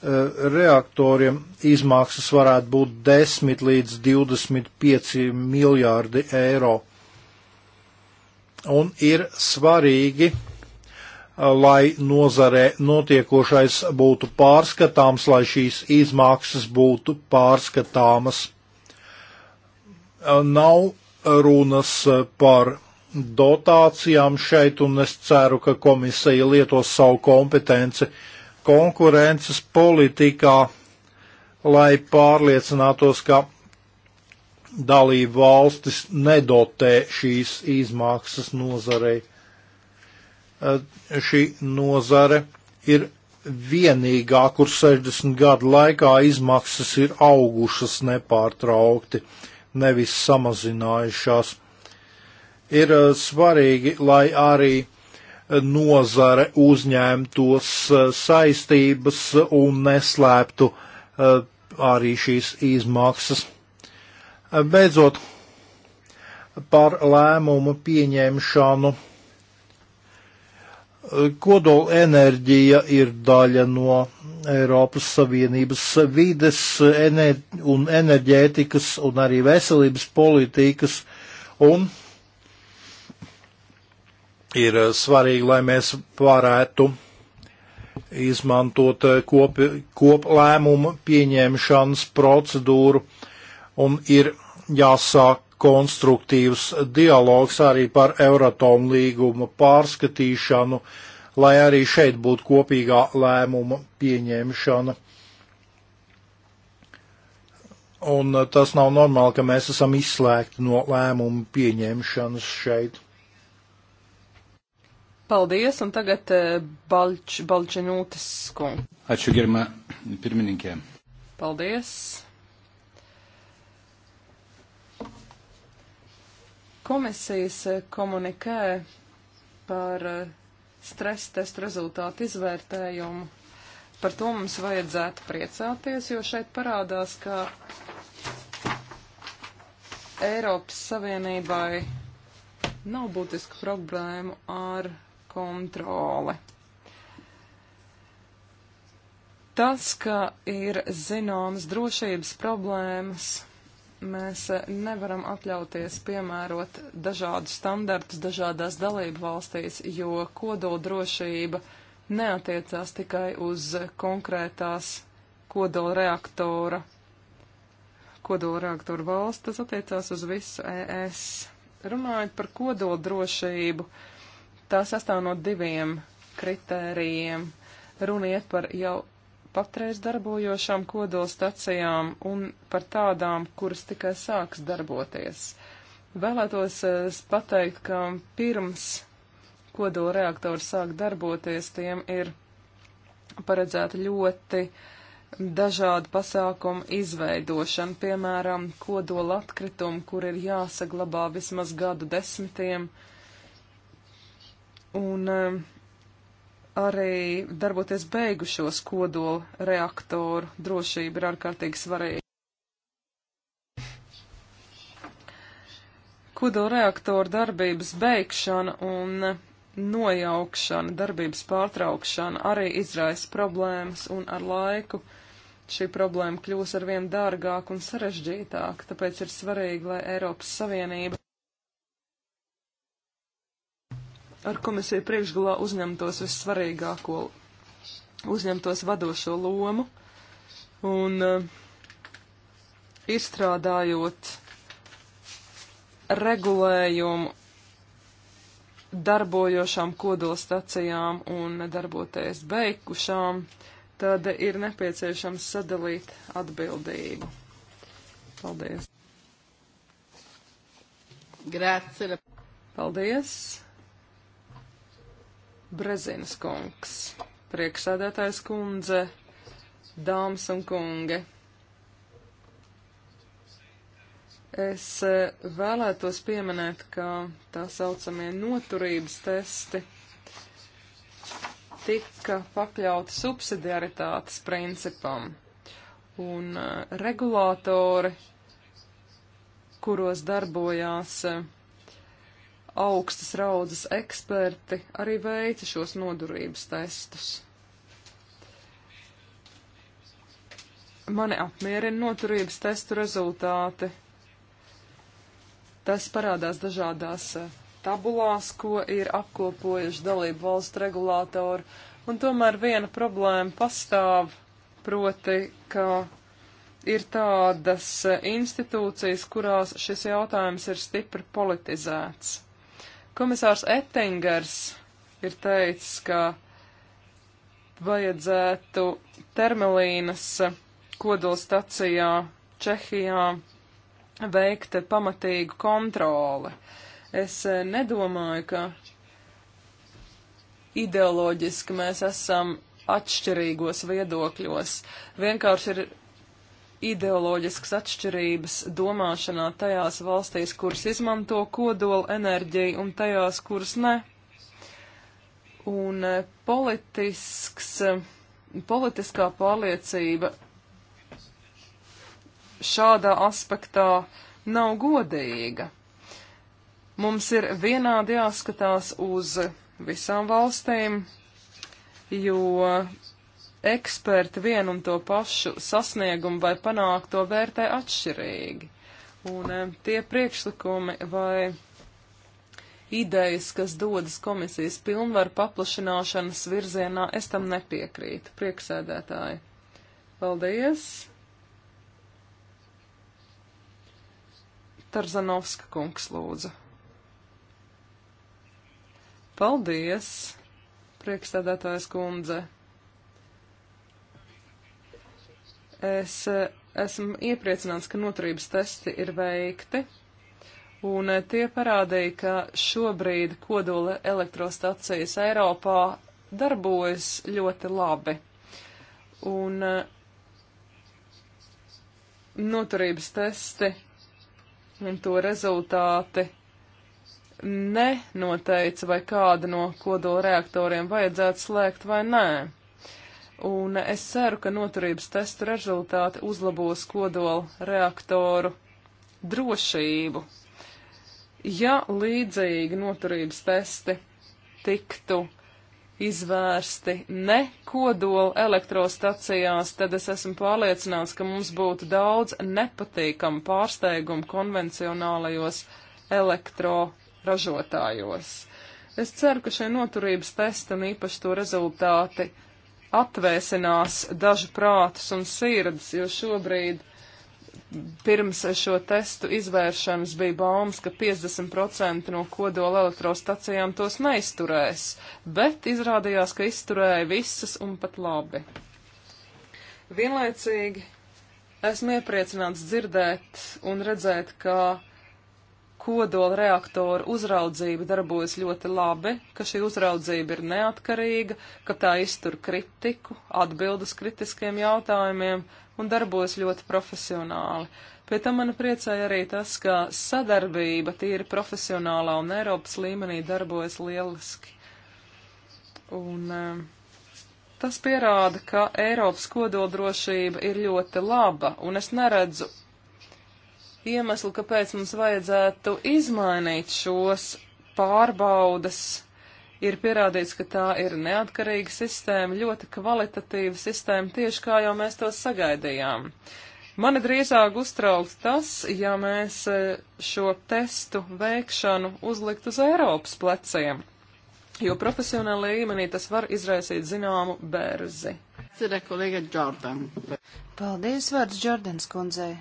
reaktoriem izmaksas varētu būt 10 līdz 25 miljārdi eiro un ir svarīgi, eh, lai nozarē notiekošais būtu pārskatāms, lai šīs izmaksas būtu pārskatāmas. Eh, nav runas eh, par dotācijām šeit, un es ceru, ka komisija lietos savu kompetenci konkurences politikā, lai pārliecinātos, ka dalību valstis nedotē šīs izmaksas nozarei. Šī nozare ir vienīgā, kur 60 gadu laikā izmaksas ir augušas nepārtraukti, nevis samazinājušās. Ir svarīgi, lai arī nozare uzņēmtos saistības un neslēptu arī šīs izmaksas. Beidzot, par lēmumu pieņemšanu. Kodola enerģija ir daļa no Eiropas Savienības vides ener un enerģētikas un arī veselības politikas, un ir svarīgi, lai mēs varētu izmantot koplēmumu kop pieņemšanas procedūru uh, un ir jāsāk konstruktīvs dialogs arī par Euratom līguma pārskatīšanu, lai arī šeit būtu kopīgā lēmuma pieņemšana. Un uh, tas nav normāli, ka mēs esam izslēgti no lēmumu pieņemšanas šeit. Paldies, un tagad uh, Balč, Balčinūtis skung. Ačiū, germa pirmininkē. Paldies. Komisijas eh, komunikē par eh, stresa testu rezultātu izvērtējumu. Par to mums vajadzētu priecāties, jo šeit parādās, ka Eiropas Savienībai nav būtisku problēmu ar kontroli. Tas, ka ir zināmas drošības problēmas Mēs nevaram atļauties piemērot dažādus standartus dažādās dalību valstīs, jo kodoldrošība neatiecās tikai uz konkrētās kodolreaktora, kodolreaktora valsts, tas attiecās uz visu ES. Runājot par kodoldrošību, tā sastāv no diviem kritērijiem. Runiet par jau patreiz darbojošām kodolstacijām un par tādām, kuras tikai sāks darboties. Vēlētos eh, pateikt, ka pirms kodola reaktori sāk darboties, tiem ir paredzēta ļoti dažādu pasākumu izveidošana, piemēram, kodola atkritumu, kur ir jāsaglabā vismaz gadu desmitiem. Un, uh, arī darboties beigušos kodolu reaktoru drošība ir ārkārtīgi svarīga. Kodola reaktoru darbības beigšana un nojaukšana, darbības pārtraukšana arī izraisa problēmas un ar laiku šī problēma kļūs arvien dārgāk un sarežģītāk, tāpēc ir svarīgi, lai Eiropas Savienība ar komisiju priekšgalā uzņemtos vissvarīgāko, uzņemtos vadošo lomu un uh, izstrādājot regulējumu darbojošām kodolstacijām un darboties beigušām, tad ir nepieciešams sadalīt atbildību. Paldies! Grāci! Paldies! Brezinas kungs, priekšsēdētājs kundze, dāmas un kungi. Es e, vēlētos pieminēt, ka tā saucamie noturības testi tika pakļauti subsidiaritātes principam, un e, regulātori, kuros darbojās uh, augstas raudzes eksperti arī veica šos nodurības testus. Mani apmierina noturības testu rezultāti. Tas parādās dažādās eh, tabulās, ko ir apkopojuši dalību valstu regulātori, un tomēr viena problēma pastāv, proti, ka ir tādas eh, institūcijas, kurās šis jautājums ir stipri politizēts. Komisārs Ettingers ir teicis, ka vajadzētu termelīnas kodolstacijā Čehijā veikt pamatīgu kontroli. Es eh, nedomāju, ka ideoloģiski mēs esam atšķirīgos viedokļos. Vienkārši ir ideoloģiskas atšķirības domāšanā tajās valstīs, kuras izmanto kodola enerģiju un tajās, kuras ne. Un eh, politisks, eh, politiskā pārliecība šādā aspektā nav godīga. Mums ir vienādi jāskatās uz visām valstīm, jo eksperti vienu un to pašu sasniegumu vai panākto vērtē atšķirīgi. Un e, tie priekšlikumi vai idejas, kas dodas komisijas pilnvaru paplašināšanas virzienā, es tam nepiekrītu. Prieksēdētāji. Paldies! Tarzanovska kungs lūdzu. Paldies, priekšstādātājs kundze. Es eh, esmu iepriecināts, ka noturības testi ir veikti, un eh, tie parādīja, ka šobrīd kodola elektrostacijas Eiropā darbojas ļoti labi. Un eh, noturības testi un to rezultāti nenoteica, vai kādu no kodola reaktoriem vajadzētu slēgt vai nē. Un es ceru, ka noturības testu rezultāti uzlabos kodola reaktoru drošību. Ja līdzīgi noturības testi tiktu izvērsti ne kodola elektrostacijās, tad es esmu pārliecināts, ka mums būtu daudz nepatīkamu pārsteigumu konvencionālajos elektroražotājos. Es ceru, ka šie noturības testi un īpaši to rezultāti atvēsinās dažu prātus un sirds, jo šobrīd pirms šo testu izvēršanas bija baumas, ka 50% no kodola elektrostacijām tos neizturēs, bet izrādījās, ka izturēja visas un pat labi. Vienlaicīgi esmu iepriecināts dzirdēt un redzēt, ka kodola reaktoru uzraudzība darbojas ļoti labi, ka šī uzraudzība ir neatkarīga, ka tā iztur kritiku, atbildas kritiskiem jautājumiem un darbojas ļoti profesionāli. Pie tam mani priecēja arī tas, ka sadarbība tīri profesionālā un Eiropas līmenī darbojas lieliski. Un e, tas pierāda, ka Eiropas kodoldrošība ir ļoti laba, un es neredzu iemeslu, kāpēc mums vajadzētu izmainīt šos pārbaudas. Ir pierādīts, ka tā ir neatkarīga sistēma, ļoti kvalitatīva sistēma, tieši kā jau mēs to sagaidījām. Mani drīzāk uztrauc tas, ja mēs e, šo testu veikšanu uzlikt uz Eiropas pleciem, jo profesionālā līmenī tas var izraisīt zināmu bērzi. Paldies, vārds Jordans kundzei.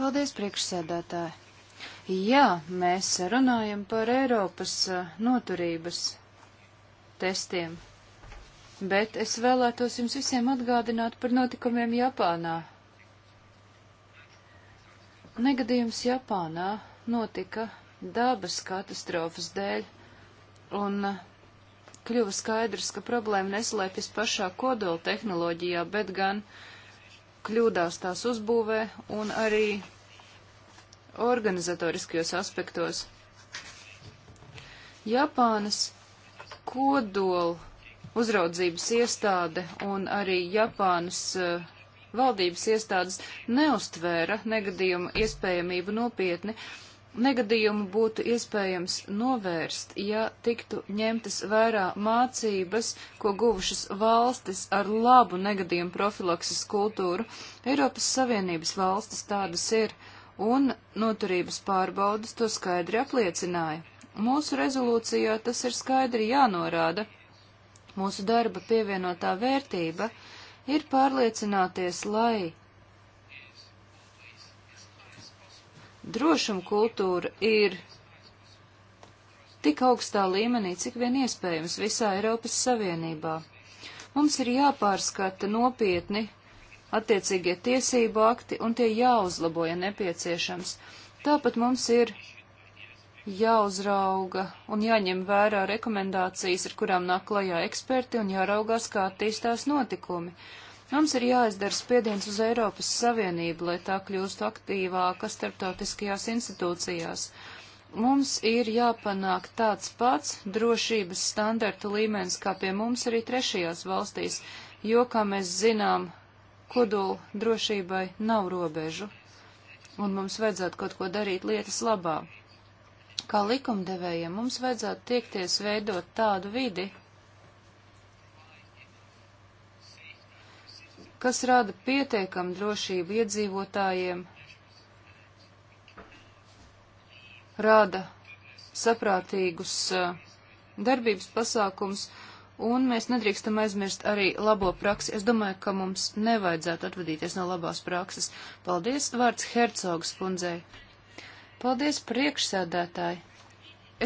Paldies, priekšsēdētāji. Jā, mēs runājam par Eiropas noturības testiem, bet es vēlētos jums visiem atgādināt par notikumiem Japānā. Negadījums Japānā notika dabas katastrofas dēļ, un kļuva skaidrs, ka problēma neslēpjas pašā kodola tehnoloģijā, bet gan uh, kļūdās tās uzbūvē un arī organizatoriskajos aspektos. Japānas kodola uzraudzības iestāde un arī Japānas uh, valdības iestādes neustvēra negadījuma iespējamību nopietni, uh, negadījumu būtu iespējams novērst, ja tiktu ņemtas vērā mācības, ko guvušas valstis ar labu negadījumu profilakses kultūru. Eiropas Savienības valstis tādas ir, un noturības pārbaudas to skaidri apliecināja. Mūsu rezolūcijā tas ir skaidri jānorāda. Mūsu darba pievienotā vērtība ir pārliecināties, lai drošuma kultūra ir tik augstā līmenī, cik vien iespējams visā Eiropas Savienībā. Mums ir jāpārskata nopietni attiecīgie tiesību akti un tie jāuzlabo, ja nepieciešams. Tāpat mums ir jāuzrauga un jāņem vērā rekomendācijas, ar kurām nāk klajā eksperti un jāraugās, kā attīstās notikumi. Mums ir jāizdara spiediens uz Eiropas Savienību, lai tā kļūstu aktīvāka starptautiskajās institūcijās. Mums ir jāpanāk tāds pats drošības standartu līmenis, kā pie mums arī trešajās valstīs, jo, kā mēs zinām, kodolu drošībai nav robežu, un mums vajadzētu kaut ko darīt lietas labā. Kā likumdevējiem mums vajadzētu tiekties veidot tādu vidi, kas rada pietiekamu drošību iedzīvotājiem, rada saprātīgus eh, darbības pasākums, un mēs nedrīkstam aizmirst arī labo praksi. Es domāju, ka mums nevajadzētu atvadīties no labās prakses. Paldies, vārds Hercogs kundzei. Paldies, priekšsēdētāji.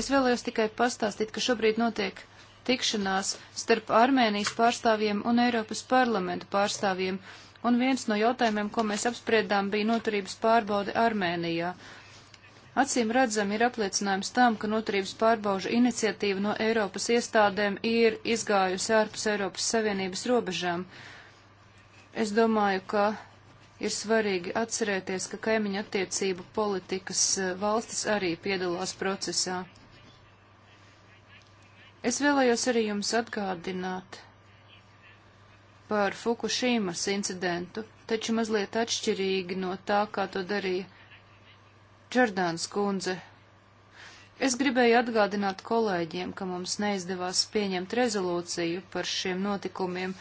Es vēlējos tikai pastāstīt, ka šobrīd notiek tikšanās starp Armēnijas pārstāvjiem un Eiropas parlamentu pārstāvjiem, un viens no jautājumiem, ko mēs apspriedām, bija noturības pārbaude Armēnijā. Acīm redzam ir apliecinājums tam, ka noturības pārbaužu iniciatīva no Eiropas iestādēm ir izgājusi ārpus Eiropas Savienības robežām. Es domāju, ka ir svarīgi atcerēties, ka kaimiņa attiecību politikas eh, valstis arī piedalās procesā. Es vēlējos arī jums atgādināt par Fukushīmas incidentu, taču mazliet atšķirīgi no tā, kā to darīja Čerdāns kundze. Es gribēju atgādināt kolēģiem, ka mums neizdevās pieņemt rezolūciju par šiem notikumiem,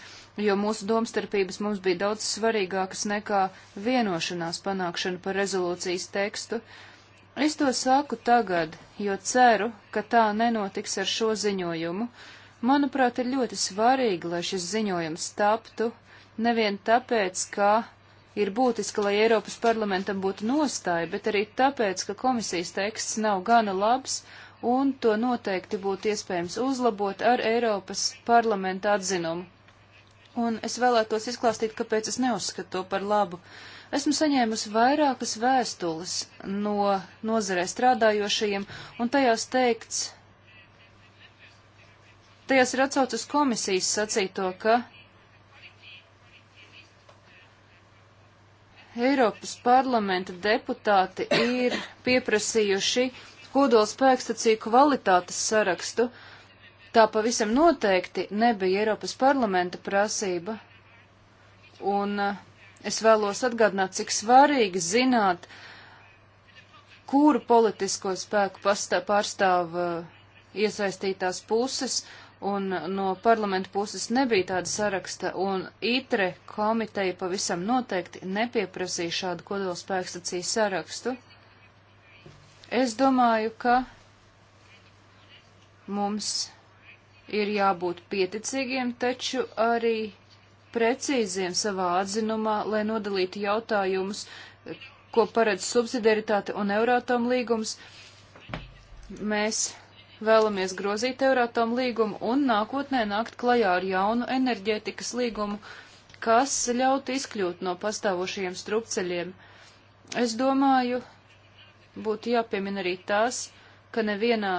jo mūsu domstarpības mums bija daudz svarīgākas nekā vienošanās panākšana par rezolūcijas tekstu, uh, Es to saku tagad, jo ceru, ka tā nenotiks ar šo ziņojumu. Manuprāt, ir ļoti svarīgi, lai šis ziņojums taptu, nevien tāpēc, ka ir būtiski, lai Eiropas parlamentam būtu nostāja, bet arī tāpēc, ka komisijas teksts nav gana labs, un to noteikti būtu iespējams uzlabot ar Eiropas parlamenta atzinumu. Un es vēlētos izklāstīt, kāpēc es neuzskatu to par labu. Uh, Esmu saņēmusi vairākas vēstules no nozarē strādājošajiem, un tajās teikts, tajās ir atsaucas komisijas sacīto, ka Eiropas parlamenta deputāti ir pieprasījuši kodola spēkstacīju kvalitātes sarakstu. Tā pavisam noteikti nebija Eiropas parlamenta prasība. Un uh, Es vēlos atgādināt, cik svarīgi zināt, kuru politisko spēku pastāv, pārstāv uh, iesaistītās puses, un no parlamenta puses nebija tāda saraksta, un ITRE komiteja pavisam noteikti nepieprasīja šādu kodolspēkstacīju sarakstu. Es domāju, ka mums ir jābūt pieticīgiem, taču arī precīziem savā atzinumā, lai nodalītu jautājumus, ko paredz subsidiaritāte un Eurātom līgums. Mēs vēlamies grozīt Eurātom līgumu un nākotnē nākt klajā ar jaunu enerģētikas līgumu, kas ļautu izkļūt no pastāvošajiem strupceļiem. Es domāju, būtu jāpiemina arī tas, ka nevienā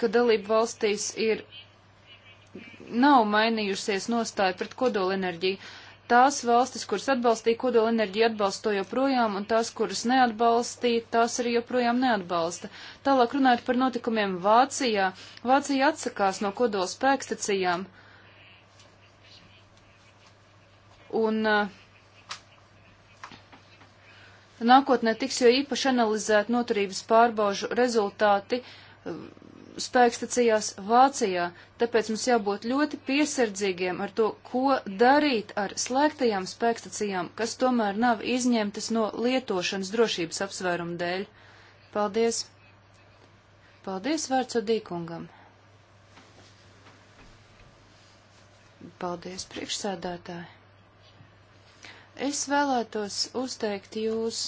ka dalību valstīs ir nav mainījusies nostāja pret kodolenerģiju. Tās valstis, kuras atbalstīja kodolenerģiju, atbalsta to joprojām, un tās, kuras neatbalstīja, tās arī joprojām neatbalsta. Tālāk runājot par notikumiem Vācijā. Vācija atsakās no kodola spēkstacijām. Un uh, nākotnē tiks jo īpaši analizēt noturības pārbaužu rezultāti, uh, spēkstacijās Vācijā, tāpēc mums jābūt ļoti piesardzīgiem ar to, ko darīt ar slēgtajām spēkstacijām, kas tomēr nav izņemtas no lietošanas drošības apsvērumu dēļ. Paldies! Paldies vārds Odīkungam! Paldies, priekšsēdētāji! Es vēlētos uzteikt jūs,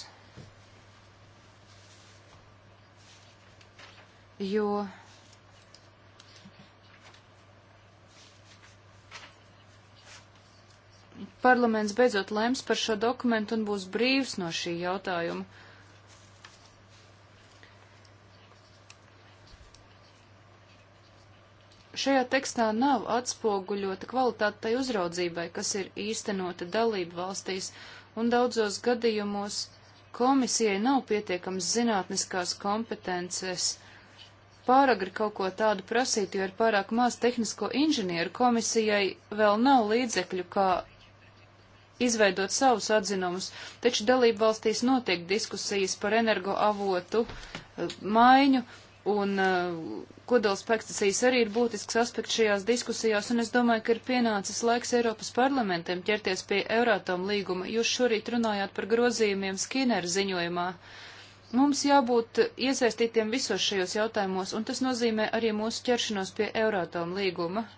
jo parlaments beidzot lems par šo dokumentu un būs brīvs no šī jautājuma. Šajā tekstā nav atspoguļota kvalitātei uzraudzībai, kas ir īstenota dalību valstīs, un daudzos gadījumos komisijai nav pietiekams zinātniskās kompetences. Pāragri kaut ko tādu prasīt, jo ir pārāk maz tehnisko inženieru komisijai vēl nav līdzekļu, kā izveidot savus atzinumus, taču dalību valstīs notiek diskusijas par energoavotu eh, maiņu, un eh, kodolspekcijas arī ir būtisks aspekts šajās diskusijās, un es domāju, ka ir pienācis laiks Eiropas parlamentam ķerties pie Eurātom līguma. Jūs šorīt runājāt par grozījumiem Skinner ziņojumā. Mums jābūt iesaistītiem visos šajos jautājumos, un tas nozīmē arī mūsu ķeršanos pie Eurātom līguma.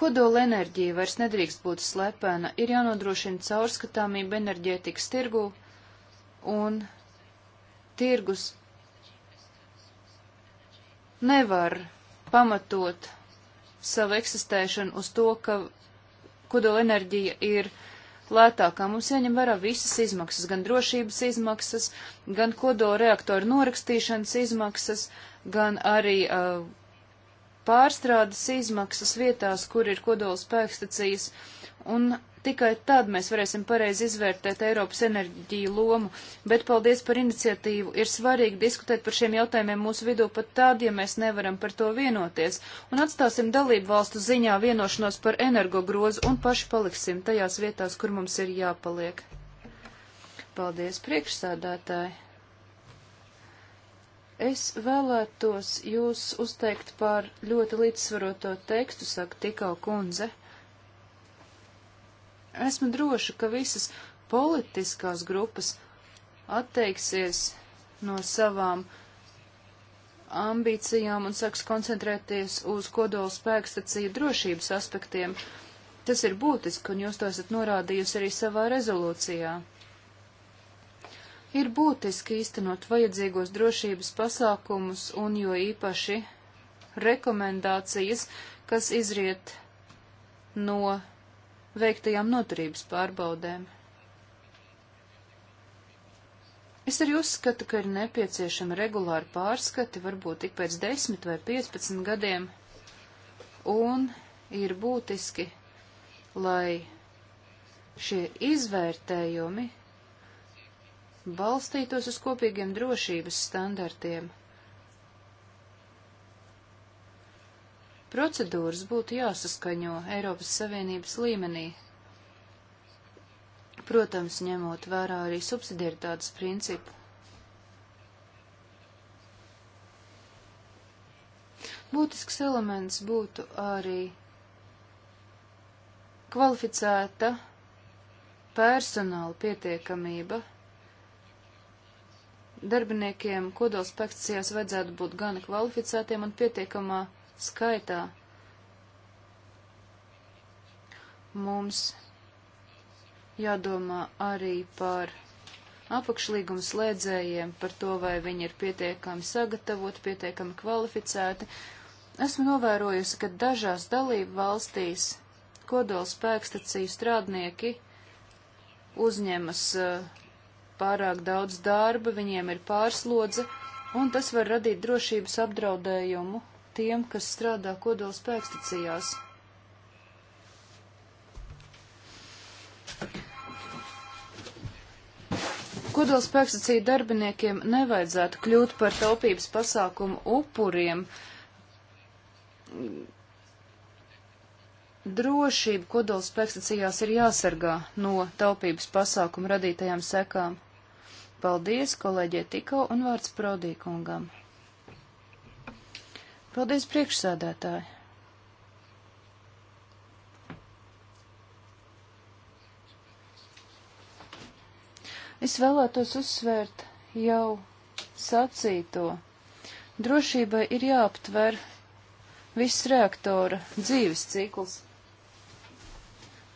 Kodola enerģija vairs nedrīkst būt slepena, ir jānodrošina caurskatāmība enerģētikas tirgu un tirgus nevar pamatot savu eksistēšanu uz to, ka kodola enerģija ir lētākā. Mums jāņem vērā visas izmaksas, gan drošības izmaksas, gan kodola reaktoru norakstīšanas izmaksas, gan arī uh, pārstrādes izmaksas vietās, kur ir kodola spēkstacijas, un tikai tad mēs varēsim pareizi izvērtēt Eiropas enerģiju lomu, bet paldies par iniciatīvu. Ir svarīgi diskutēt par šiem jautājumiem mūsu vidū pat tad, ja mēs nevaram par to vienoties, un atstāsim dalību valstu ziņā vienošanos par energogrozu un paši paliksim tajās vietās, kur mums ir jāpaliek. Paldies, priekšsādātāji! Es vēlētos jūs uzteikt par ļoti līdzsvaroto tekstu, saka tikau kundze. Esmu droša, ka visas politiskās grupas atteiksies no savām ambīcijām un sāks koncentrēties uz kodola spēkstaciju drošības aspektiem. Tas ir būtiski, un jūs to esat norādījusi arī savā rezolūcijā. Ir būtiski īstenot vajadzīgos drošības pasākumus un jo īpaši rekomendācijas, kas izriet no veiktajām noturības pārbaudēm. Es arī uzskatu, ka ir nepieciešama regulāra pārskati, varbūt tik pēc 10 vai 15 gadiem, un ir būtiski, lai šie izvērtējumi balstītos uz kopīgiem drošības standartiem. Procedūras būtu jāsaskaņo Eiropas Savienības līmenī, protams, ņemot vērā arī subsidiaritātes principu. Būtisks elements būtu arī kvalificēta personāla pietiekamība Darbiniekiem kodolspēkstacijās vajadzētu būt gan kvalificētiem un pietiekamā skaitā. Mums jādomā arī par apakšlīgumu slēdzējiem, par to, vai viņi ir pietiekami sagatavoti, pietiekami kvalificēti. Esmu novērojusi, ka dažās dalību valstīs kodola spēkstaciju strādnieki uzņemas uh, pārāk daudz darba, viņiem ir pārslodze, un tas var radīt drošības apdraudējumu tiem, kas strādā kodols pēkstacijās. Kodols pēkstacija darbiniekiem nevajadzētu kļūt par taupības pasākumu upuriem. Drošība kodols pēkstacijās ir jāsargā no taupības pasākumu radītajām sekām. Paldies, kolēģie Tiko un vārds Prodīkungam. Paldies, priekšsādātāji. Es vēlētos uzsvērt jau sacīto. Drošībai ir jāaptver viss reaktora dzīves cikls.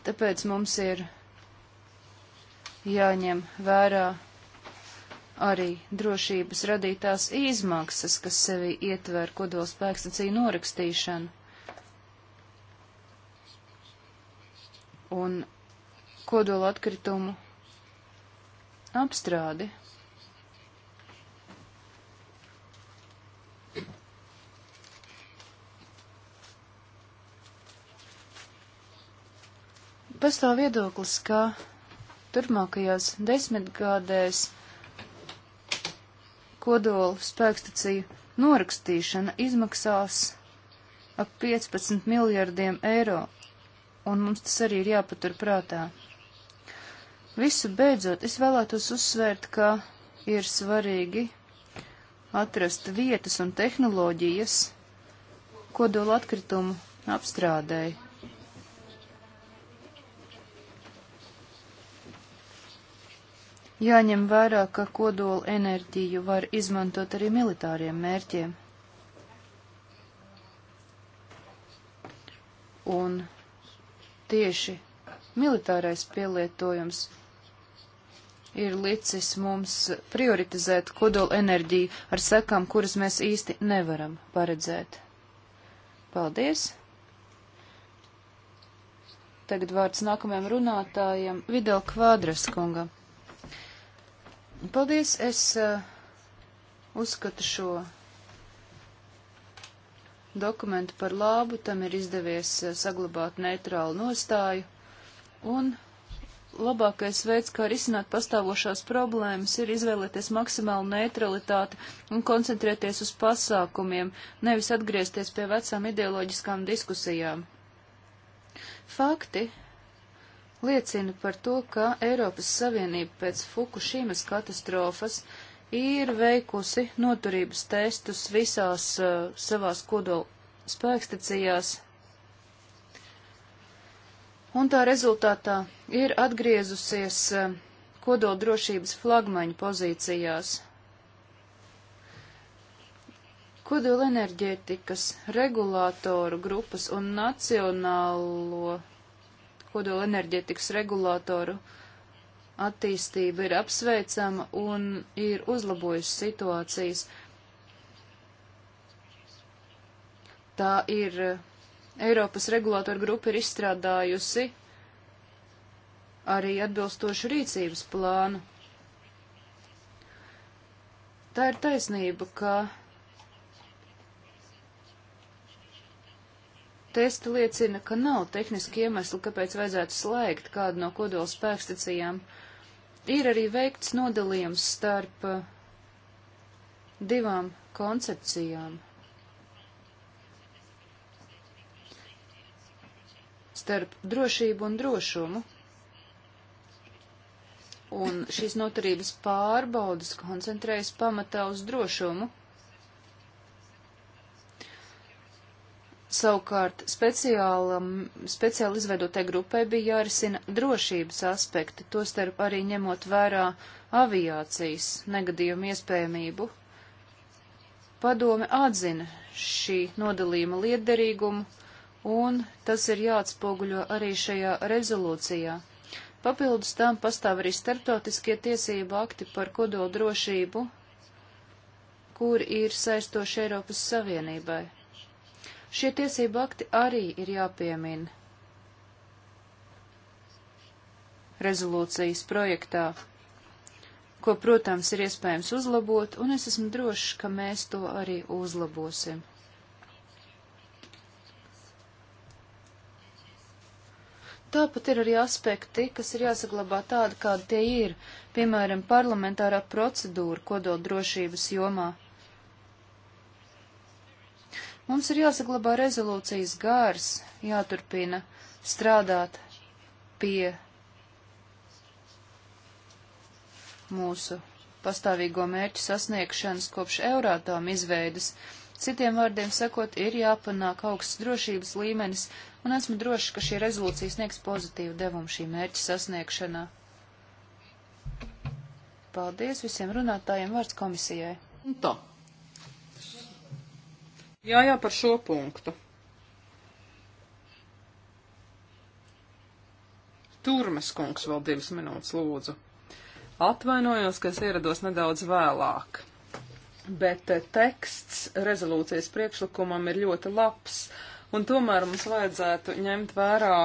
Tāpēc mums ir jāņem vērā arī drošības radītās izmaksas, kas sevi ietver kodolspēkstacīju norakstīšanu. Un kodola atkritumu apstrādi. Pastāv viedoklis, ka turpmākajās desmitgādēs kodolu spēkstaciju norakstīšana izmaksās ap 15 miljardiem eiro, un mums tas arī ir jāpatur prātā. Visu beidzot, es vēlētos uzsvērt, ka ir svarīgi atrast vietas un tehnoloģijas kodola atkritumu apstrādēji Jāņem vērā, ka kodola enerģiju var izmantot arī militāriem mērķiem. Un tieši militārais pielietojums ir licis mums prioritizēt kodola enerģiju ar sekām, kuras mēs īsti nevaram paredzēt. Paldies! Tagad vārds nākamajam runātājam Vidal Kvadras kungam. Paldies, es uh, uzskatu šo dokumentu par labu, tam ir izdevies uh, saglabāt neitrālu nostāju, un labākais veids, kā risināt pastāvošās problēmas, ir izvēlēties maksimālu neutralitāti un koncentrēties uz pasākumiem, nevis atgriezties pie vecām ideoloģiskām diskusijām. Fakti liecina par to, ka Eiropas Savienība pēc Fukušīmas katastrofas ir veikusi noturības testus visās uh, savās kodola spēkstacijās, un tā rezultātā ir atgriezusies uh, eh, kodola drošības flagmaņu pozīcijās. Kodola enerģētikas regulātoru grupas un nacionālo kodola enerģetikas regulātoru attīstība ir apsveicama un ir uzlabojusi situācijas. Tā ir Eiropas regulātoru grupa ir izstrādājusi arī atbilstošu rīcības plānu. Tā ir taisnība, ka Testi liecina, ka nav tehniski iemesli, kāpēc vajadzētu slēgt kādu no kodola spēkstacijām. Ir arī veikts nodalījums starp uh, divām koncepcijām. Starp drošību un drošumu. Un šīs noturības pārbaudas koncentrējas pamatā uz drošumu. Savukārt speciāli izveidotai grupai bija jārisina drošības aspekti, tostarp arī ņemot vērā aviācijas negadījumu iespējamību. Padome atzina šī nodalījuma liederīgumu, un tas ir jāatspoguļo arī šajā rezolūcijā. Papildus tam pastāv arī starptautiskie tiesība akti par kododrošību, kur ir saistoši Eiropas Savienībai. Šie tiesību akti arī ir jāpiemina rezolūcijas projektā, ko, protams, ir iespējams uzlabot, un es esmu drošs, ka mēs to arī uzlabosim. Tāpat ir arī aspekti, kas ir jāsaglabā tādi, kādi tie ir, piemēram, parlamentārā procedūra kodoldrošības jomā. Mums ir jāsaglabā rezolūcijas gars, jāturpina strādāt pie mūsu pastāvīgo mērķu sasniegšanas kopš Eurātām izveidas. Citiem vārdiem sakot, ir jāpanāk augsts drošības līmenis, un esmu droši, ka šī rezolūcija sniegs pozitīvu devumu šī mērķa sasniegšanā. Paldies visiem runātājiem vārds komisijai. Un to. Jā, jā, par šo punktu. Turmes kungs vēl divas minūtes lūdzu. Atvainojos, ka es ierados nedaudz vēlāk, bet eh, teksts rezolūcijas priekšlikumam ir ļoti labs, un tomēr mums vajadzētu ņemt vērā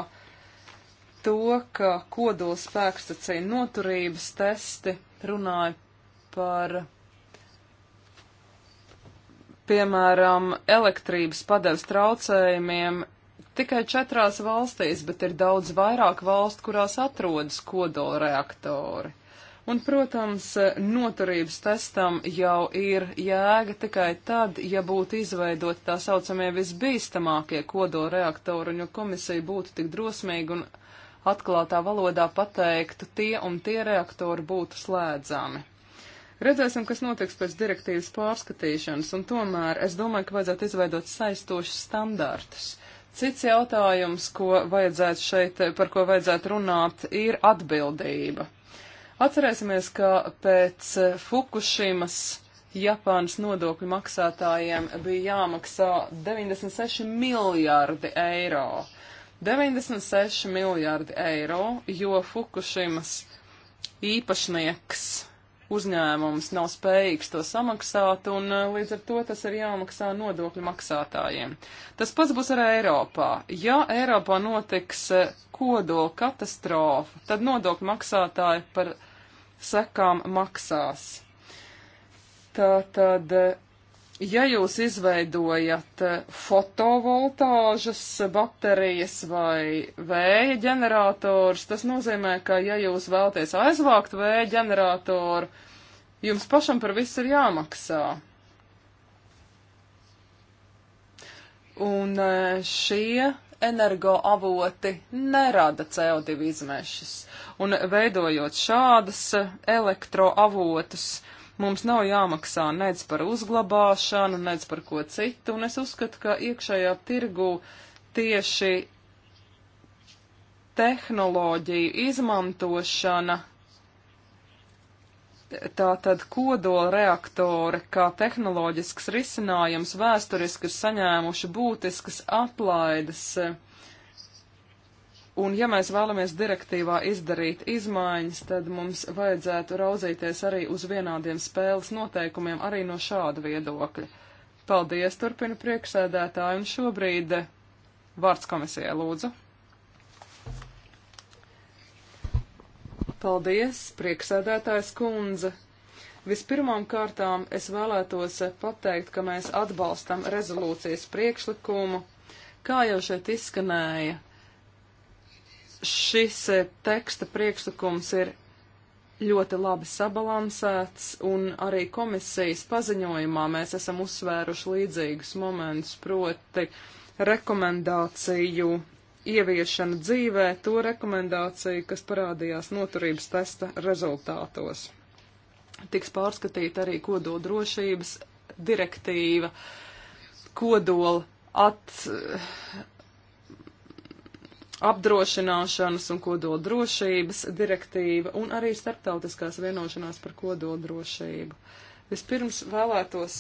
to, ka kodola spēkstacija noturības testi runāja par piemēram, elektrības padeves traucējumiem tikai četrās valstīs, bet ir daudz vairāk valstu, kurās atrodas kodolreaktori. Un, protams, noturības testam jau ir jēga tikai tad, ja būtu izveidoti tā saucamie visbīstamākie kodolreaktori, un jo komisija būtu tik drosmīga un atklātā valodā pateiktu, tie un tie reaktori būtu slēdzami. Redzēsim, kas notiks pēc direktīvas pārskatīšanas, un tomēr es domāju, ka vajadzētu izveidot saistošus standārtus. Cits jautājums, ko vajadzētu šeit, par ko vajadzētu runāt, ir atbildība. Atcerēsimies, ka pēc Fukushimas Japānas nodokļu maksātājiem bija jāmaksā 96 miljārdi eiro. 96 miljārdi eiro, jo Fukushimas īpašnieks uzņēmums nav spējīgs to samaksāt, un eh, līdz ar to tas ir jāmaksā nodokļu maksātājiem. Tas pats būs arī Eiropā. Ja Eiropā notiks eh, kodola katastrofa, tad nodokļu maksātāji par sekām maksās. Tā tad eh, ja jūs izveidojat eh, fotovoltāžas eh, baterijas vai vēja ģenerators, tas nozīmē, ka ja jūs vēlaties aizvākt vēja ģeneratoru, jums pašam par visu ir jāmaksā. Un eh, šie energoavoti nerada CO2 izmešas. Un veidojot šādas elektroavotus, uh, Mums nav jāmaksā nec par uzglabāšanu, nec par ko citu, un es uzskatu, ka iekšējā tirgu tieši tehnoloģiju izmantošana, tātad kodola reaktori kā tehnoloģisks risinājums vēsturiski ir saņēmuši būtiskas atlaides Un ja mēs vēlamies direktīvā izdarīt izmaiņas, tad mums vajadzētu raudzīties arī uz vienādiem spēles noteikumiem arī no šāda viedokļa. Paldies, turpina prieksēdētāji, un šobrīd vārds komisijai lūdzu. Paldies, prieksēdētājs kundze. Vispirmām kārtām es vēlētos pateikt, ka mēs atbalstam rezolūcijas priekšlikumu. Kā jau šeit izskanēja, šis eh, teksta priekšlikums ir ļoti labi sabalansēts, un arī komisijas paziņojumā mēs esam uzsvēruši līdzīgus momentus, proti rekomendāciju ieviešana dzīvē, to rekomendāciju, kas parādījās noturības testa rezultātos. Tiks pārskatīta arī kodola drošības direktīva, kodola at, apdrošināšanas un kodoldrošības direktīva un arī starptautiskās vienošanās par kodoldrošību. Vispirms vēlētos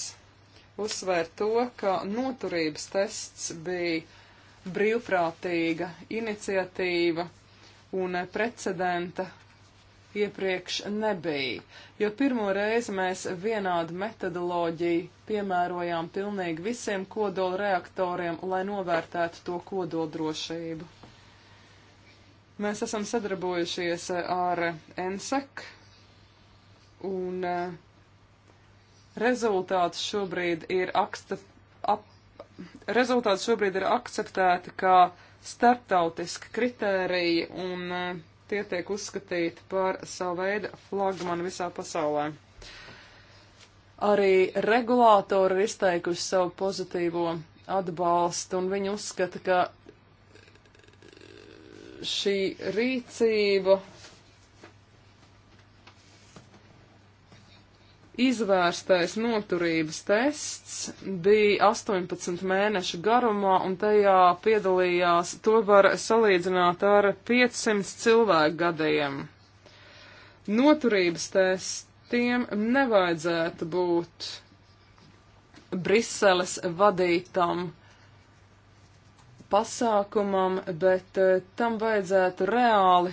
uzsvērt to, ka noturības tests bija brīvprātīga iniciatīva un precedenta iepriekš nebija, jo pirmo reizi mēs vienādu metodoloģiju piemērojām pilnīgi visiem kodolreaktoriem, lai novērtētu to kodoldrošību. Mēs esam sadarbojušies eh, ar eh, NSEC, un eh, rezultāts šobrīd ir, aksta, ap, rezultāts šobrīd ir akceptēti kā starptautiski kritēriji, un tie tiek uzskatīti par savu veidu flagmanu visā pasaulē. Arī regulātori ir izteikuši savu pozitīvo atbalstu, un viņi uzskata, ka šī rīcība izvērstais noturības tests bija 18 mēnešu garumā, un tajā piedalījās, to var salīdzināt ar 500 cilvēku gadiem. Noturības testiem nevajadzētu būt Briseles vadītam uh, pasākumam, bet eh, tam vajadzētu reāli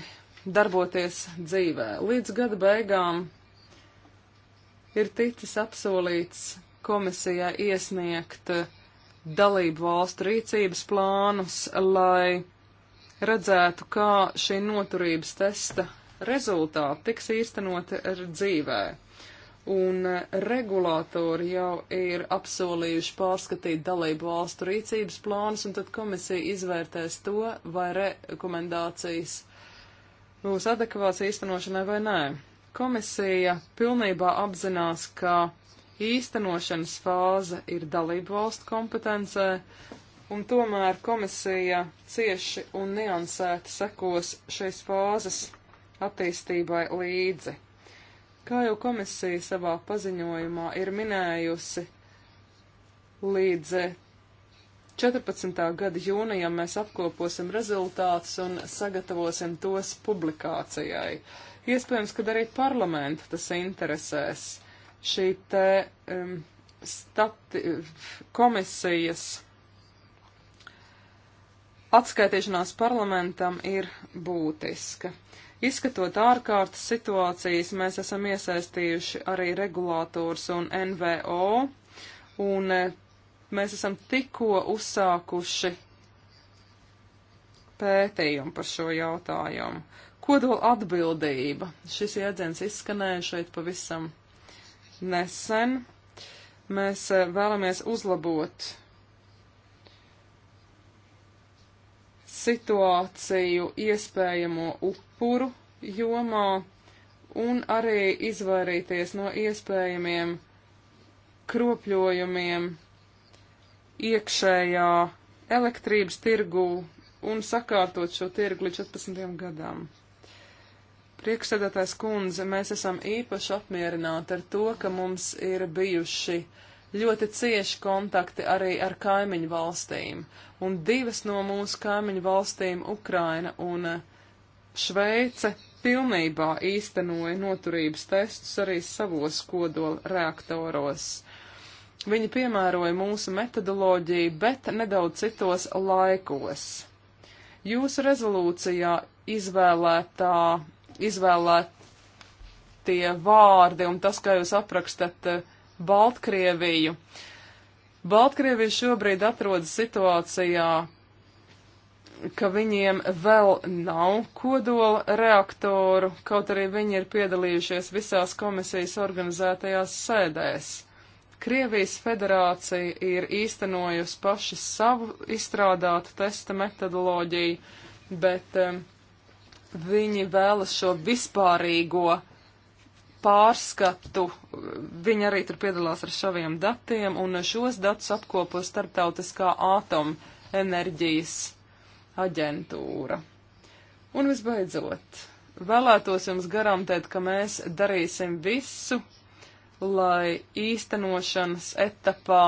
darboties dzīvē. Līdz gada beigām ir ticis apsolīts komisijai iesniegt eh, dalību valstu rīcības plānus, lai redzētu, kā šī noturības testa rezultāti tiks īstenoti dzīvē un eh, regulātori jau ir apsolījuši pārskatīt dalību valstu rīcības plānus, un tad komisija izvērtēs to, vai rekomendācijas būs adekvāts īstenošanai vai nē. Komisija pilnībā apzinās, ka īstenošanas fāze ir dalību valstu kompetencē, un tomēr komisija cieši un niansēti sekos šīs fāzes attīstībai līdzi. Kā jau komisija savā paziņojumā ir minējusi, līdz 14. Eh, gada jūnijam mēs apkoposim rezultātus un sagatavosim tos publikācijai. Iespējams, ka arī parlamentu tas interesēs. Šī te um, stati, komisijas atskaitīšanās parlamentam ir būtiska. Uh, Izskatot ārkārtas situācijas, mēs esam iesaistījuši arī regulātors un NVO, un e, mēs esam tikko uzsākuši pētījumu par šo jautājumu. Kodola atbildība. Šis jēdziens izskanēja šeit pavisam nesen. Mēs e, vēlamies uzlabot situāciju iespējamo upuru jomā un arī izvairīties no iespējamiem kropļojumiem iekšējā elektrības tirgū un sakārtot šo tirgu līdz 14 gadam. Priekšsēdētājs kundze, mēs esam īpaši apmierināti ar to, ka mums ir bijuši uh, ļoti cieši kontakti arī ar kaimiņu valstīm, un divas no mūsu kaimiņu valstīm, Ukraina un eh, Šveice, pilnībā īstenoja noturības testus arī savos kodola reaktoros. Viņi piemēroja mūsu metodoloģiju, bet nedaudz citos laikos. Jūsu rezolūcijā izvēlētā, izvēlētie vārdi un tas, kā jūs aprakstat uh, Baltkrieviju. Baltkrievija šobrīd atrodas situācijā, ka viņiem vēl nav kodola reaktoru, kaut arī viņi ir piedalījušies visās komisijas organizētajās sēdēs. Krievijas federācija ir īstenojusi paši savu izstrādātu testa metodoloģiju, bet um, viņi vēlas šo vispārīgo pārskatu. Viņi arī tur piedalās ar saviem datiem, un šos datus apkopo Startautiskā atomenerģijas aģentūra. Un visbeidzot, vēlētos jums garantēt, ka mēs darīsim visu, lai īstenošanas etapā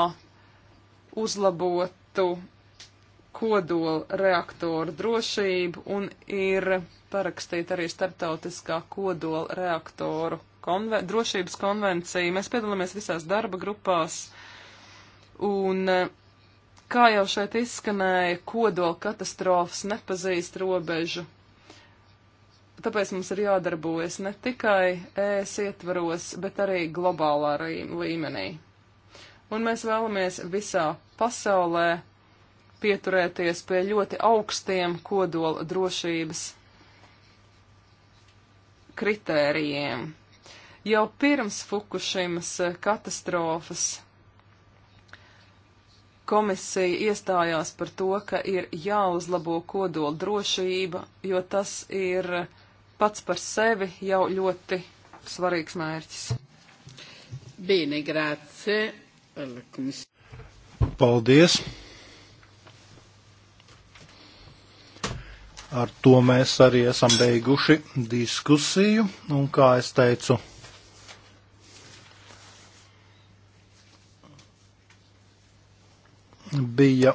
uzlabotu kodola reaktoru drošību un ir parakstīta arī starptautiskā kodola reaktoru konven drošības konvencija. Mēs piedalāmies visās darba grupās. Un, eh, kā jau šeit izskanēja, kodola katastrofas nepazīst robežu. Tāpēc mums ir jādarbojas ne tikai ES ietvaros, bet arī globālā līmenī. Un mēs vēlamies visā pasaulē pieturēties pie ļoti augstiem kodola drošības kritērijiem jau pirms Fukušimas eh, katastrofas komisija iestājās par to, ka ir jāuzlabo kodola drošība, jo tas ir pats par sevi jau ļoti svarīgs mērķis. Bīne, grāce. Paldies. Ar to mēs arī esam beiguši diskusiju, un kā es teicu, bija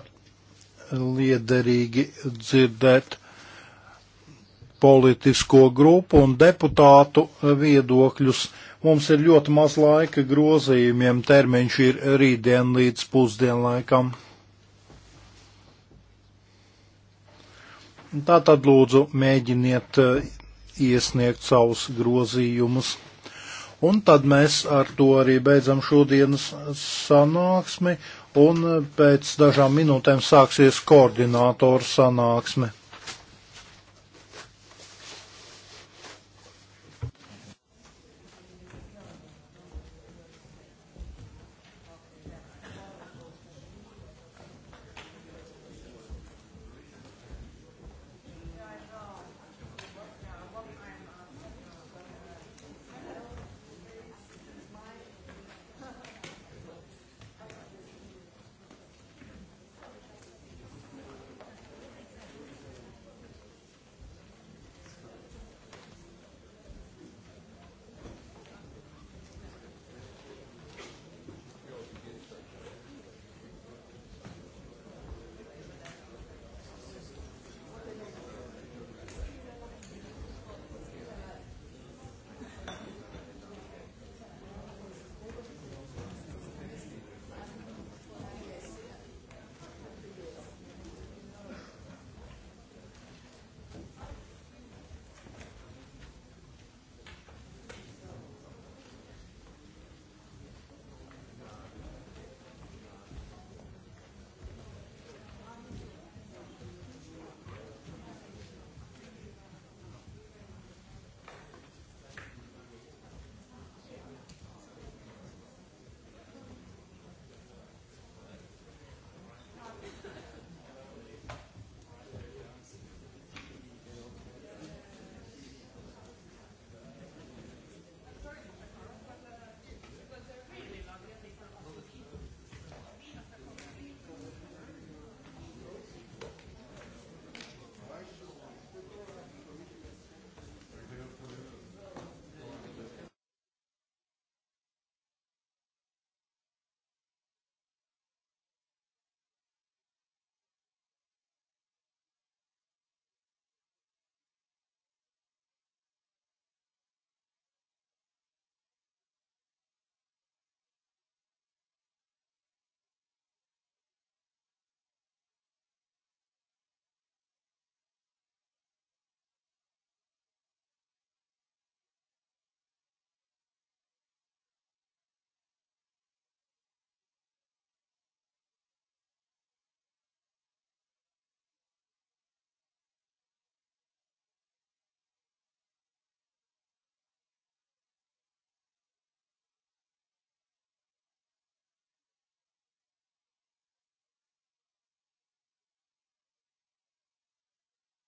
liederīgi dzirdēt politisko grupu un deputātu viedokļus. Mums ir ļoti maz laika grozījumiem, termiņš ir rītdien līdz pusdienlaikam. Tātad lūdzu mēģiniet uh, iesniegt savus grozījumus. Un tad mēs ar to arī beidzam šodienas sanāksmi un pēc dažām minūtēm sāksies koordinātoru sanāksme.